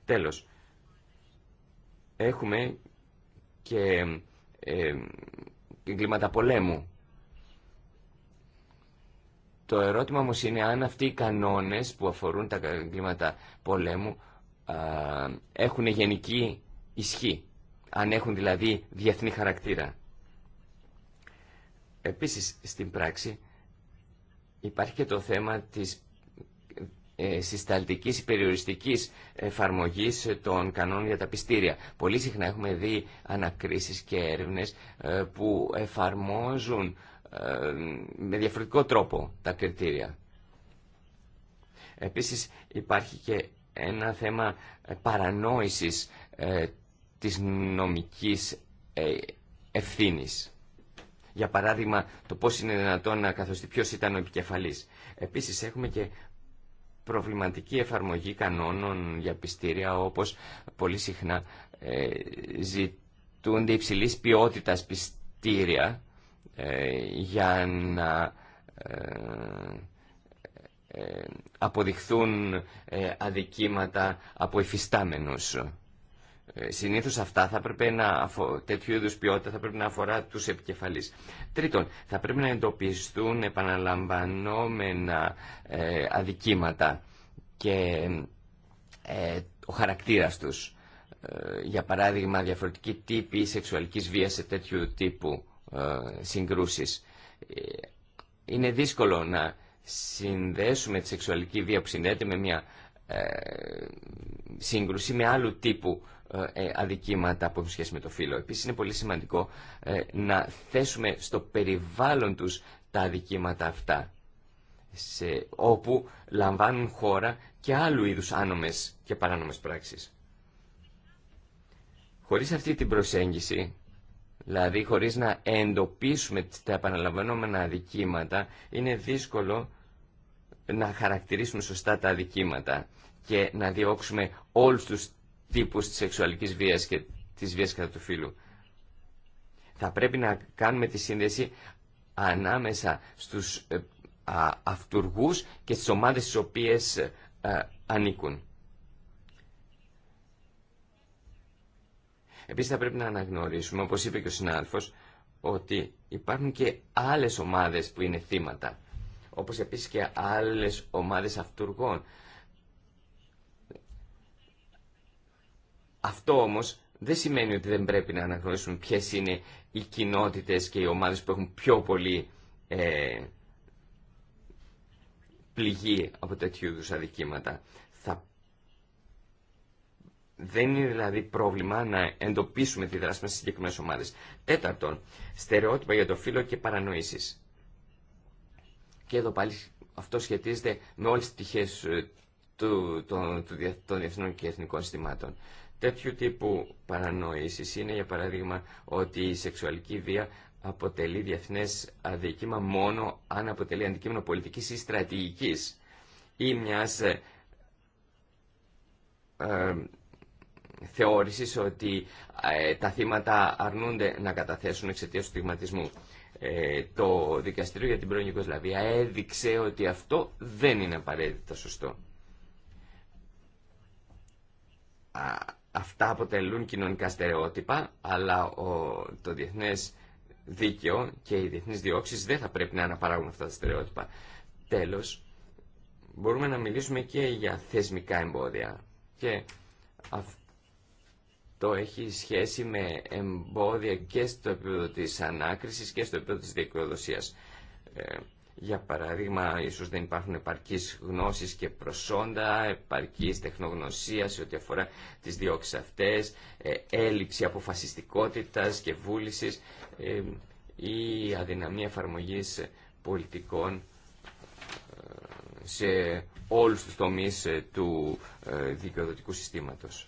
Τέλος, έχουμε και ε, εγκλήματα πολέμου το ερώτημα όμω είναι αν αυτοί οι κανόνες που αφορούν τα εγκλήματα πολέμου έχουν γενική ισχύ, αν έχουν δηλαδή διεθνή χαρακτήρα. Επίσης, στην πράξη υπάρχει και το θέμα της ε, συσταλτικής ή περιοριστικής εφαρμογής των κανόνων για τα πιστήρια. Πολύ συχνά έχουμε δει ανακρίσεις και έρευνες ε, που εφαρμόζουν με διαφορετικό τρόπο τα κριτήρια. Επίσης υπάρχει και ένα θέμα παρανόησης ε, της νομικής ε, ευθύνης. Για παράδειγμα, το πώς είναι δυνατόν να καθοριστεί ποιος ήταν ο επικεφαλής. Επίσης έχουμε και προβληματική εφαρμογή κανόνων για πιστήρια, όπως πολύ συχνά ε, ζητούνται υψηλής ποιότητας πιστήρια, ε, για να ε, ε, αποδειχθούν αδικήματα από εφιστάμενους. Συνήθως αυτά θα πρέπει να τέτοιου είδους ποιότητα θα πρέπει να αφορά τους επικεφαλείς. Τρίτον, θα πρέπει να εντοπιστούν επαναλαμβανόμενα αδικήματα και ο χαρακτήρας τους. Για παράδειγμα, διαφορετική τύπη σεξουαλικής βίας σε τέτοιου τύπου ε, συγκρούσεις. Ε, είναι δύσκολο να συνδέσουμε τη σεξουαλική βία που συνδέεται με μια ε, σύγκρουση με άλλου τύπου αδικήματα που έχουν σχέση με το φύλλο. Επίσης είναι πολύ σημαντικό να θέσουμε στο περιβάλλον τους τα αδικήματα αυτά σε, όπου λαμβάνουν χώρα και άλλου είδους άνομες και παράνομες πράξεις. Χωρίς αυτή την προσέγγιση Δηλαδή χωρίς να εντοπίσουμε τα επαναλαμβανόμενα αδικήματα είναι δύσκολο να χαρακτηρίσουμε σωστά τα αδικήματα και να διώξουμε όλους τους τύπους της σεξουαλικής βίας και της βίας κατά του φίλου. Θα πρέπει να κάνουμε τη σύνδεση ανάμεσα στους ε, αυτούργους και στις ομάδες στις οποίες ε, ε, ανήκουν. Επίσης θα πρέπει να αναγνωρίσουμε, όπως είπε και ο συνάδελφος, ότι υπάρχουν και άλλες ομάδες που είναι θύματα, όπως επίσης και άλλες ομάδες αυτούργων. Αυτό όμως δεν σημαίνει ότι δεν πρέπει να αναγνωρίσουμε ποιες είναι οι κοινότητες και οι ομάδες που έχουν πιο πολύ ε, πληγή από τέτοιου είδους αδικήματα. Δεν είναι δηλαδή πρόβλημα να εντοπίσουμε τη δράση μα στι συγκεκριμένε ομάδες. Τέταρτον, στερεότυπα για το φύλλο και παρανοήσει. Και εδώ πάλι αυτό σχετίζεται με όλες τις πτυχές ε, των, διεθνών και εθνικών συστημάτων. Τέτοιου τύπου παρανοήσει είναι, για παράδειγμα, ότι η σεξουαλική βία αποτελεί διεθνέ αδικήμα μόνο αν αποτελεί αντικείμενο πολιτική ή στρατηγική ή μιας ε, ε, θεώρηση ότι ε, τα θύματα αρνούνται να καταθέσουν εξαιτία του στιγματισμού. Ε, το Δικαστήριο για την πρώην Ιουγκοσλαβία έδειξε ότι αυτό δεν είναι απαραίτητα σωστό. αυτά αποτελούν κοινωνικά στερεότυπα, αλλά το διεθνές δίκαιο και οι διεθνείς διώξεις δεν θα πρέπει να αναπαράγουν αυτά τα στερεότυπα. Τέλος, μπορούμε να μιλήσουμε και για θεσμικά εμπόδια. Και αυτό το έχει σχέση με εμπόδια και στο επίπεδο της ανάκρισης και στο επίπεδο της δικαιοδοσίας. Ε, για παράδειγμα, ίσως δεν υπάρχουν επαρκείς γνώσεις και προσόντα, επαρκείς τεχνογνωσία σε ό,τι αφορά τις διώξεις αυτές, ε, έλλειψη αποφασιστικότητας και βούλησης ε, ή αδυναμία εφαρμογής πολιτικών ε, σε όλους τους τομείς του δικαιοδοτικού συστήματος.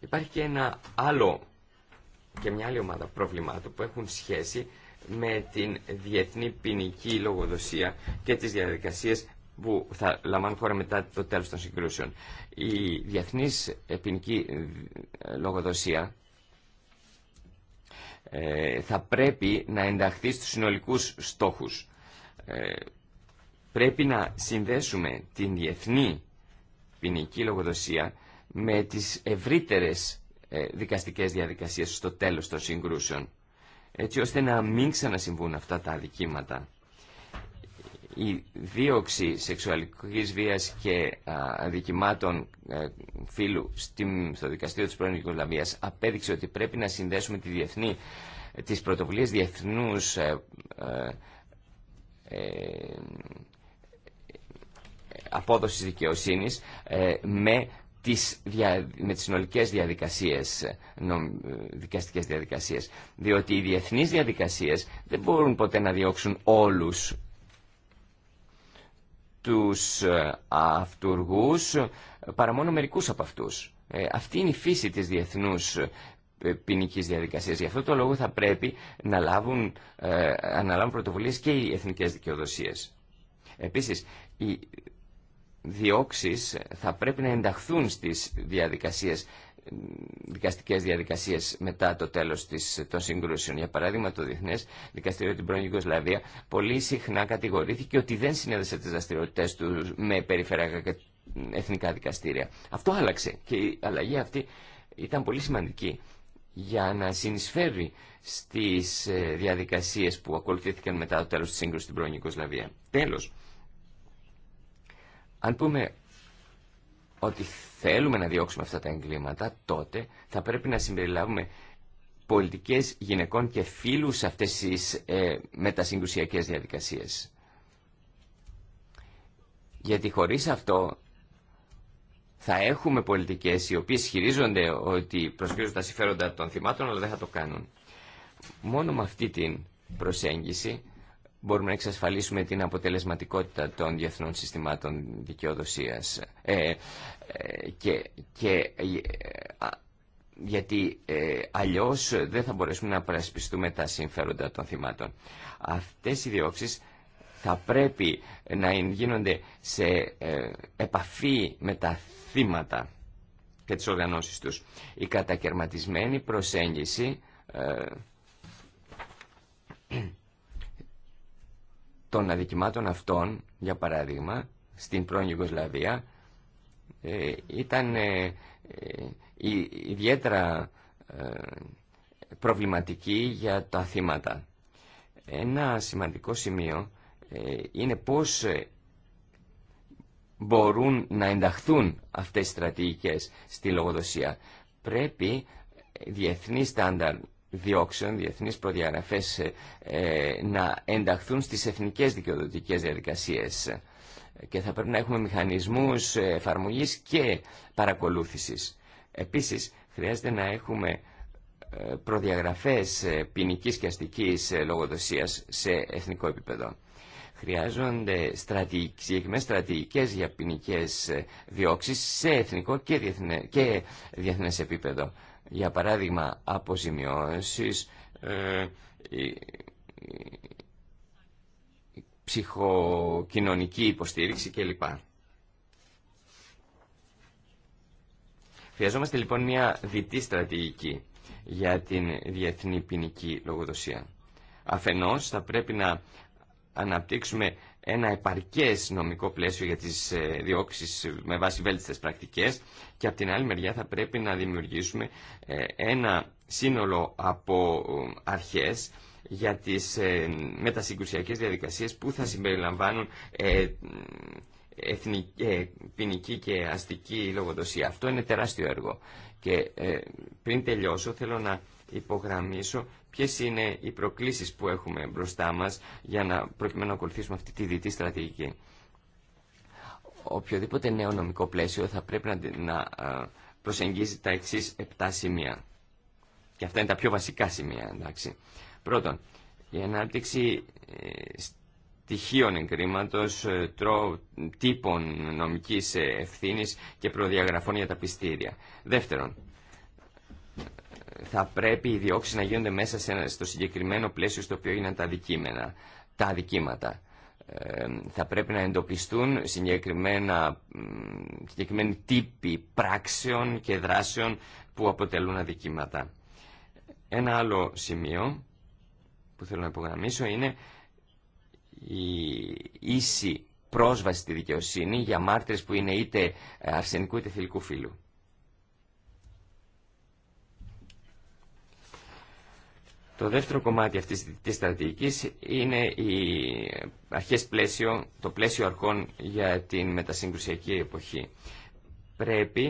Υπάρχει και ένα άλλο και μια άλλη ομάδα προβλημάτων που έχουν σχέση με την διεθνή ποινική λογοδοσία και τις διαδικασίες που θα λαμβάνουν χώρα μετά το τέλος των συγκρούσεων. Η διεθνής ε, ποινική ε, λογοδοσία ε, θα πρέπει να ενταχθεί στους συνολικούς στόχους. Πρέπει να συνδέσουμε την διεθνή ποινική λογοδοσία με τις ευρύτερες ε, δικαστικές διαδικασίες στο τέλος των συγκρούσεων, έτσι ώστε να μην ξανασυμβούν αυτά τα αδικήματα. Η δίωξη σεξουαλικής βίας και αδικημάτων ε, φύλου στο δικαστήριο της πρώην Ιγκολαβίας απέδειξε ότι πρέπει να συνδέσουμε τη διεθνή, τις πρωτοβουλίες διεθνούς ε, ε, ε απόδοσης δικαιοσύνης με τις, με τις συνολικές διαδικασίες, νομ, δικαστικές διαδικασίες. Διότι οι διεθνείς διαδικασίες δεν μπορούν ποτέ να διώξουν όλους τους ε, αυτούργους παρά μόνο μερικούς από αυτούς. Ε, αυτή είναι η φύση της διεθνούς ε, ποινική διαδικασία. Γι' αυτό το λόγο θα πρέπει να λάβουν, ε, και οι εθνικές δικαιοδοσίες. Επίσης, διώξεις θα πρέπει να ενταχθούν στις διαδικασίες, δικαστικές διαδικασίες μετά το τέλος της, των συγκρούσεων. Για παράδειγμα το Διεθνές Δικαστήριο την πρώην Ιγκοσλαβία πολύ συχνά κατηγορήθηκε ότι δεν συνέδεσε τις δραστηριότητε του με περιφερειακά και εθνικά δικαστήρια. Αυτό άλλαξε και η αλλαγή αυτή ήταν πολύ σημαντική για να συνεισφέρει στις ε, διαδικασίες που ακολουθήθηκαν μετά το τέλος της σύγκρουσης στην πρώην Ιγκοσλαβία. Τέλος, αν πούμε ότι θέλουμε να διώξουμε αυτά τα εγκλήματα, τότε θα πρέπει να συμπεριλάβουμε πολιτικές γυναικών και φίλους σε αυτές τις ε, διαδικασίες. Γιατί χωρίς αυτό θα έχουμε πολιτικές οι οποίες χειρίζονται ότι προσφύγουν τα συμφέροντα των θυμάτων, αλλά δεν θα το κάνουν. Μόνο με αυτή την προσέγγιση μπορούμε να εξασφαλίσουμε την αποτελεσματικότητα των διεθνών συστημάτων δικαιοδοσίας. Ε, ε και, ε, γιατί ε, αλλιώς δεν θα μπορέσουμε να παρασπιστούμε τα συμφέροντα των θυμάτων. Αυτές οι διώξεις θα πρέπει να γίνονται σε επαφή με τα θύματα και τις οργανώσεις τους. Η κατακαιρματισμένη προσέγγιση ε, των αδικημάτων αυτών, για παράδειγμα, στην πρώην Ιουγκοσλαβία, ε, ήταν ε, ε, ιδιαίτερα προβληματική για τα θύματα. Ένα σημαντικό σημείο είναι πώς μπορούν να ενταχθούν αυτές οι στρατηγικές στη λογοδοσία. Πρέπει διεθνή στάνταρ διώξεων, διεθνείς προδιαγραφές ε, ε, να ενταχθούν στις εθνικές δικαιοδοτικές διαδικασίες και θα πρέπει να έχουμε μηχανισμούς ε, εφαρμογής και παρακολούθησης. Επίσης, χρειάζεται να έχουμε προδιαγραφές ποινική και αστικής λογοδοσίας σε εθνικό επίπεδο. Χρειάζονται συγκεκριμένες στρατηγικές για ποινικέ διώξεις σε εθνικό και, διεθνε, και διεθνές επίπεδο. Για παράδειγμα, αποζημιώσεις, ε, ψυχοκοινωνική υποστήριξη κλπ. Χρειαζόμαστε λοιπόν μια διτή στρατηγική για την διεθνή ποινική λογοδοσία. Αφενός θα πρέπει να αναπτύξουμε ένα επαρκές νομικό πλαίσιο για τις ε, διώξεις με βάση βέλτιστες πρακτικές και από την άλλη μεριά θα πρέπει να δημιουργήσουμε ε, ένα σύνολο από ε, αρχές για τις μετασυγκρουσιακές διαδικασίες που θα συμπεριλαμβάνουν εθνική, ποινική και αστική λογοδοσία. Αυτό είναι τεράστιο έργο. Και πριν τελειώσω θέλω να υπογραμμίσω Ποιε είναι οι προκλήσεις που έχουμε μπροστά μας για να προκειμένου να ακολουθήσουμε αυτή τη διτή στρατηγική. Οποιοδήποτε νέο νομικό πλαίσιο θα πρέπει να, ε, προσεγγίζει τα εξής επτά σημεία. Και αυτά είναι τα πιο βασικά σημεία, εντάξει. Πρώτον, η ανάπτυξη ε, στοιχείων εγκρήματος, ε, τρό, τύπων νομικής ευθύνη και προδιαγραφών για τα πιστήρια. Δεύτερον, θα πρέπει οι διώξει να γίνονται μέσα σε, στο συγκεκριμένο πλαίσιο στο οποίο είναι τα αδικήμενα, τα αδικήματα. θα πρέπει να εντοπιστούν συγκεκριμένα, συγκεκριμένοι τύποι πράξεων και δράσεων που αποτελούν αδικήματα. Ένα άλλο σημείο που θέλω να υπογραμμίσω είναι η ίση πρόσβαση στη δικαιοσύνη για μάρτυρες που είναι είτε αρσενικού είτε θηλυκού φύλου. Το δεύτερο κομμάτι αυτής της στρατηγικής είναι οι αρχές πλαίσιο, το πλαίσιο αρχών για την μετασυγκρουσιακή εποχή. Πρέπει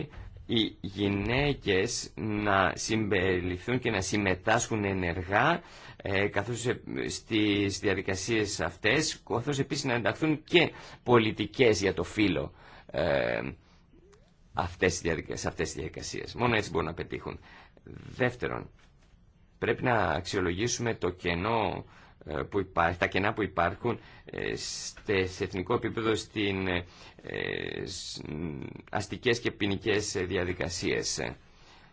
οι γυναίκες να συμπεριληφθούν και να συμμετάσχουν ενεργά ε, καθώς ε, στις διαδικασίες αυτές, καθώς επίσης να ενταχθούν και πολιτικές για το φύλλο ε, αυτές, σε αυτές τις διαδικασίες. Μόνο έτσι μπορούν να πετύχουν. Δεύτερον, Πρέπει να αξιολογήσουμε το κενό ε, που υπάρχει, τα κενά που υπάρχουν ε, σε εθνικό επίπεδο στην ε, αστικές και ποινικέ διαδικασίες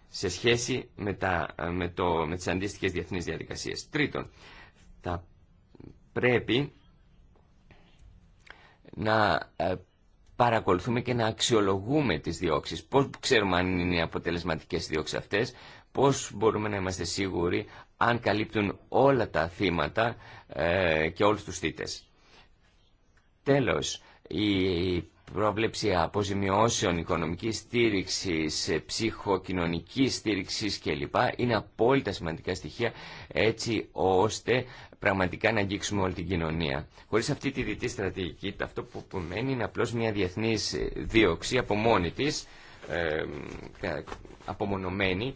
σε σχέση με, τα, με, το, με τις αντίστοιχες διεθνείς διαδικασίες. Τρίτον, θα πρέπει να παρακολουθούμε και να αξιολογούμε τις διώξεις. Πώς ξέρουμε αν είναι αποτελεσματικές οι διώξεις αυτές. Πώς μπορούμε να είμαστε σίγουροι αν καλύπτουν όλα τα θύματα ε, και όλους τους θύτες. Τέλος, η πρόβλεψη αποζημιώσεων οικονομικής στήριξης, ε, ψυχοκοινωνικής στήριξης κλπ. είναι απόλυτα σημαντικά στοιχεία έτσι ώστε πραγματικά να αγγίξουμε όλη την κοινωνία. Χωρίς αυτή τη διετή στρατηγική, αυτό που, μένει είναι απλώς μια διεθνής ε, δίωξη από μόνη της, απομονωμένη,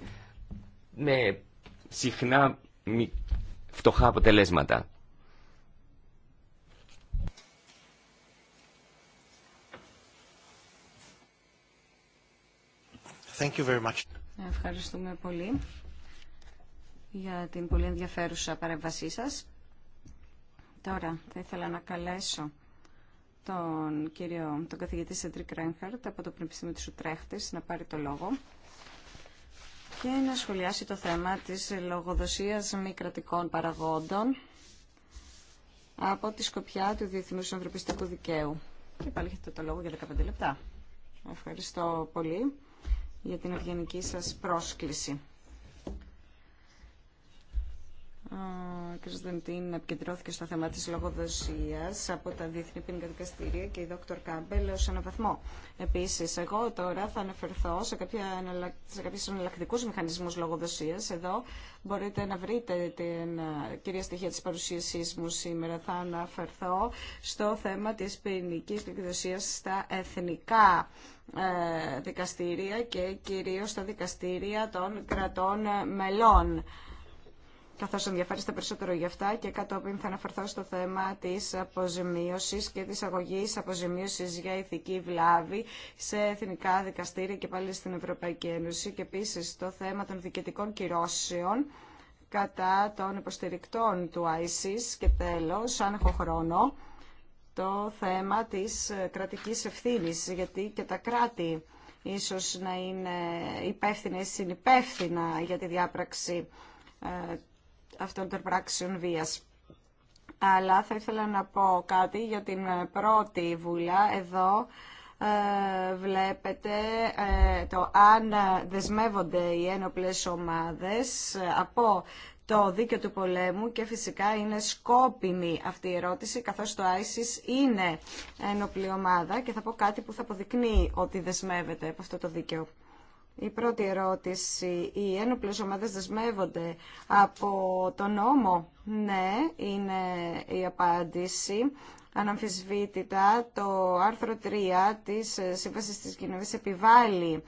με συχνά φτωχά αποτελέσματα. Thank you very much. Ευχαριστούμε πολύ για την πολύ ενδιαφέρουσα παρέμβασή σας. Τώρα θα ήθελα να καλέσω τον, κύριο, τον καθηγητή Σεντρικ Ρένχαρτ από το Πνευματισμό της Ουτρέχτης να πάρει το λόγο και να σχολιάσει το θέμα της λογοδοσίας μη κρατικών παραγόντων από τη σκοπιά του Διεθνούς Ανθρωπιστικού Δικαίου. Και πάλι έχετε το λόγο για 15 λεπτά. Ευχαριστώ πολύ για την ευγενική σας πρόσκληση. κ. Δεντίν επικεντρώθηκε στο θέμα τη λογοδοσία από τα διεθνή ποινικά δικαστήρια και η Δ. Κάμπελ ω ένα βαθμό. Επίση, εγώ τώρα θα αναφερθώ σε, κάποια, σε κάποιους λογοδοσία, μηχανισμούς λογοδοσίας. Εδώ μπορείτε να βρείτε την ε, κυρία στοιχεία τη παρουσίασή μου σήμερα. Θα αναφερθώ στο θέμα τη ποινική λογοδοσίας στα εθνικά ε, δικαστήρια και κυρίως στα δικαστήρια των κρατών μελών καθώς ενδιαφέρεστε περισσότερο για αυτά και κατόπιν θα αναφερθώ στο θέμα της αποζημίωσης και της αγωγή αποζημίωση για ηθική βλάβη σε εθνικά δικαστήρια και πάλι στην Ευρωπαϊκή Ένωση και επίση το θέμα των διοικητικών κυρώσεων κατά των υποστηρικτών του ISIS και τέλος, αν έχω χρόνο, το θέμα της κρατικής ευθύνης, γιατί και τα κράτη ίσως να είναι ή συνυπεύθυνα για τη διάπραξη ε, αυτών των πράξεων βίας. Αλλά θα ήθελα να πω κάτι για την πρώτη βουλά εδώ. Ε, βλέπετε ε, το αν δεσμεύονται οι ένοπλες ομάδες ε, από το δίκαιο του πολέμου και φυσικά είναι σκόπιμη αυτή η ερώτηση καθώς το ISIS είναι ένοπλη ομάδα και θα πω κάτι που θα αποδεικνύει ότι δεσμεύεται από αυτό το δίκαιο. Η πρώτη ερώτηση, οι ένοπλες ομάδες δεσμεύονται από τον νόμο. Ναι, είναι η απάντηση. Αναμφισβήτητα, το άρθρο 3 της Σύμβασης της Κοινωνίας επιβάλλει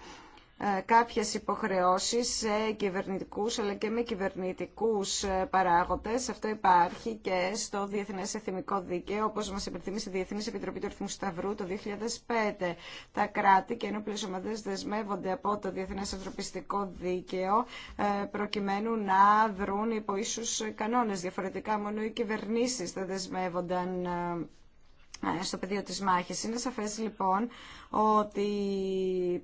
ε, κάποιες υποχρεώσεις σε κυβερνητικούς αλλά και με κυβερνητικούς ε, παράγοντες. Αυτό υπάρχει και στο Διεθνές Εθνικό Δίκαιο, όπως μας επιθυμεί η Διεθνής Επιτροπή του Ρυθμού Σταυρού το 2005. Τα κράτη και οι ομάδες δεσμεύονται από το Διεθνές Ανθρωπιστικό Δίκαιο ε, προκειμένου να δρουν υπό ίσους κανόνες. Διαφορετικά μόνο οι κυβερνήσεις θα δεσμεύονταν στο πεδίο της μάχης. Είναι σαφές λοιπόν ότι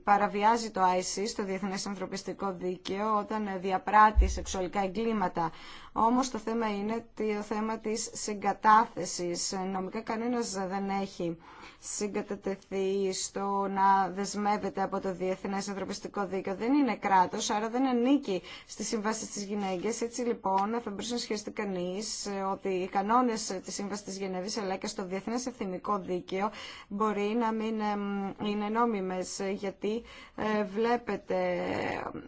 παραβιάζει το ISIS, το Διεθνές Ανθρωπιστικό Δίκαιο, όταν διαπράττει σεξουαλικά εγκλήματα όμως το θέμα είναι το θέμα της συγκατάθεσης. Νομικά κανένας δεν έχει συγκατατεθεί στο να δεσμεύεται από το Διεθνές Ανθρωπιστικό Δίκαιο. Δεν είναι κράτος, άρα δεν ανήκει στις συμβάσεις της γυναίκες. Έτσι λοιπόν θα μπορούσε να σχεστεί κανείς ότι οι κανόνες της Σύμβασης της Γενέβης αλλά και στο Διεθνές Εθνικό Δίκαιο μπορεί να μην είναι νόμιμες γιατί ε, βλέπετε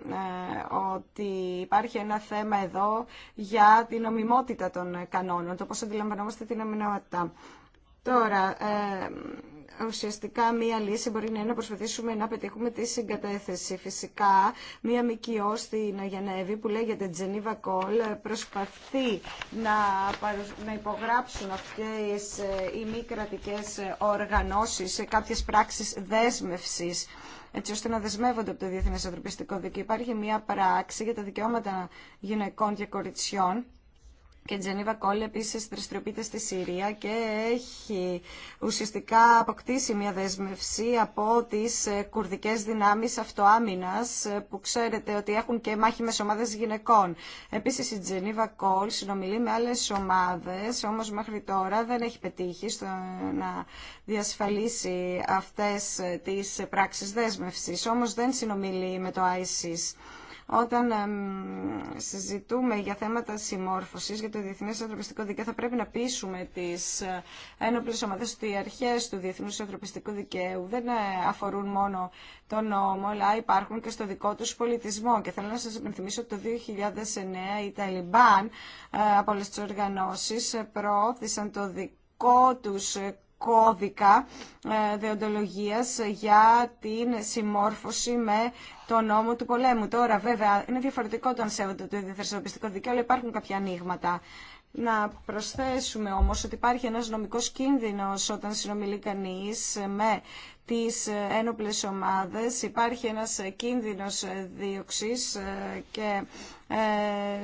ε, ότι υπάρχει ένα θέμα εδώ για την ομιμότητα των κανόνων, το πώς αντιλαμβανόμαστε την ομιμότητα. Τώρα, ε, ουσιαστικά μία λύση μπορεί να είναι να προσπαθήσουμε να πετύχουμε τη συγκατέθεση. Φυσικά, μία ΜΚΟ στην Γενέβη που λέγεται Τζενίβα Κόλ προσπαθεί να, να υπογράψουν αυτές ε, οι μη κρατικέ οργανώσεις σε κάποιες πράξεις δέσμευσης έτσι ώστε να δεσμεύονται από το Διεθνές Ανθρωπιστικό Δίκαιο. Υπάρχει μια πράξη για τα δικαιώματα γυναικών και κοριτσιών και Τζενίβα Κόλλη επίση δραστηριοποιείται στη Συρία και έχει ουσιαστικά αποκτήσει μια δέσμευση από τι ε, κουρδικέ δυνάμει αυτοάμυνα ε, που ξέρετε ότι έχουν και μάχη με ομάδε γυναικών. Επίση η Τζενίβα Κόλ συνομιλεί με άλλε ομάδε, όμω μέχρι τώρα δεν έχει πετύχει να διασφαλίσει αυτέ τι πράξει δέσμευση. Όμω δεν συνομιλεί με το ISIS. Όταν συζητούμε για θέματα συμμόρφωσης για το Διεθνές Ανθρωπιστικό Δικαίωμα θα πρέπει να πείσουμε τις ε, ένοπλες ομάδες ότι οι αρχές του Διεθνούς Ανθρωπιστικού Δικαίου δεν ε, αφορούν μόνο τον νόμο αλλά υπάρχουν και στο δικό τους πολιτισμό. Και θέλω να σας υπενθυμίσω ότι το 2009 οι Ταλιμπάν ε, από όλες τις οργανώσεις προώθησαν το δικό τους κώδικα ε, δεοντολογίας για την συμμόρφωση με το νόμο του πολέμου. Τώρα βέβαια είναι διαφορετικό όταν σέβονται το διεθνές δικαίωμα, υπάρχουν κάποια ανοίγματα. Να προσθέσουμε όμως ότι υπάρχει ένας νομικός κίνδυνος όταν συνομιλεί κανείς με τις ε, ένοπλες ομάδες. Υπάρχει ένας ε, κίνδυνος ε, δίωξης και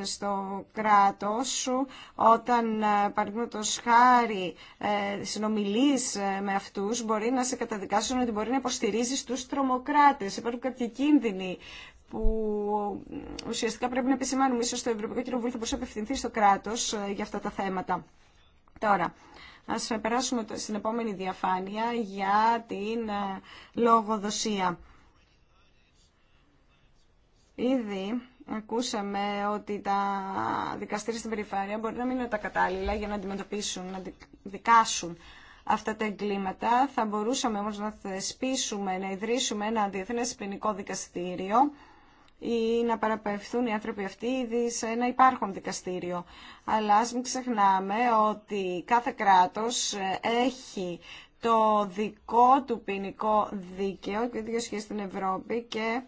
στο κράτος σου όταν το χάρη συνομιλείς με αυτούς μπορεί να σε καταδικάσουν ότι μπορεί να υποστηρίζεις τους τρομοκράτες. Υπάρχουν κάποιοι κίνδυνοι που ουσιαστικά πρέπει να επισημάνουμε ίσως το Ευρωπαϊκό Κοινοβούλιο που μπορούσε απευθυνθεί στο κράτος για αυτά τα θέματα. Τώρα, Ας περάσουμε στην επόμενη διαφάνεια για την ε, λογοδοσία. Ήδη ακούσαμε ότι τα δικαστήρια στην περιφέρεια μπορεί να μην είναι τα κατάλληλα για να αντιμετωπίσουν, να δικάσουν αυτά τα εγκλήματα. Θα μπορούσαμε όμως να θεσπίσουμε, να ιδρύσουμε ένα διεθνές ποινικό δικαστήριο ή να παραπευθούν οι άνθρωποι αυτοί ήδη σε ένα υπάρχον δικαστήριο. Αλλά ας μην ξεχνάμε ότι κάθε κράτος ε, έχει το δικό του ποινικό δίκαιο και ίδιο και στην Ευρώπη και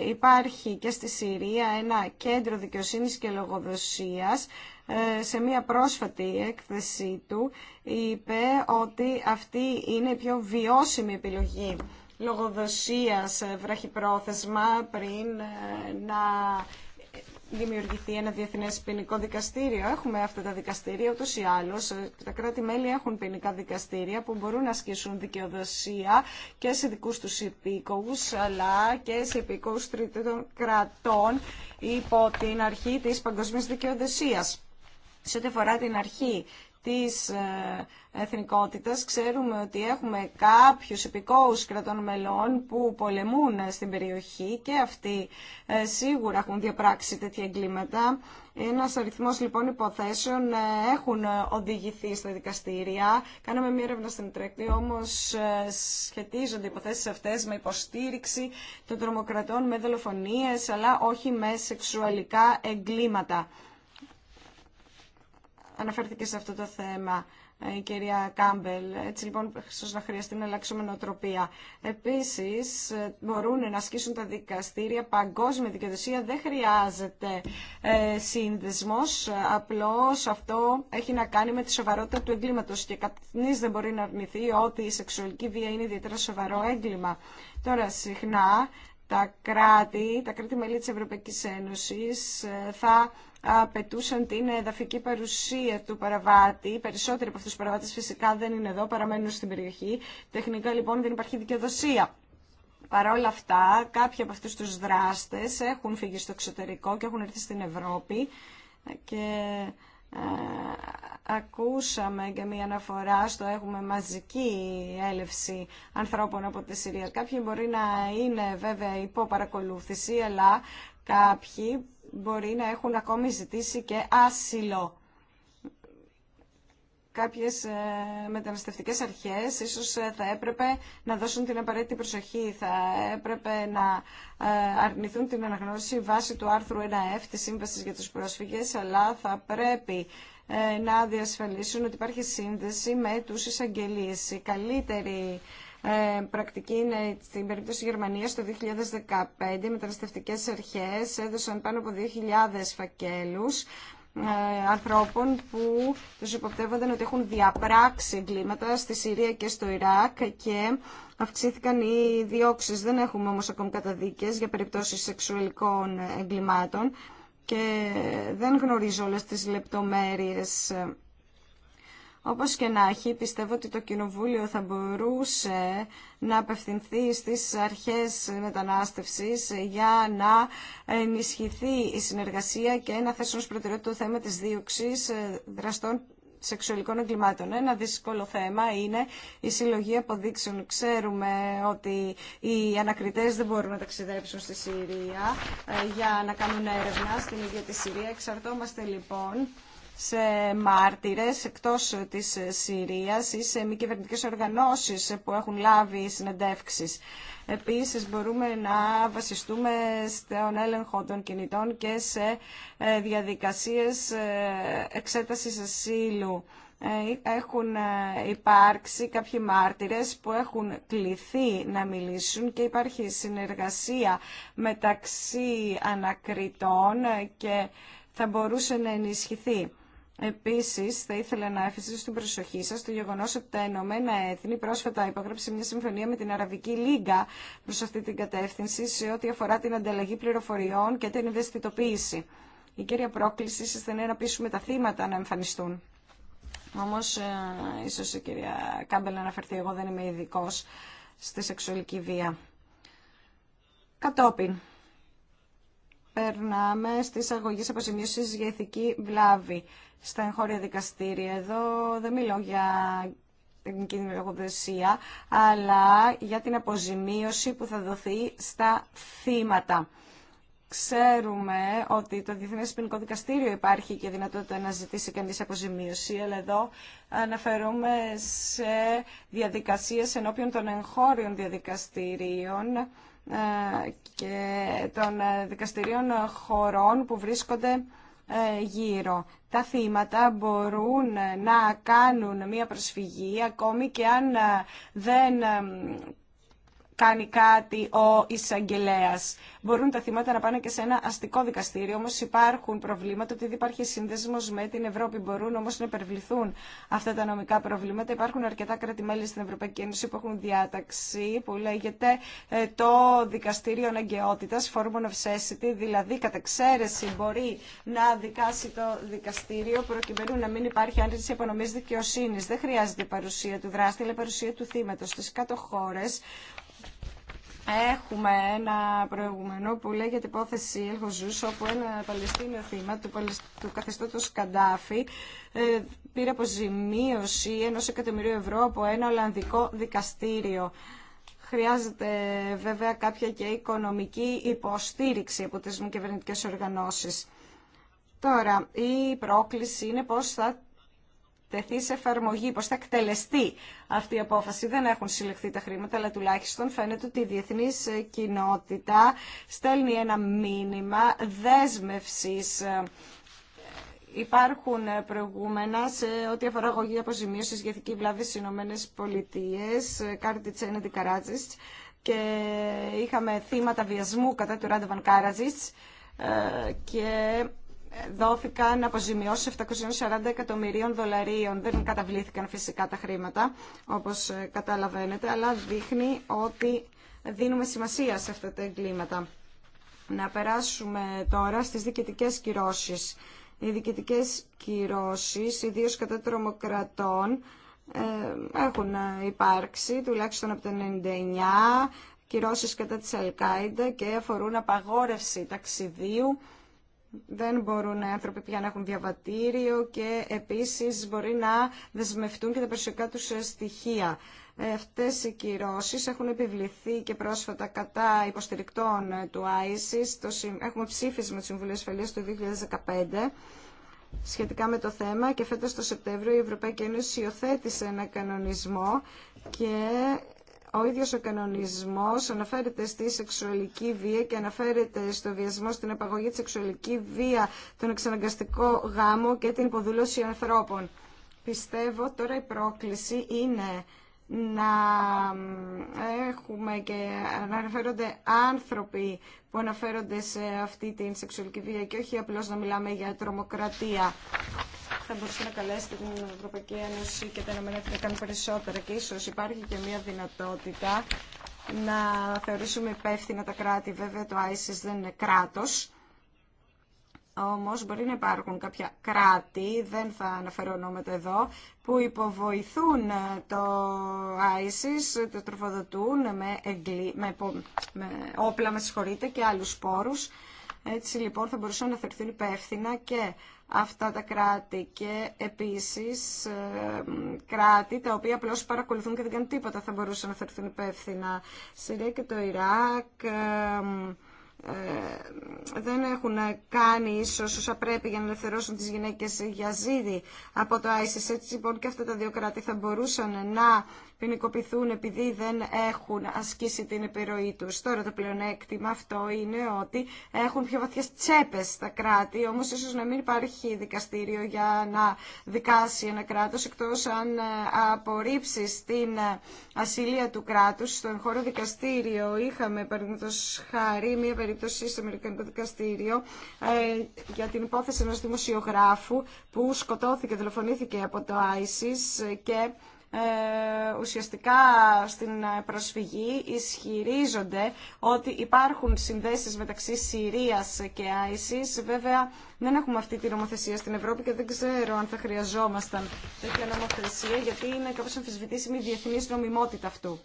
ε, υπάρχει και στη Συρία ένα κέντρο δικαιοσύνης και λογοδοσίας ε, σε μια πρόσφατη έκθεσή του είπε ότι αυτή είναι η πιο βιώσιμη επιλογή λογοδοσίας ε, βραχυπρόθεσμα πριν ε, να δημιουργηθεί ένα διεθνέ ποινικό δικαστήριο. Έχουμε αυτά τα δικαστήρια ούτω ή άλλω. Ε, τα κράτη-μέλη έχουν ποινικά δικαστήρια που μπορούν να ασκήσουν δικαιοδοσία και σε δικού του υπήκοου αλλά και σε υπήκοου τρίτων κρατών υπό την αρχή τη παγκοσμία δικαιοδοσία. Σε ό,τι αφορά την αρχή της ε, εθνικότητας. Ξέρουμε ότι έχουμε κάποιους επικόους κρατών μελών που πολεμούν στην περιοχή και αυτοί ε, σίγουρα έχουν διαπράξει τέτοια εγκλήματα. Ένα αριθμός λοιπόν υποθέσεων ε, έχουν οδηγηθεί στα δικαστήρια. Κάναμε μία έρευνα στην Τρέκτη, όμως σχετίζονται οι υποθέσεις αυτές με υποστήριξη των τρομοκρατών, με δολοφονίες, αλλά όχι με σεξουαλικά εγκλήματα αναφέρθηκε σε αυτό το θέμα ε, η κυρία Κάμπελ. Έτσι λοιπόν, ίσω να χρειαστεί να αλλάξουμε νοοτροπία. Επίση, ε, μπορούν να ασκήσουν τα δικαστήρια παγκόσμια δικαιοδοσία. Δεν χρειάζεται ε, σύνδεσμος. Απλώς αυτό έχει να κάνει με τη σοβαρότητα του εγκλήματο και κανεί δεν μπορεί να αρνηθεί ότι η σεξουαλική βία είναι ιδιαίτερα σοβαρό έγκλημα. Τώρα, συχνά, τα κράτη, τα κράτη-μέλη της Ευρωπαϊκής Ένωσης ε, θα απαιτούσαν την εδαφική παρουσία του παραβάτη. Περισσότεροι από αυτού του παραβάτε φυσικά δεν είναι εδώ, παραμένουν στην περιοχή. Τεχνικά λοιπόν δεν υπάρχει δικαιοδοσία. Παρ' όλα αυτά, κάποιοι από αυτού τους δράστες έχουν φύγει στο εξωτερικό και έχουν έρθει στην Ευρώπη και ε, ακούσαμε και μία αναφορά στο έχουμε μαζική έλευση ανθρώπων από τη Συρία. Κάποιοι μπορεί να είναι βέβαια υπό παρακολούθηση, αλλά κάποιοι μπορεί να έχουν ακόμη ζητήσει και άσυλο. Κάποιες ε, μεταναστευτικές αρχές ίσως ε, θα έπρεπε να δώσουν την απαραίτητη προσοχή, θα έπρεπε να ε, αρνηθούν την αναγνώριση βάσει του άρθρου 1F της Σύμβασης για τους Πρόσφυγες, αλλά θα πρέπει να διασφαλίσουν ότι υπάρχει σύνδεση με τους εισαγγελίες. Η καλύτερη ε, πρακτική είναι στην περίπτωση Γερμανίας το 2015 οι μεταναστευτικές αρχές έδωσαν πάνω από 2.000 φακέλους ε, ανθρώπων που τους υποπτεύονταν ότι έχουν διαπράξει εγκλήματα στη Συρία και στο Ιράκ και αυξήθηκαν οι διώξεις. Δεν έχουμε όμως ακόμη καταδίκες για περιπτώσεις σεξουαλικών εγκλημάτων και δεν γνωρίζω όλες τις λεπτομέρειες όπως και να έχει, πιστεύω ότι το Κοινοβούλιο θα μπορούσε να απευθυνθεί στις αρχές μετανάστευσης για να ενισχυθεί η συνεργασία και να θέσουν ως προτεραιότητα το θέμα της δίωξης ε, δραστών σεξουαλικών εγκλημάτων. Ένα δύσκολο θέμα είναι η συλλογή αποδείξεων. Ξέρουμε ότι οι ανακριτές δεν μπορούν να ταξιδέψουν στη Συρία ε, για να κάνουν έρευνα στην ίδια τη Συρία. Εξαρτώμαστε λοιπόν σε μάρτυρες εκτός της Συρίας ή σε μη κυβερνητικές οργανώσεις που έχουν λάβει συνεντεύξεις. Επίσης μπορούμε να βασιστούμε στον έλεγχο των κινητών και σε ε, διαδικασίες ε, εξέτασης ασύλου. Ε, έχουν υπάρξει κάποιοι μάρτυρες που έχουν κληθεί να μιλήσουν και υπάρχει συνεργασία μεταξύ ανακριτών και θα μπορούσε να ενισχυθεί. Επίσης, θα ήθελα να αφήσω στην προσοχή σας το γεγονός ότι τα Ενωμένα Έθνη πρόσφατα υπόγραψε μια συμφωνία με την Αραβική Λίγκα προς αυτή την κατεύθυνση σε ό,τι αφορά την ανταλλαγή πληροφοριών και την ευαισθητοποίηση. Η κύρια πρόκληση σας είναι να πείσουμε τα θύματα να εμφανιστούν. Όμω ε, ίσως η κυρία Κάμπελ αναφερθεί, εγώ δεν είμαι ειδικό στη σεξουαλική βία. Κατόπιν, περνάμε στι αγωγέ αποζημίωση για ηθική βλάβη στα εγχώρια δικαστήρια. Εδώ δεν μιλώ για τεχνική λογοδοσία, αλλά για την αποζημίωση που θα δοθεί στα θύματα. Ξέρουμε ότι το Διεθνές Ποινικό Δικαστήριο υπάρχει και δυνατότητα να ζητήσει κανείς αποζημίωση, αλλά εδώ αναφερούμε σε διαδικασίες ενώπιον των εγχώριων διαδικαστηρίων, ε, και των ε, δικαστηρίων χωρών που βρίσκονται ε, γύρω. Τα θύματα μπορούν να κάνουν μία προσφυγή ακόμη και αν δεν κάνει κάτι ο εισαγγελέα. Μπορούν τα θύματα να πάνε και σε ένα αστικό δικαστήριο, όμω υπάρχουν προβλήματα, ότι υπάρχει σύνδεσμο με την Ευρώπη. Μπορούν όμω να υπερβληθούν αυτά τα νομικά προβλήματα. Υπάρχουν αρκετά κράτη-μέλη στην Ευρωπαϊκή Ένωση που έχουν διάταξη που λέγεται ε, το Δικαστήριο Αναγκαιότητα, Forum of Necessity, δηλαδή κατά εξαίρεση μπορεί να δικάσει το δικαστήριο προκειμένου να μην υπάρχει άρνηση απονομή δικαιοσύνη. Δεν χρειάζεται παρουσία του δράστη, παρουσία του θύματο. Στι κάτω χώρε Έχουμε ένα προηγούμενο που λέγεται υπόθεση Ελχοζούς, όπου ένα Παλαιστίνιο θύμα του, του καθεστώτος Καντάφη ε, πήρε αποζημίωση ενό εκατομμυρίου ευρώ από ένα Ολλανδικό δικαστήριο. Χρειάζεται βέβαια κάποια και οικονομική υποστήριξη από τις μη κυβερνητικές οργανώσεις. Τώρα, η πρόκληση είναι πώς θα τεθεί σε εφαρμογή, πώς θα εκτελεστεί αυτή η απόφαση. Δεν έχουν συλλεχθεί τα χρήματα, αλλά τουλάχιστον φαίνεται ότι η διεθνής κοινότητα στέλνει ένα μήνυμα δέσμευσης Υπάρχουν προηγούμενα σε ό,τι αφορά αγωγή αποζημίωση για ηθική βλάβη στι Ηνωμένε Πολιτείε, Καράτζιτ και είχαμε θύματα βιασμού κατά του Ράντεβαν Κάραζιτ ε, και δόθηκαν αποζημιώσεις 740 εκατομμυρίων δολαρίων. Δεν καταβλήθηκαν φυσικά τα χρήματα, όπως ε, καταλαβαίνετε, αλλά δείχνει ότι δίνουμε σημασία σε αυτά τα εγκλήματα. Να περάσουμε τώρα στις διοικητικές κυρώσεις. Οι διοικητικές κυρώσεις, ιδίως κατά τρομοκρατών, ε, έχουν υπάρξει τουλάχιστον από το 1999 κυρώσεις κατά της Αλκάιντα και αφορούν απαγόρευση ταξιδίου δεν μπορούν οι άνθρωποι πια να έχουν διαβατήριο και επίσης μπορεί να δεσμευτούν και τα προσωπικά τους στοιχεία. Ε, αυτές οι κυρώσεις έχουν επιβληθεί και πρόσφατα κατά υποστηρικτών του ISIS. Έχουμε ψήφισμα του Συμβουλίου Ασφαλείας του 2015 σχετικά με το θέμα και φέτος το Σεπτέμβριο η Ευρωπαϊκή Ένωση υιοθέτησε ένα κανονισμό και ο ίδιος ο κανονισμός αναφέρεται στη σεξουαλική βία και αναφέρεται στο βιασμό, στην απαγωγή της σεξουαλική βία, τον εξαναγκαστικό γάμο και την υποδούλωση ανθρώπων. Πιστεύω τώρα η πρόκληση είναι να έχουμε και να αναφέρονται άνθρωποι που αναφέρονται σε αυτή την σεξουαλική βία και όχι απλώς να μιλάμε για τρομοκρατία θα μπορούσε να καλέσει την Ευρωπαϊκή Ένωση και τα ΕΕ να κάνουν περισσότερα και ίσως υπάρχει και μια δυνατότητα να θεωρήσουμε υπεύθυνα τα κράτη. Βέβαια το ISIS δεν είναι κράτος, όμως μπορεί να υπάρχουν κάποια κράτη, δεν θα αναφέρω ονόματα εδώ, που υποβοηθούν το ISIS, το τροφοδοτούν με, εγκλή, με, με όπλα, με συγχωρείτε, και άλλους σπόρους. Έτσι λοιπόν θα μπορούσαν να θεωρηθούν υπεύθυνα και αυτά τα κράτη και επίσης ε, κράτη τα οποία απλώς παρακολουθούν και δεν κάνουν τίποτα θα μπορούσαν να θεωρηθούν υπεύθυνα. Συρία και το Ιράκ ε, ε, δεν έχουν κάνει ίσως όσα πρέπει για να ελευθερώσουν τις γυναίκες για ζήτη από το ISIS. Έτσι λοιπόν και αυτά τα δύο κράτη θα μπορούσαν να ποινικοποιηθούν επειδή δεν έχουν ασκήσει την επιρροή τους. Τώρα το πλεονέκτημα αυτό είναι ότι έχουν πιο βαθιές τσέπε στα κράτη, όμως ίσω να μην υπάρχει δικαστήριο για να δικάσει ένα κράτο εκτός αν ε, απορρίψει την ε, ασυλία του κράτους. Στον χώρο δικαστήριο είχαμε, παραδείγματο χάρη, μία περίπτωση στο Αμερικανικό Δικαστήριο ε, για την υπόθεση ενό δημοσιογράφου που σκοτώθηκε, δολοφονήθηκε από το ISIS και ε, ουσιαστικά στην προσφυγή ισχυρίζονται ότι υπάρχουν συνδέσεις μεταξύ Συρίας και ISIS. Βέβαια δεν έχουμε αυτή τη νομοθεσία στην Ευρώπη και δεν ξέρω αν θα χρειαζόμασταν τέτοια νομοθεσία γιατί είναι κάπως αμφισβητήσιμη η διεθνής νομιμότητα αυτού.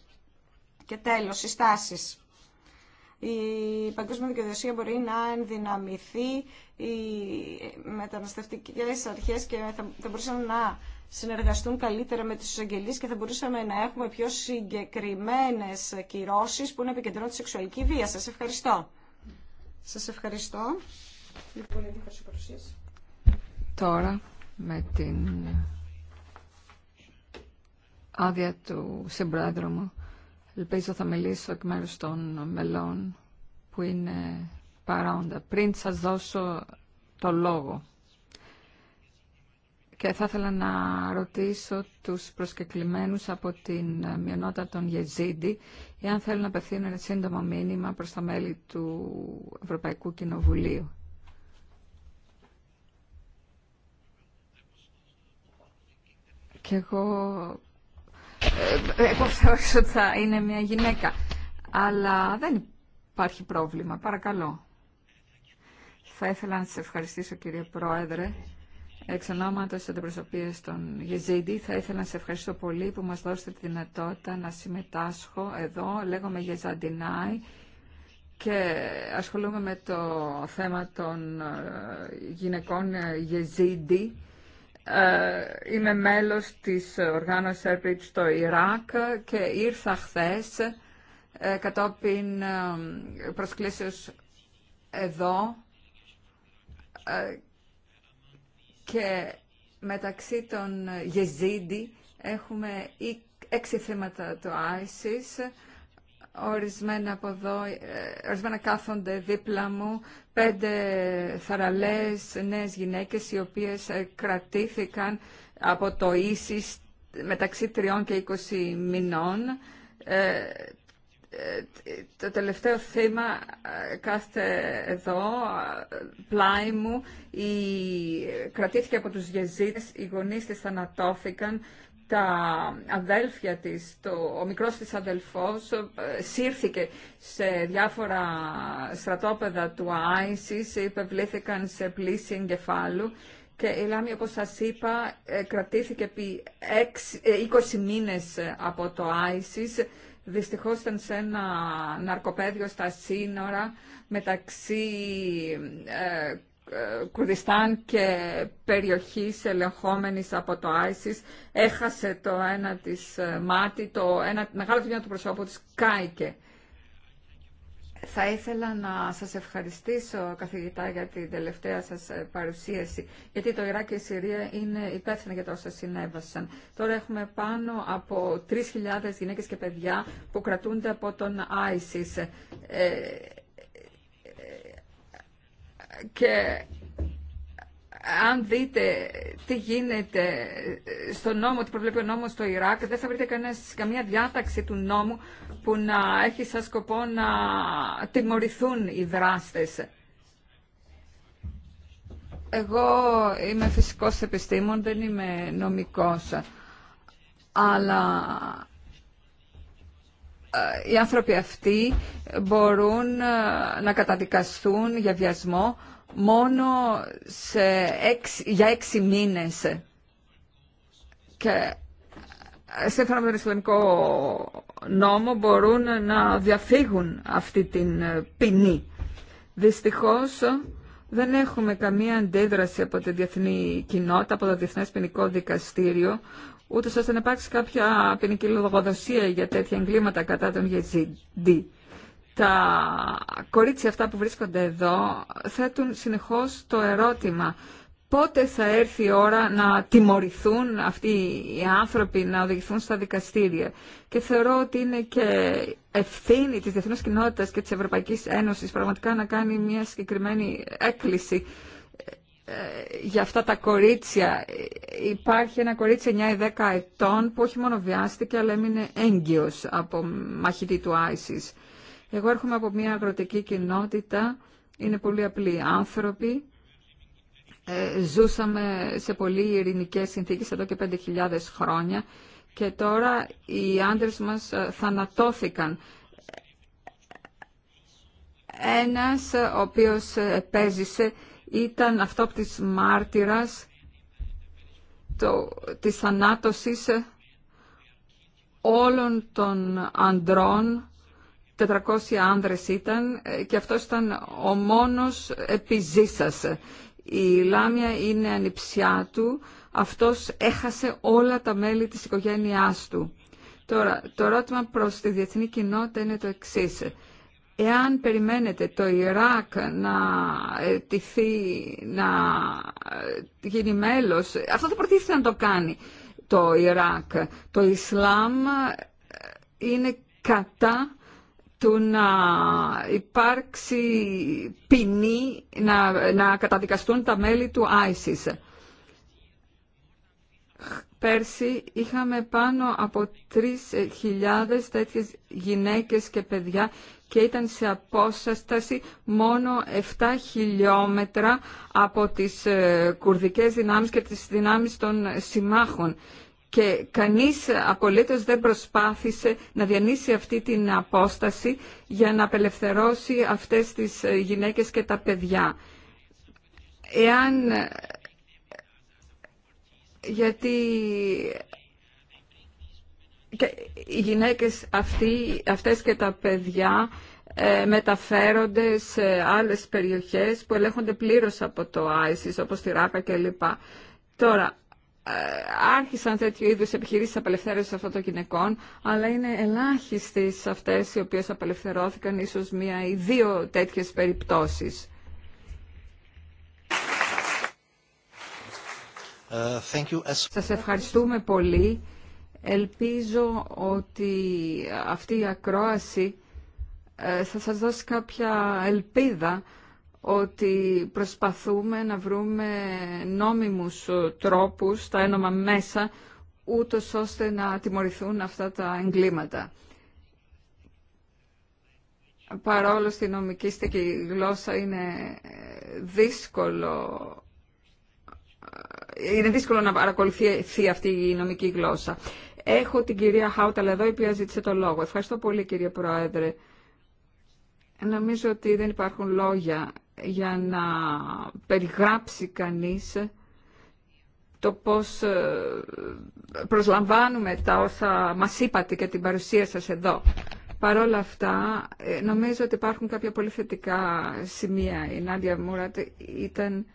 Και τέλος, συστάσεις. Η παγκόσμια δικαιοδοσία μπορεί να ενδυναμηθεί, οι μεταναστευτικές αρχές και θα μπορούσαν να συνεργαστούν καλύτερα με τους εισαγγελείς και θα μπορούσαμε να έχουμε πιο συγκεκριμένες κυρώσεις που είναι επικεντρώνουν τη σεξουαλική βία. Σας ευχαριστώ. Σας ευχαριστώ. Λοιπόν, Τώρα με την άδεια του συμπρόεδρου μου. Ελπίζω θα μιλήσω εκ μέρους των μελών που είναι παρόντα. Πριν σας δώσω το λόγο. Και θα ήθελα να ρωτήσω τους προσκεκλημένους από την μειονότητα των Γεζίντι εάν θέλουν να απευθύνουν ένα σύντομο μήνυμα προς τα μέλη του Ευρωπαϊκού Κοινοβουλίου. Και εγώ... Ε, εγώ θεώρησα ότι θα είναι μια γυναίκα. Αλλά δεν υπάρχει πρόβλημα. Παρακαλώ. Θα ήθελα να σας ευχαριστήσω κύριε Πρόεδρε Εξ ονόματος αντιπροσωπεία των Γεζίδη, θα ήθελα να σε ευχαριστώ πολύ που μας δώσετε τη δυνατότητα να συμμετάσχω εδώ. Λέγομαι Γεζαντινάη και ασχολούμαι με το θέμα των ε, γυναικών ε, Γεζίδη. Ε, είμαι μέλος της οργάνωσης Airbridge στο Ιράκ και ήρθα χθες κατόπιν προσκλήσεως εδώ και μεταξύ των γεζίδι έχουμε έξι θύματα του ISIS, ορισμένα από εδώ, ε, ορισμένα κάθονται δίπλα μου, πέντε θαραλές νέες γυναίκες οι οποίες ε, κρατήθηκαν από το ίσις μεταξύ τριών και είκοσι μηνών. Ε, το τελευταίο θέμα, ε, κάθε εδώ πλάι μου η, κρατήθηκε από τους γεζίδες οι γονείς της θανατώθηκαν τα αδέλφια της, το, ο μικρός της αδελφός ε, σύρθηκε σε διάφορα στρατόπεδα του ΆΙΣΙΣ, υπευλήθηκαν σε πλήση εγκεφάλου και η Λάμη, όπως σας είπα, ε, κρατήθηκε επί 20 μήνες από το ΆΙΣΙΣ Δυστυχώς ήταν σε ένα ναρκοπέδιο στα σύνορα μεταξύ ε, ε, Κουρδιστάν και περιοχής ελεγχόμενης από το ISIS έχασε το ένα της ε, μάτι, το ένα μεγάλο τμήμα του προσώπου της κάηκε. Θα ήθελα να σας ευχαριστήσω καθηγητά για την τελευταία σας ε, παρουσίαση, γιατί το Ιράκ και η Συρία είναι υπεύθυνα για τα όσα συνέβασαν. Τώρα έχουμε πάνω από 3.000 γυναίκες και παιδιά που κρατούνται από τον ISIS. Ε, ε, και αν δείτε τι γίνεται στο νόμο, τι προβλέπει ο νόμος στο Ιράκ, δεν θα βρείτε κανένας, καμία διάταξη του νόμου που να έχει σαν σκοπό να τιμωρηθούν οι δράστες. Εγώ είμαι φυσικός επιστήμων, δεν είμαι νομικός, αλλά ε, οι άνθρωποι αυτοί μπορούν ε, να καταδικαστούν για βιασμό μόνο σε έξι, για έξι μήνες και σύμφωνα με τον Ισλαμικό νόμο μπορούν να διαφύγουν αυτή την ε, ποινή. Δυστυχώς δεν έχουμε καμία αντίδραση από τη διεθνή κοινότητα, από το Διεθνές Ποινικό Δικαστήριο, ούτως ώστε να υπάρξει κάποια ποινική λογοδοσία για τέτοια εγκλήματα κατά τον Γεζίντι. Τα κορίτσια αυτά που βρίσκονται εδώ θέτουν συνεχώς το ερώτημα πότε θα έρθει η ώρα να τιμωρηθούν αυτοί οι άνθρωποι, να οδηγηθούν στα δικαστήρια. Και θεωρώ ότι είναι και ευθύνη της διεθνούς κοινότητας και της Ευρωπαϊκής Ένωσης πραγματικά να κάνει μια συγκεκριμένη έκκληση ε, για αυτά τα κορίτσια. Υπάρχει ένα κορίτσι 9 ή 10 ετών που όχι μόνο βιάστηκε αλλά έμεινε έγκυος από μαχητή του Άισις. Εγώ έρχομαι από μια αγροτική κοινότητα, είναι πολύ απλοί άνθρωποι, ε, ζούσαμε σε πολύ ειρηνικές συνθήκες εδώ και 5.000 χρόνια και τώρα οι άντρες μας ε, θανατώθηκαν. Ένας ε, ο οποίος επέζησε ήταν αυτόπτης μάρτυρας το, της θανάτωσης όλων των αντρών. 400 άνδρες ήταν ε, και αυτός ήταν ο μόνος επιζήσας. Η Λάμια είναι ανιψιά του, αυτός έχασε όλα τα μέλη της οικογένειάς του. Τώρα, το ερώτημα προς τη διεθνή κοινότητα είναι το εξής. Εάν περιμένετε το Ιράκ να ε, τυθεί να ε, γίνει μέλος, αυτό δεν προτίθεται να το κάνει το Ιράκ. Το Ισλάμ είναι κατά του να υπάρξει ποινή, να, να καταδικαστούν τα μέλη του ISIS. Πέρσι είχαμε πάνω από 3.000 τέτοιες γυναίκες και παιδιά και ήταν σε απόσταση μόνο 7 χιλιόμετρα από τις ε, κουρδικές δυνάμεις και τις δυνάμεις των συμμάχων και κανείς απολύτως δεν προσπάθησε να διανύσει αυτή την απόσταση για να απελευθερώσει αυτές τις γυναίκες και τα παιδιά. Εάν... Γιατί οι γυναίκες αυτοί, αυτές και τα παιδιά ε, μεταφέρονται σε άλλες περιοχές που ελέγχονται πλήρως από το ISIS, όπως τη Ράκα κλπ. Τώρα, ε, άρχισαν τέτοιου είδου επιχειρήσει απελευθέρωσης αυτών των γυναικών, αλλά είναι ελάχιστες αυτές οι οποίες απελευθερώθηκαν ίσω μία ή δύο τέτοιες περιπτώσεις. Σα Σας ευχαριστούμε πολύ. Ελπίζω ότι αυτή η ακρόαση ε, θα σας δώσει κάποια ελπίδα ότι προσπαθούμε να βρούμε νόμιμους τρόπους, τα ένομα μέσα, ούτως ώστε να τιμωρηθούν αυτά τα εγκλήματα. Παρόλο στη νομική στεκή γλώσσα είναι δύσκολο είναι δύσκολο να παρακολουθεί αυτή η νομική γλώσσα. Έχω την κυρία Χάουταλ εδώ, η οποία ζήτησε το λόγο. Ευχαριστώ πολύ, κύριε Πρόεδρε. Νομίζω ότι δεν υπάρχουν λόγια για να περιγράψει κανείς το πώς ε, προσλαμβάνουμε τα όσα μας είπατε και την παρουσία σας εδώ. Παρ' όλα αυτά, ε, νομίζω ότι υπάρχουν κάποια πολύ θετικά σημεία. Η Νάντια Μούρατ ήταν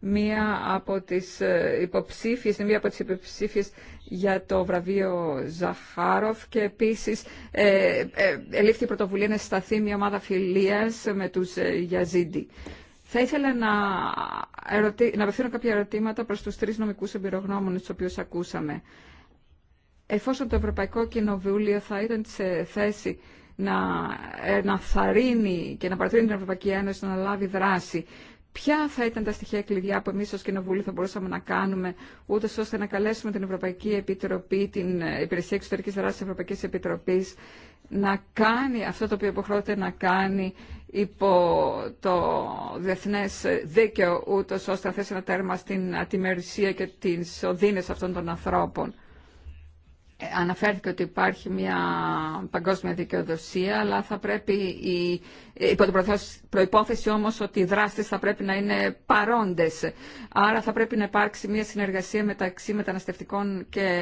μία από τις ε, υποψήφιες, μία από τις υποψήφιες για το βραβείο Ζαχάροφ και επίσης ε, ε, ελήφθη η πρωτοβουλία να σταθεί μια ομάδα φιλίας με τους Γιαζίντι. Θα ήθελα να, ερωτη... να απευθύνω κάποια ερωτήματα προς τους τρεις νομικούς εμπειρογνώμων τους οποίους ακούσαμε. Εφόσον το Ευρωπαϊκό Κοινοβούλιο θα ήταν σε θέση να, να θαρρύνει και να παρατηρεί την Ευρωπαϊκή Ένωση να λάβει δράση Ποια θα ήταν τα στοιχεία κλειδιά που εμείς ως Κοινοβούλιο θα μπορούσαμε να κάνουμε, ούτε ώστε να καλέσουμε την Ευρωπαϊκή Επιτροπή, την Υπηρεσία Εξωτερικής Δράσης της Ευρωπαϊκής Επιτροπής, να κάνει αυτό το οποίο υποχρεώται να κάνει υπό το διεθνές δίκαιο, ούτως ώστε να θέσει ένα τέρμα στην ατιμερουσία και τις οδύνες αυτών των ανθρώπων. Ε, αναφέρθηκε ότι υπάρχει μια παγκόσμια δικαιοδοσία, αλλά θα πρέπει, η, υπό την προϋπόθεση όμως ότι οι δράστες θα πρέπει να είναι παρόντες. Άρα θα πρέπει να υπάρξει μια συνεργασία μεταξύ μεταναστευτικών και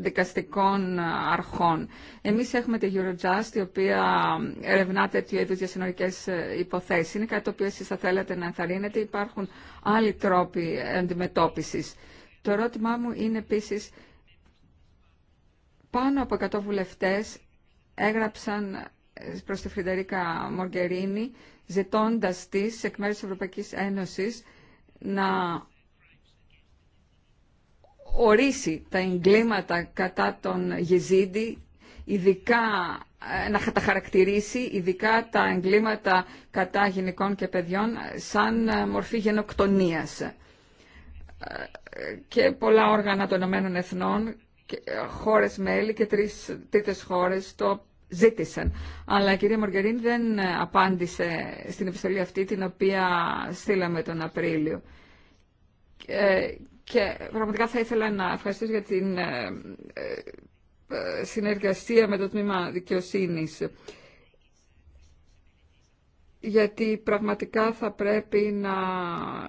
δικαστικών αρχών. Εμείς έχουμε τη Eurojust, η οποία ερευνά τέτοιου είδου διασυνορικές υποθέσεις. Είναι κάτι το οποίο εσείς θα θέλετε να ενθαρρύνετε. Υπάρχουν άλλοι τρόποι αντιμετώπισης. Το ερώτημά μου είναι επίσης πάνω από 100 βουλευτές έγραψαν προς τη Φρεντερίκα Μοργκερίνη ζητώντας της εκ μέρους της Ευρωπαϊκής Ένωσης να ορίσει τα εγκλήματα κατά τον γεζίδη, ειδικά ε, να τα χαρακτηρίσει, ειδικά τα εγκλήματα κατά γυναικών και παιδιών, σαν ε, μορφή γενοκτονίας. Ε, και πολλά όργανα των Ηνωμένων Εθνών ε, χώρες μέλη και τρεις τρίτες χώρες το ζήτησαν. Αλλά η κυρία Μοργκερίν δεν ε, απάντησε στην επιστολή αυτή την οποία στείλαμε τον Απρίλιο. Ε, και πραγματικά θα ήθελα να ευχαριστήσω για την συνεργασία με το Τμήμα Δικαιοσύνης γιατί πραγματικά θα πρέπει να,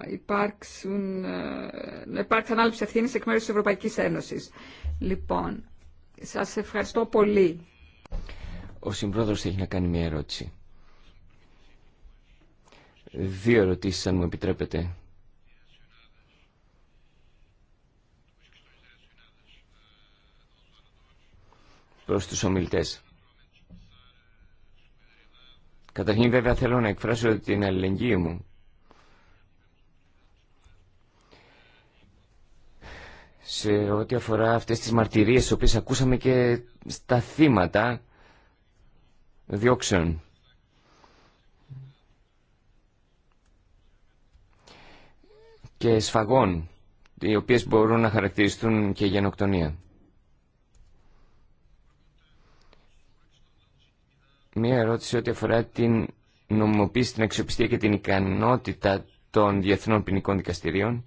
υπάρξουν, να υπάρξει ανάληψη ευθύνη εκ μέρους της Ευρωπαϊκής Ένωσης. Λοιπόν, σας ευχαριστώ πολύ. Ο Συμπρόεδρος έχει να κάνει μια ερώτηση. Δύο ερωτήσεις, αν μου επιτρέπετε. Προς τους ομιλητές. Καταρχήν βέβαια θέλω να εκφράσω την αλληλεγγύη μου. Σε ό,τι αφορά αυτές τις μαρτυρίες τις οποίες ακούσαμε και στα θύματα διώξεων. Και σφαγών, οι οποίες μπορούν να χαρακτηριστούν και γενοκτονία. μία ερώτηση ό,τι αφορά την νομιμοποίηση, την αξιοπιστία και την ικανότητα των διεθνών ποινικών δικαστηρίων.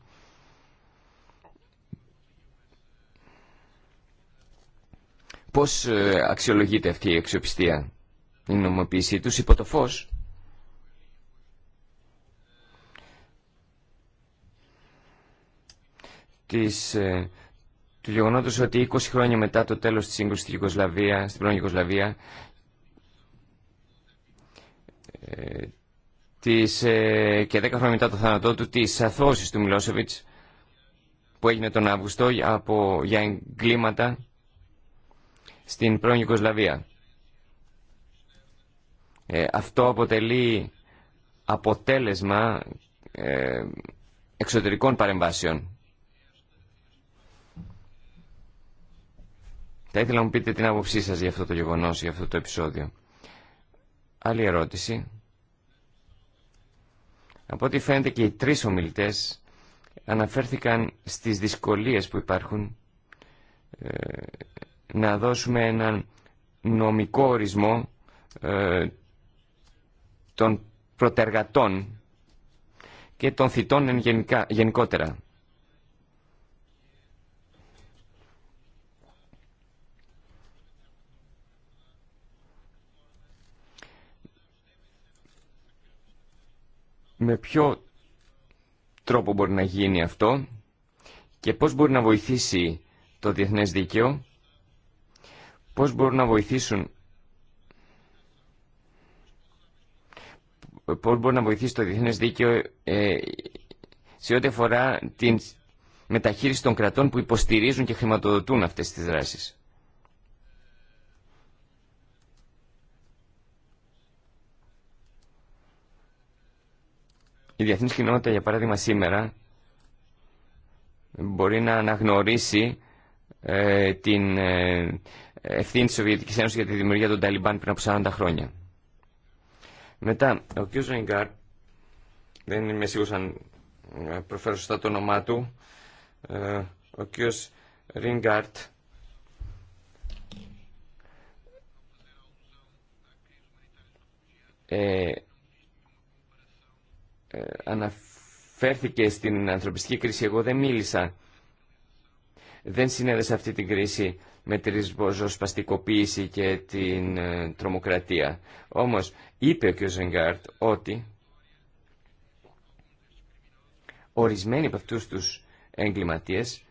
Πώς ε, αξιολογείται αυτή η αξιοπιστία, η νομοποίησή τους υπό το φως της, ε, του γεγονότος ότι 20 χρόνια μετά το τέλος της σύγκρουσης στην πρώην Ιγκοσλαβία, της, ε, και 10 χρόνια μετά το θάνατό του της αθώσεις του Μιλόσεβιτς που έγινε τον Αύγουστο από, για εγκλήματα στην πρώην Οικοσλαβία Ε, αυτό αποτελεί αποτέλεσμα ε, εξωτερικών παρεμβάσεων. Θα ήθελα να μου πείτε την άποψή σας για αυτό το γεγονός, για αυτό το επεισόδιο. Άλλη ερώτηση. Από ό,τι φαίνεται και οι τρεις ομιλητές αναφέρθηκαν στις δυσκολίες που υπάρχουν ε, να δώσουμε έναν νομικό ορισμό ε, των προτεργατών και των θητών γενικά, γενικότερα. με ποιο τρόπο μπορεί να γίνει αυτό και πώς μπορεί να βοηθήσει το διεθνές δίκαιο, πώς μπορούν να βοηθήσουν πώς μπορεί να βοηθήσει το διεθνές δίκαιο ε, σε ό,τι αφορά την μεταχείριση των κρατών που υποστηρίζουν και χρηματοδοτούν αυτές τις δράσεις. Η διεθνή κοινότητα, για παράδειγμα, σήμερα μπορεί να αναγνωρίσει ε, την ε, ευθύνη της Σοβιετικής Ένωσης για τη δημιουργία των Ταλιμπάν πριν από 40 χρόνια. Μετά, ο κ. Ζενγκάρ, δεν είμαι σίγουρος αν ε, προφέρω σωστά το όνομά του, ε, ο κ. Ριγκάρτ, ε, ε, αναφέρθηκε στην ανθρωπιστική κρίση. Εγώ δεν μίλησα. Δεν συνέδεσα αυτή την κρίση με τη ριζοσπαστικοποίηση και την ε, τρομοκρατία. Όμως είπε ο κ. Ζενγκάρτ ότι ορισμένοι από αυτούς τους εγκληματίες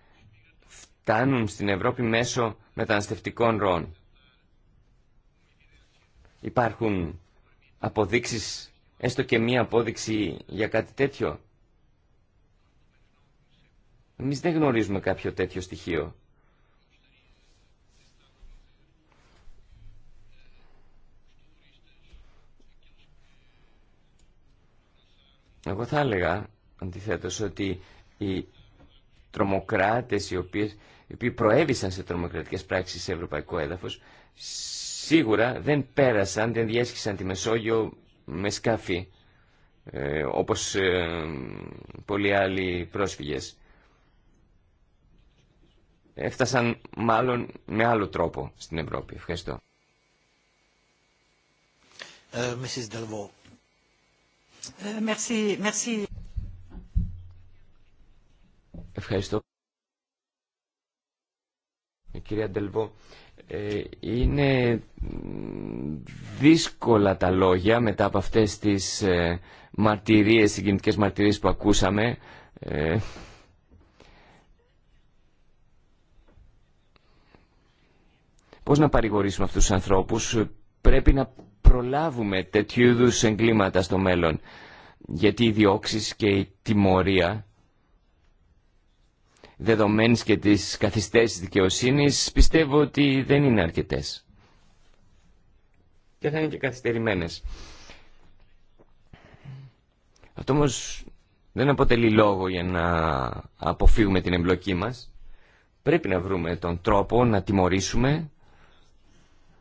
φτάνουν στην Ευρώπη μέσω μεταναστευτικών ροών. Υπάρχουν αποδείξεις έστω και μία απόδειξη για κάτι τέτοιο. Εμείς δεν γνωρίζουμε κάποιο τέτοιο στοιχείο. Εγώ θα έλεγα, αντιθέτως, ότι οι τρομοκράτες οι, οποίες, οι οποίοι προέβησαν σε τρομοκρατικές πράξεις σε ευρωπαϊκό έδαφος, σίγουρα δεν πέρασαν, δεν διέσχισαν τη Μεσόγειο με σκάφη, ε, όπως ε, πολλοί άλλοι πρόσφυγες. Έφτασαν μάλλον με άλλο τρόπο στην Ευρώπη. Ευχαριστώ. Ε, Ευχαριστώ. κυρία Ντελβό, ε, είναι δύσκολα τα λόγια μετά από αυτές τις ε, μαρτυρίες, συγκινητικές μαρτυρίες που ακούσαμε. Ε, πώς να παρηγορήσουμε αυτούς τους ανθρώπους. Πρέπει να προλάβουμε τέτοιου είδου εγκλήματα στο μέλλον. Γιατί οι διώξεις και η τιμωρία δεδομένης και της καθυστέρησης δικαιοσύνης πιστεύω ότι δεν είναι αρκετές. Και θα είναι και καθυστερημένες. Αυτό όμω δεν αποτελεί λόγο για να αποφύγουμε την εμπλοκή μας. Πρέπει να βρούμε τον τρόπο να τιμωρήσουμε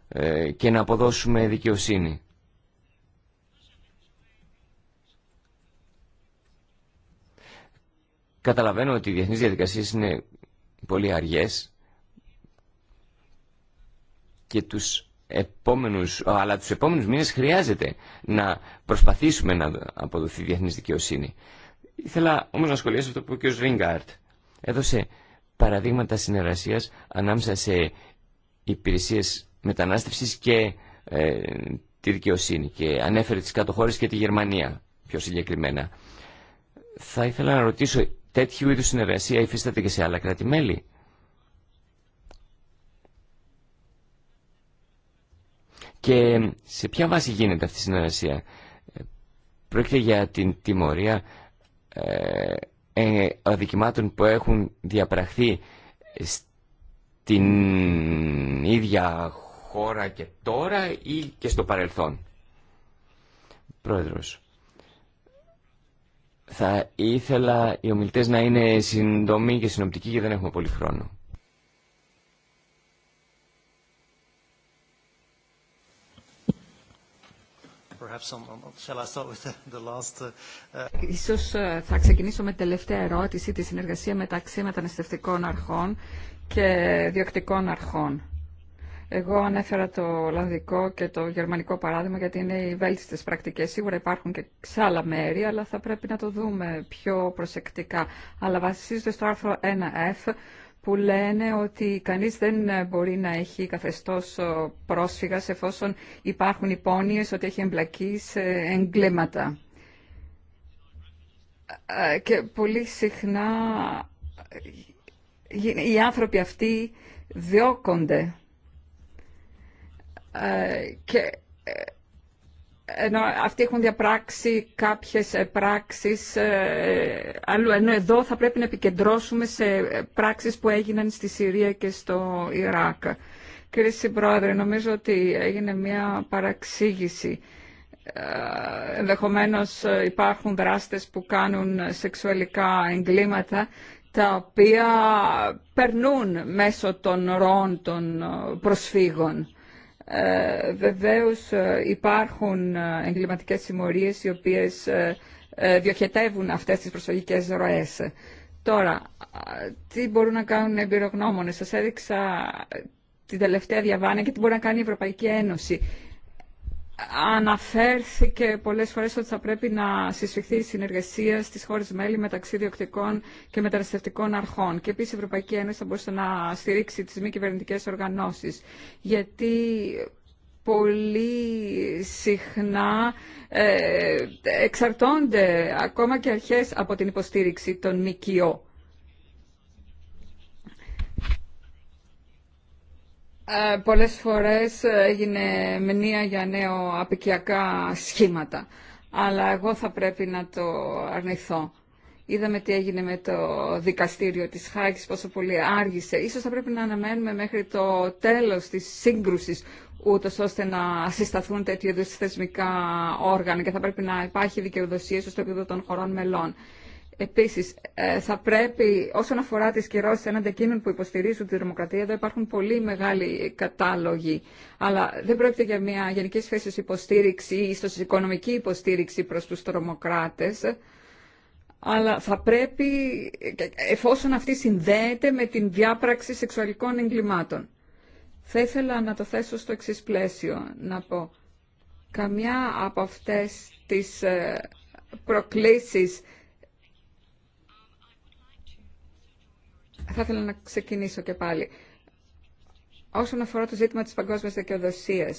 ε, και να αποδώσουμε δικαιοσύνη. Καταλαβαίνω ότι οι διεθνείς διαδικασίες είναι πολύ αργές και τους επόμενους, αλλά τους επόμενους μήνες χρειάζεται να προσπαθήσουμε να αποδοθεί διεθνής δικαιοσύνη. Ήθελα όμως να σχολιάσω αυτό που ο κ. Ρίγκαρτ έδωσε παραδείγματα συνεργασίας ανάμεσα σε υπηρεσίες μετανάστευσης και ε, τη δικαιοσύνη και ανέφερε τις κάτω και τη Γερμανία πιο συγκεκριμένα. Θα ήθελα να ρωτήσω, Τέτοιου είδους συνεργασία υφίσταται και σε άλλα κράτη-μέλη. Και σε ποια βάση γίνεται αυτή η συνεργασία. Ε, πρόκειται για την τιμωρία ε, ε, αδικημάτων που έχουν διαπραχθεί στην ίδια χώρα και τώρα ή και στο παρελθόν. Πρόεδρος. Θα ήθελα οι ομιλητές να είναι συντομοί και συνοπτικοί γιατί δεν έχουμε πολύ χρόνο. Ίσως θα ξεκινήσω με την τελευταία ερώτηση, τη συνεργασία μεταξύ μεταναστευτικών αρχών και διοκτικών αρχών. Εγώ ανέφερα το Ολλανδικό και το Γερμανικό παράδειγμα γιατί είναι οι βέλτιστες πρακτικές. Σίγουρα υπάρχουν και σε άλλα μέρη, αλλά θα πρέπει να το δούμε πιο προσεκτικά. Αλλά βασίζονται στο άρθρο 1F που λένε ότι κανείς δεν μπορεί να έχει καθεστώς ε, πρόσφυγας εφόσον υπάρχουν υπόνοιες ότι έχει εμπλακεί σε εγκλήματα. Ε, και πολύ συχνά ε, οι άνθρωποι αυτοί διώκονται ε, και ε, ενώ αυτοί έχουν διαπράξει κάποιες ε, πράξεις αλλού, ενώ εδώ θα πρέπει να επικεντρώσουμε σε πράξεις που έγιναν στη Συρία και στο Ιράκ. Κύριε Συμπρόεδρε, νομίζω ότι έγινε μια παραξήγηση. Ενδεχομένως υπάρχουν δράστες που κάνουν σεξουαλικά εγκλήματα τα οποία περνούν μέσω των ροών των προσφύγων. Ε, βεβαίως ε, υπάρχουν ε, εγκληματικές συμμορίες οι οποίες ε, διοχετεύουν αυτές τις προσφυγικές ροές. Τώρα, τι μπορούν να κάνουν οι εμπειρογνώμονες. Σας έδειξα την τελευταία διαβάνα και τι μπορεί να κάνει η Ευρωπαϊκή Ένωση. Αναφέρθηκε πολλές φορές ότι θα πρέπει να συσφιχθεί η συνεργασία στις χώρες μέλη μεταξύ διοκτικών και μεταναστευτικών αρχών. Και επίσης η Ευρωπαϊκή Ένωση θα μπορούσε να στηρίξει τις μη κυβερνητικέ οργανώσεις. Γιατί πολύ συχνά ε, εξαρτώνται ακόμα και αρχές από την υποστήριξη των ΜΚΟ. ε, πολλές φορές ε, έγινε μνήα για νέο απικιακά σχήματα. Αλλά εγώ θα πρέπει να το αρνηθώ. Είδαμε τι έγινε με το δικαστήριο της Χάκης, πόσο πολύ άργησε. Ίσως θα πρέπει να αναμένουμε μέχρι το τέλος της σύγκρουσης, ούτω ώστε να συσταθούν τέτοιου είδου θεσμικά όργανα και θα πρέπει να υπάρχει δικαιοδοσία στο επίπεδο των χωρών μελών. Επίσης, ε, θα πρέπει όσον αφορά τις κυρώσεις έναντι εκείνων που υποστηρίζουν τη δημοκρατία, εδώ υπάρχουν πολύ μεγάλοι κατάλογοι, αλλά δεν πρόκειται για μια γενική σχέση υποστήριξη ή ίσως οικονομική υποστήριξη προς τους τρομοκράτε, αλλά θα πρέπει, εφόσον αυτή συνδέεται με την διάπραξη σεξουαλικών εγκλημάτων. Θα ήθελα να το θέσω στο εξή πλαίσιο, να πω. Καμιά από αυτές τις ε, προκλήσεις Θα ήθελα να ξεκινήσω και πάλι. Όσον αφορά το ζήτημα της παγκόσμιας δικαιοδοσία.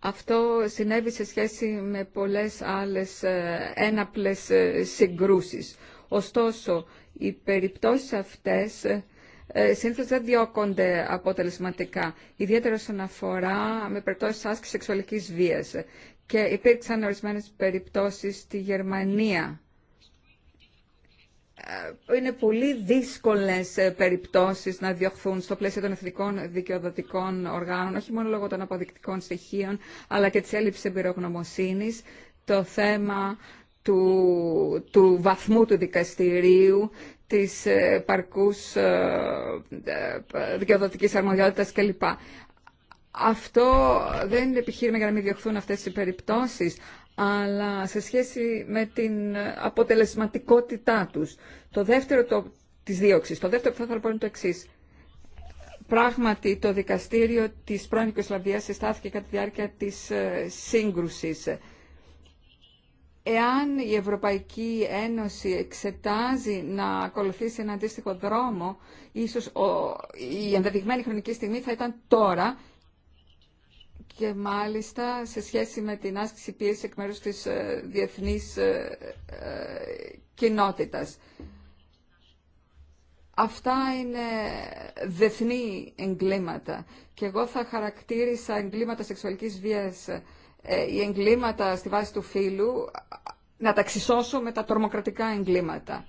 Αυτό συνέβη σε σχέση με πολλές άλλες ε, έναπλες ε, συγκρούσεις. Ωστόσο, οι περιπτώσεις αυτές ε, συνήθως δεν διώκονται αποτελεσματικά, ιδιαίτερα όσον αφορά με περιπτώσεις άσκησης σεξουαλικής βίας. Και υπήρξαν ορισμένες περιπτώσεις στη Γερμανία είναι πολύ δύσκολες ε, περιπτώσεις να διωχθούν στο πλαίσιο των εθνικών δικαιοδοτικών οργάνων, όχι μόνο λόγω των αποδεικτικών στοιχείων, αλλά και της έλλειψης εμπειρογνωμοσύνης, το θέμα του, του βαθμού του δικαστηρίου, της ε, παρκούς ε, δικαιοδοτικής αρμοδιότητας κλπ. Αυτό δεν είναι επιχείρημα για να μην διωχθούν αυτές οι περιπτώσεις, αλλά σε σχέση με την αποτελεσματικότητά τους. Το δεύτερο το, της δίωξης, το δεύτερο που θα ήθελα πω είναι το εξή. Πράγματι, το δικαστήριο της πρώην Ιουκοσλαβίας συστάθηκε κατά τη διάρκεια της ε, σύγκρουσης. Εάν η Ευρωπαϊκή Ένωση εξετάζει να ακολουθήσει ένα αντίστοιχο δρόμο, ίσως η ενδεδειγμένη χρονική στιγμή θα ήταν τώρα και μάλιστα σε σχέση με την άσκηση πίεση εκ μέρους της ε, διεθνής ε, ε, κοινότητας. Αυτά είναι διεθνή εγκλήματα και εγώ θα χαρακτήρισα εγκλήματα σεξουαλικής βίας οι εγκλήματα στη βάση του φύλου να τα ξισώσω με τα τρομοκρατικά εγκλήματα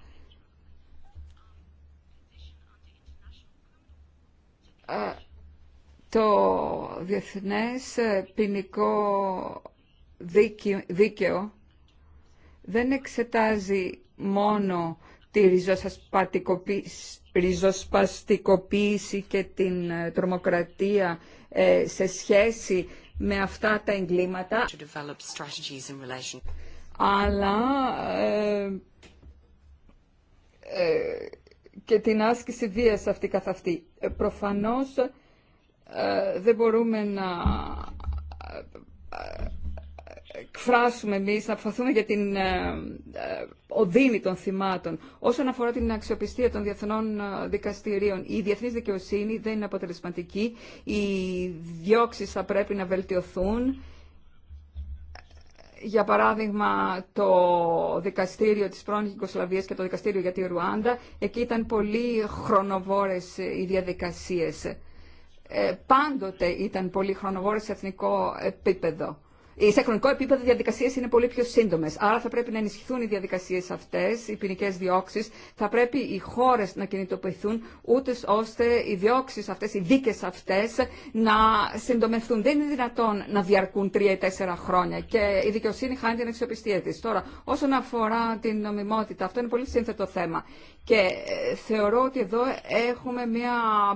το διεθνές ποινικό δίκαιο δεν εξετάζει μόνο τη ριζοσπαστικοποίηση, και την ε, τρομοκρατία ε, σε σχέση με αυτά τα εγκλήματα, αλλά ε, και την άσκηση βίας αυτή καθ' αυτή. Προφανώς ε, δεν μπορούμε να ε, ε, εκφράσουμε εμεί, να αποφαθούμε για την οδύνη των θυμάτων. Όσον αφορά την αξιοπιστία των διεθνών δικαστηρίων, η διεθνής δικαιοσύνη δεν είναι αποτελεσματική, οι διώξει θα πρέπει να βελτιωθούν. Για παράδειγμα, το δικαστήριο της πρώην Ιγκοσλαβίας και το δικαστήριο για τη Ρουάντα, εκεί ήταν πολύ χρονοβόρες οι διαδικασίες. Ε, πάντοτε ήταν πολύ χρονοβόρες σε εθνικό επίπεδο. Ε, σε χρονικό επίπεδο οι διαδικασίε είναι πολύ πιο σύντομε. Άρα θα πρέπει να ενισχυθούν οι διαδικασίε αυτέ, οι ποινικέ διώξει. Θα πρέπει οι χώρε να κινητοποιηθούν, ούτε ώστε οι διώξει αυτέ, οι δίκε αυτέ να συντομευθούν. Δεν είναι δυνατόν να διαρκούν τρία ή τέσσερα χρόνια και η δικαιοσύνη χάνει την αξιοπιστία τη. Τώρα, όσον αφορά την νομιμότητα, αυτό είναι πολύ σύνθετο θέμα. Και ε, θεωρώ ότι εδώ έχουμε μια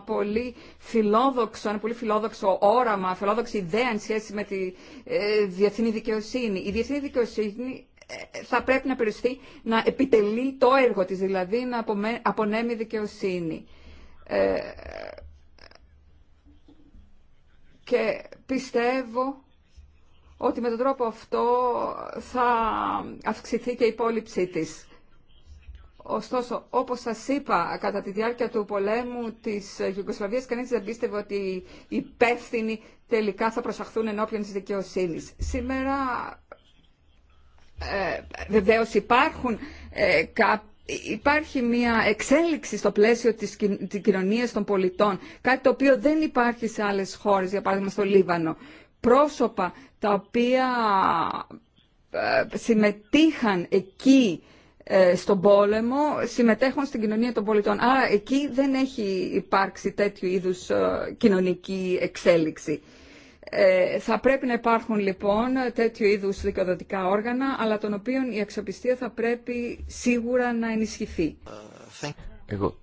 πολύ φιλόδοξο, ένα πολύ φιλόδοξο όραμα, φιλόδοξη ιδέα εν σχέση με τη ε, διεθνή δικαιοσύνη. Η διεθνή δικαιοσύνη ε, θα πρέπει να περιοριστεί να επιτελεί το έργο της, δηλαδή να απονέμει δικαιοσύνη. Ε, και πιστεύω ότι με τον τρόπο αυτό θα αυξηθεί και η υπόλοιψή της. Ωστόσο, όπως σας είπα, κατά τη διάρκεια του πολέμου της Γιουγκοσλαβίας, κανείς δεν πίστευε ότι οι υπεύθυνοι τελικά θα προσαχθούν ενώπιον της δικαιοσύνης. Σήμερα, ε, βεβαίως υπάρχουν ε, Υπάρχει μια εξέλιξη στο πλαίσιο της κοινωνίας των πολιτών, κάτι το οποίο δεν υπάρχει σε άλλες χώρες, για παράδειγμα στο Λίβανο. Πρόσωπα τα οποία ε, συμμετείχαν εκεί ε, στον πόλεμο συμμετέχουν στην κοινωνία των πολιτών. Άρα εκεί δεν έχει υπάρξει τέτοιου είδους ε, κοινωνική εξέλιξη. Ε, θα πρέπει να υπάρχουν λοιπόν τέτοιου είδους δικαιοδοτικά όργανα, αλλά των οποίων η αξιοπιστία θα πρέπει σίγουρα να ενισχυθεί. Εγώ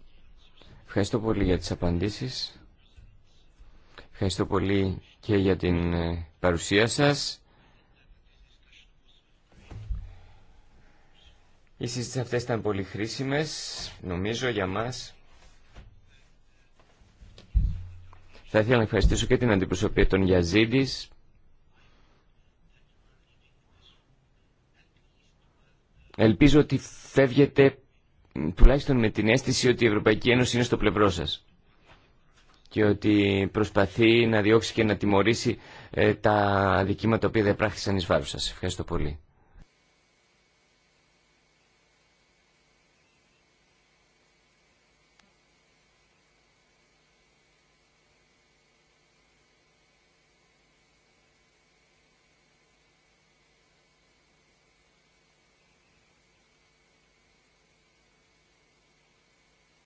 ευχαριστώ πολύ για τις απαντήσεις. Ευχαριστώ πολύ και για την παρουσία σας. Οι συζήτησεις αυτές ήταν πολύ χρήσιμες, νομίζω, για μας. Θα ήθελα να ευχαριστήσω και την αντιπροσωπεία των Γιαζίδης. Ελπίζω ότι φεύγετε τουλάχιστον με την αίσθηση ότι η Ευρωπαϊκή Ένωση είναι στο πλευρό σας και ότι προσπαθεί να διώξει και να τιμωρήσει ε, τα δικήματα που δεν πράχθησαν εις βάρος σας. Ευχαριστώ πολύ.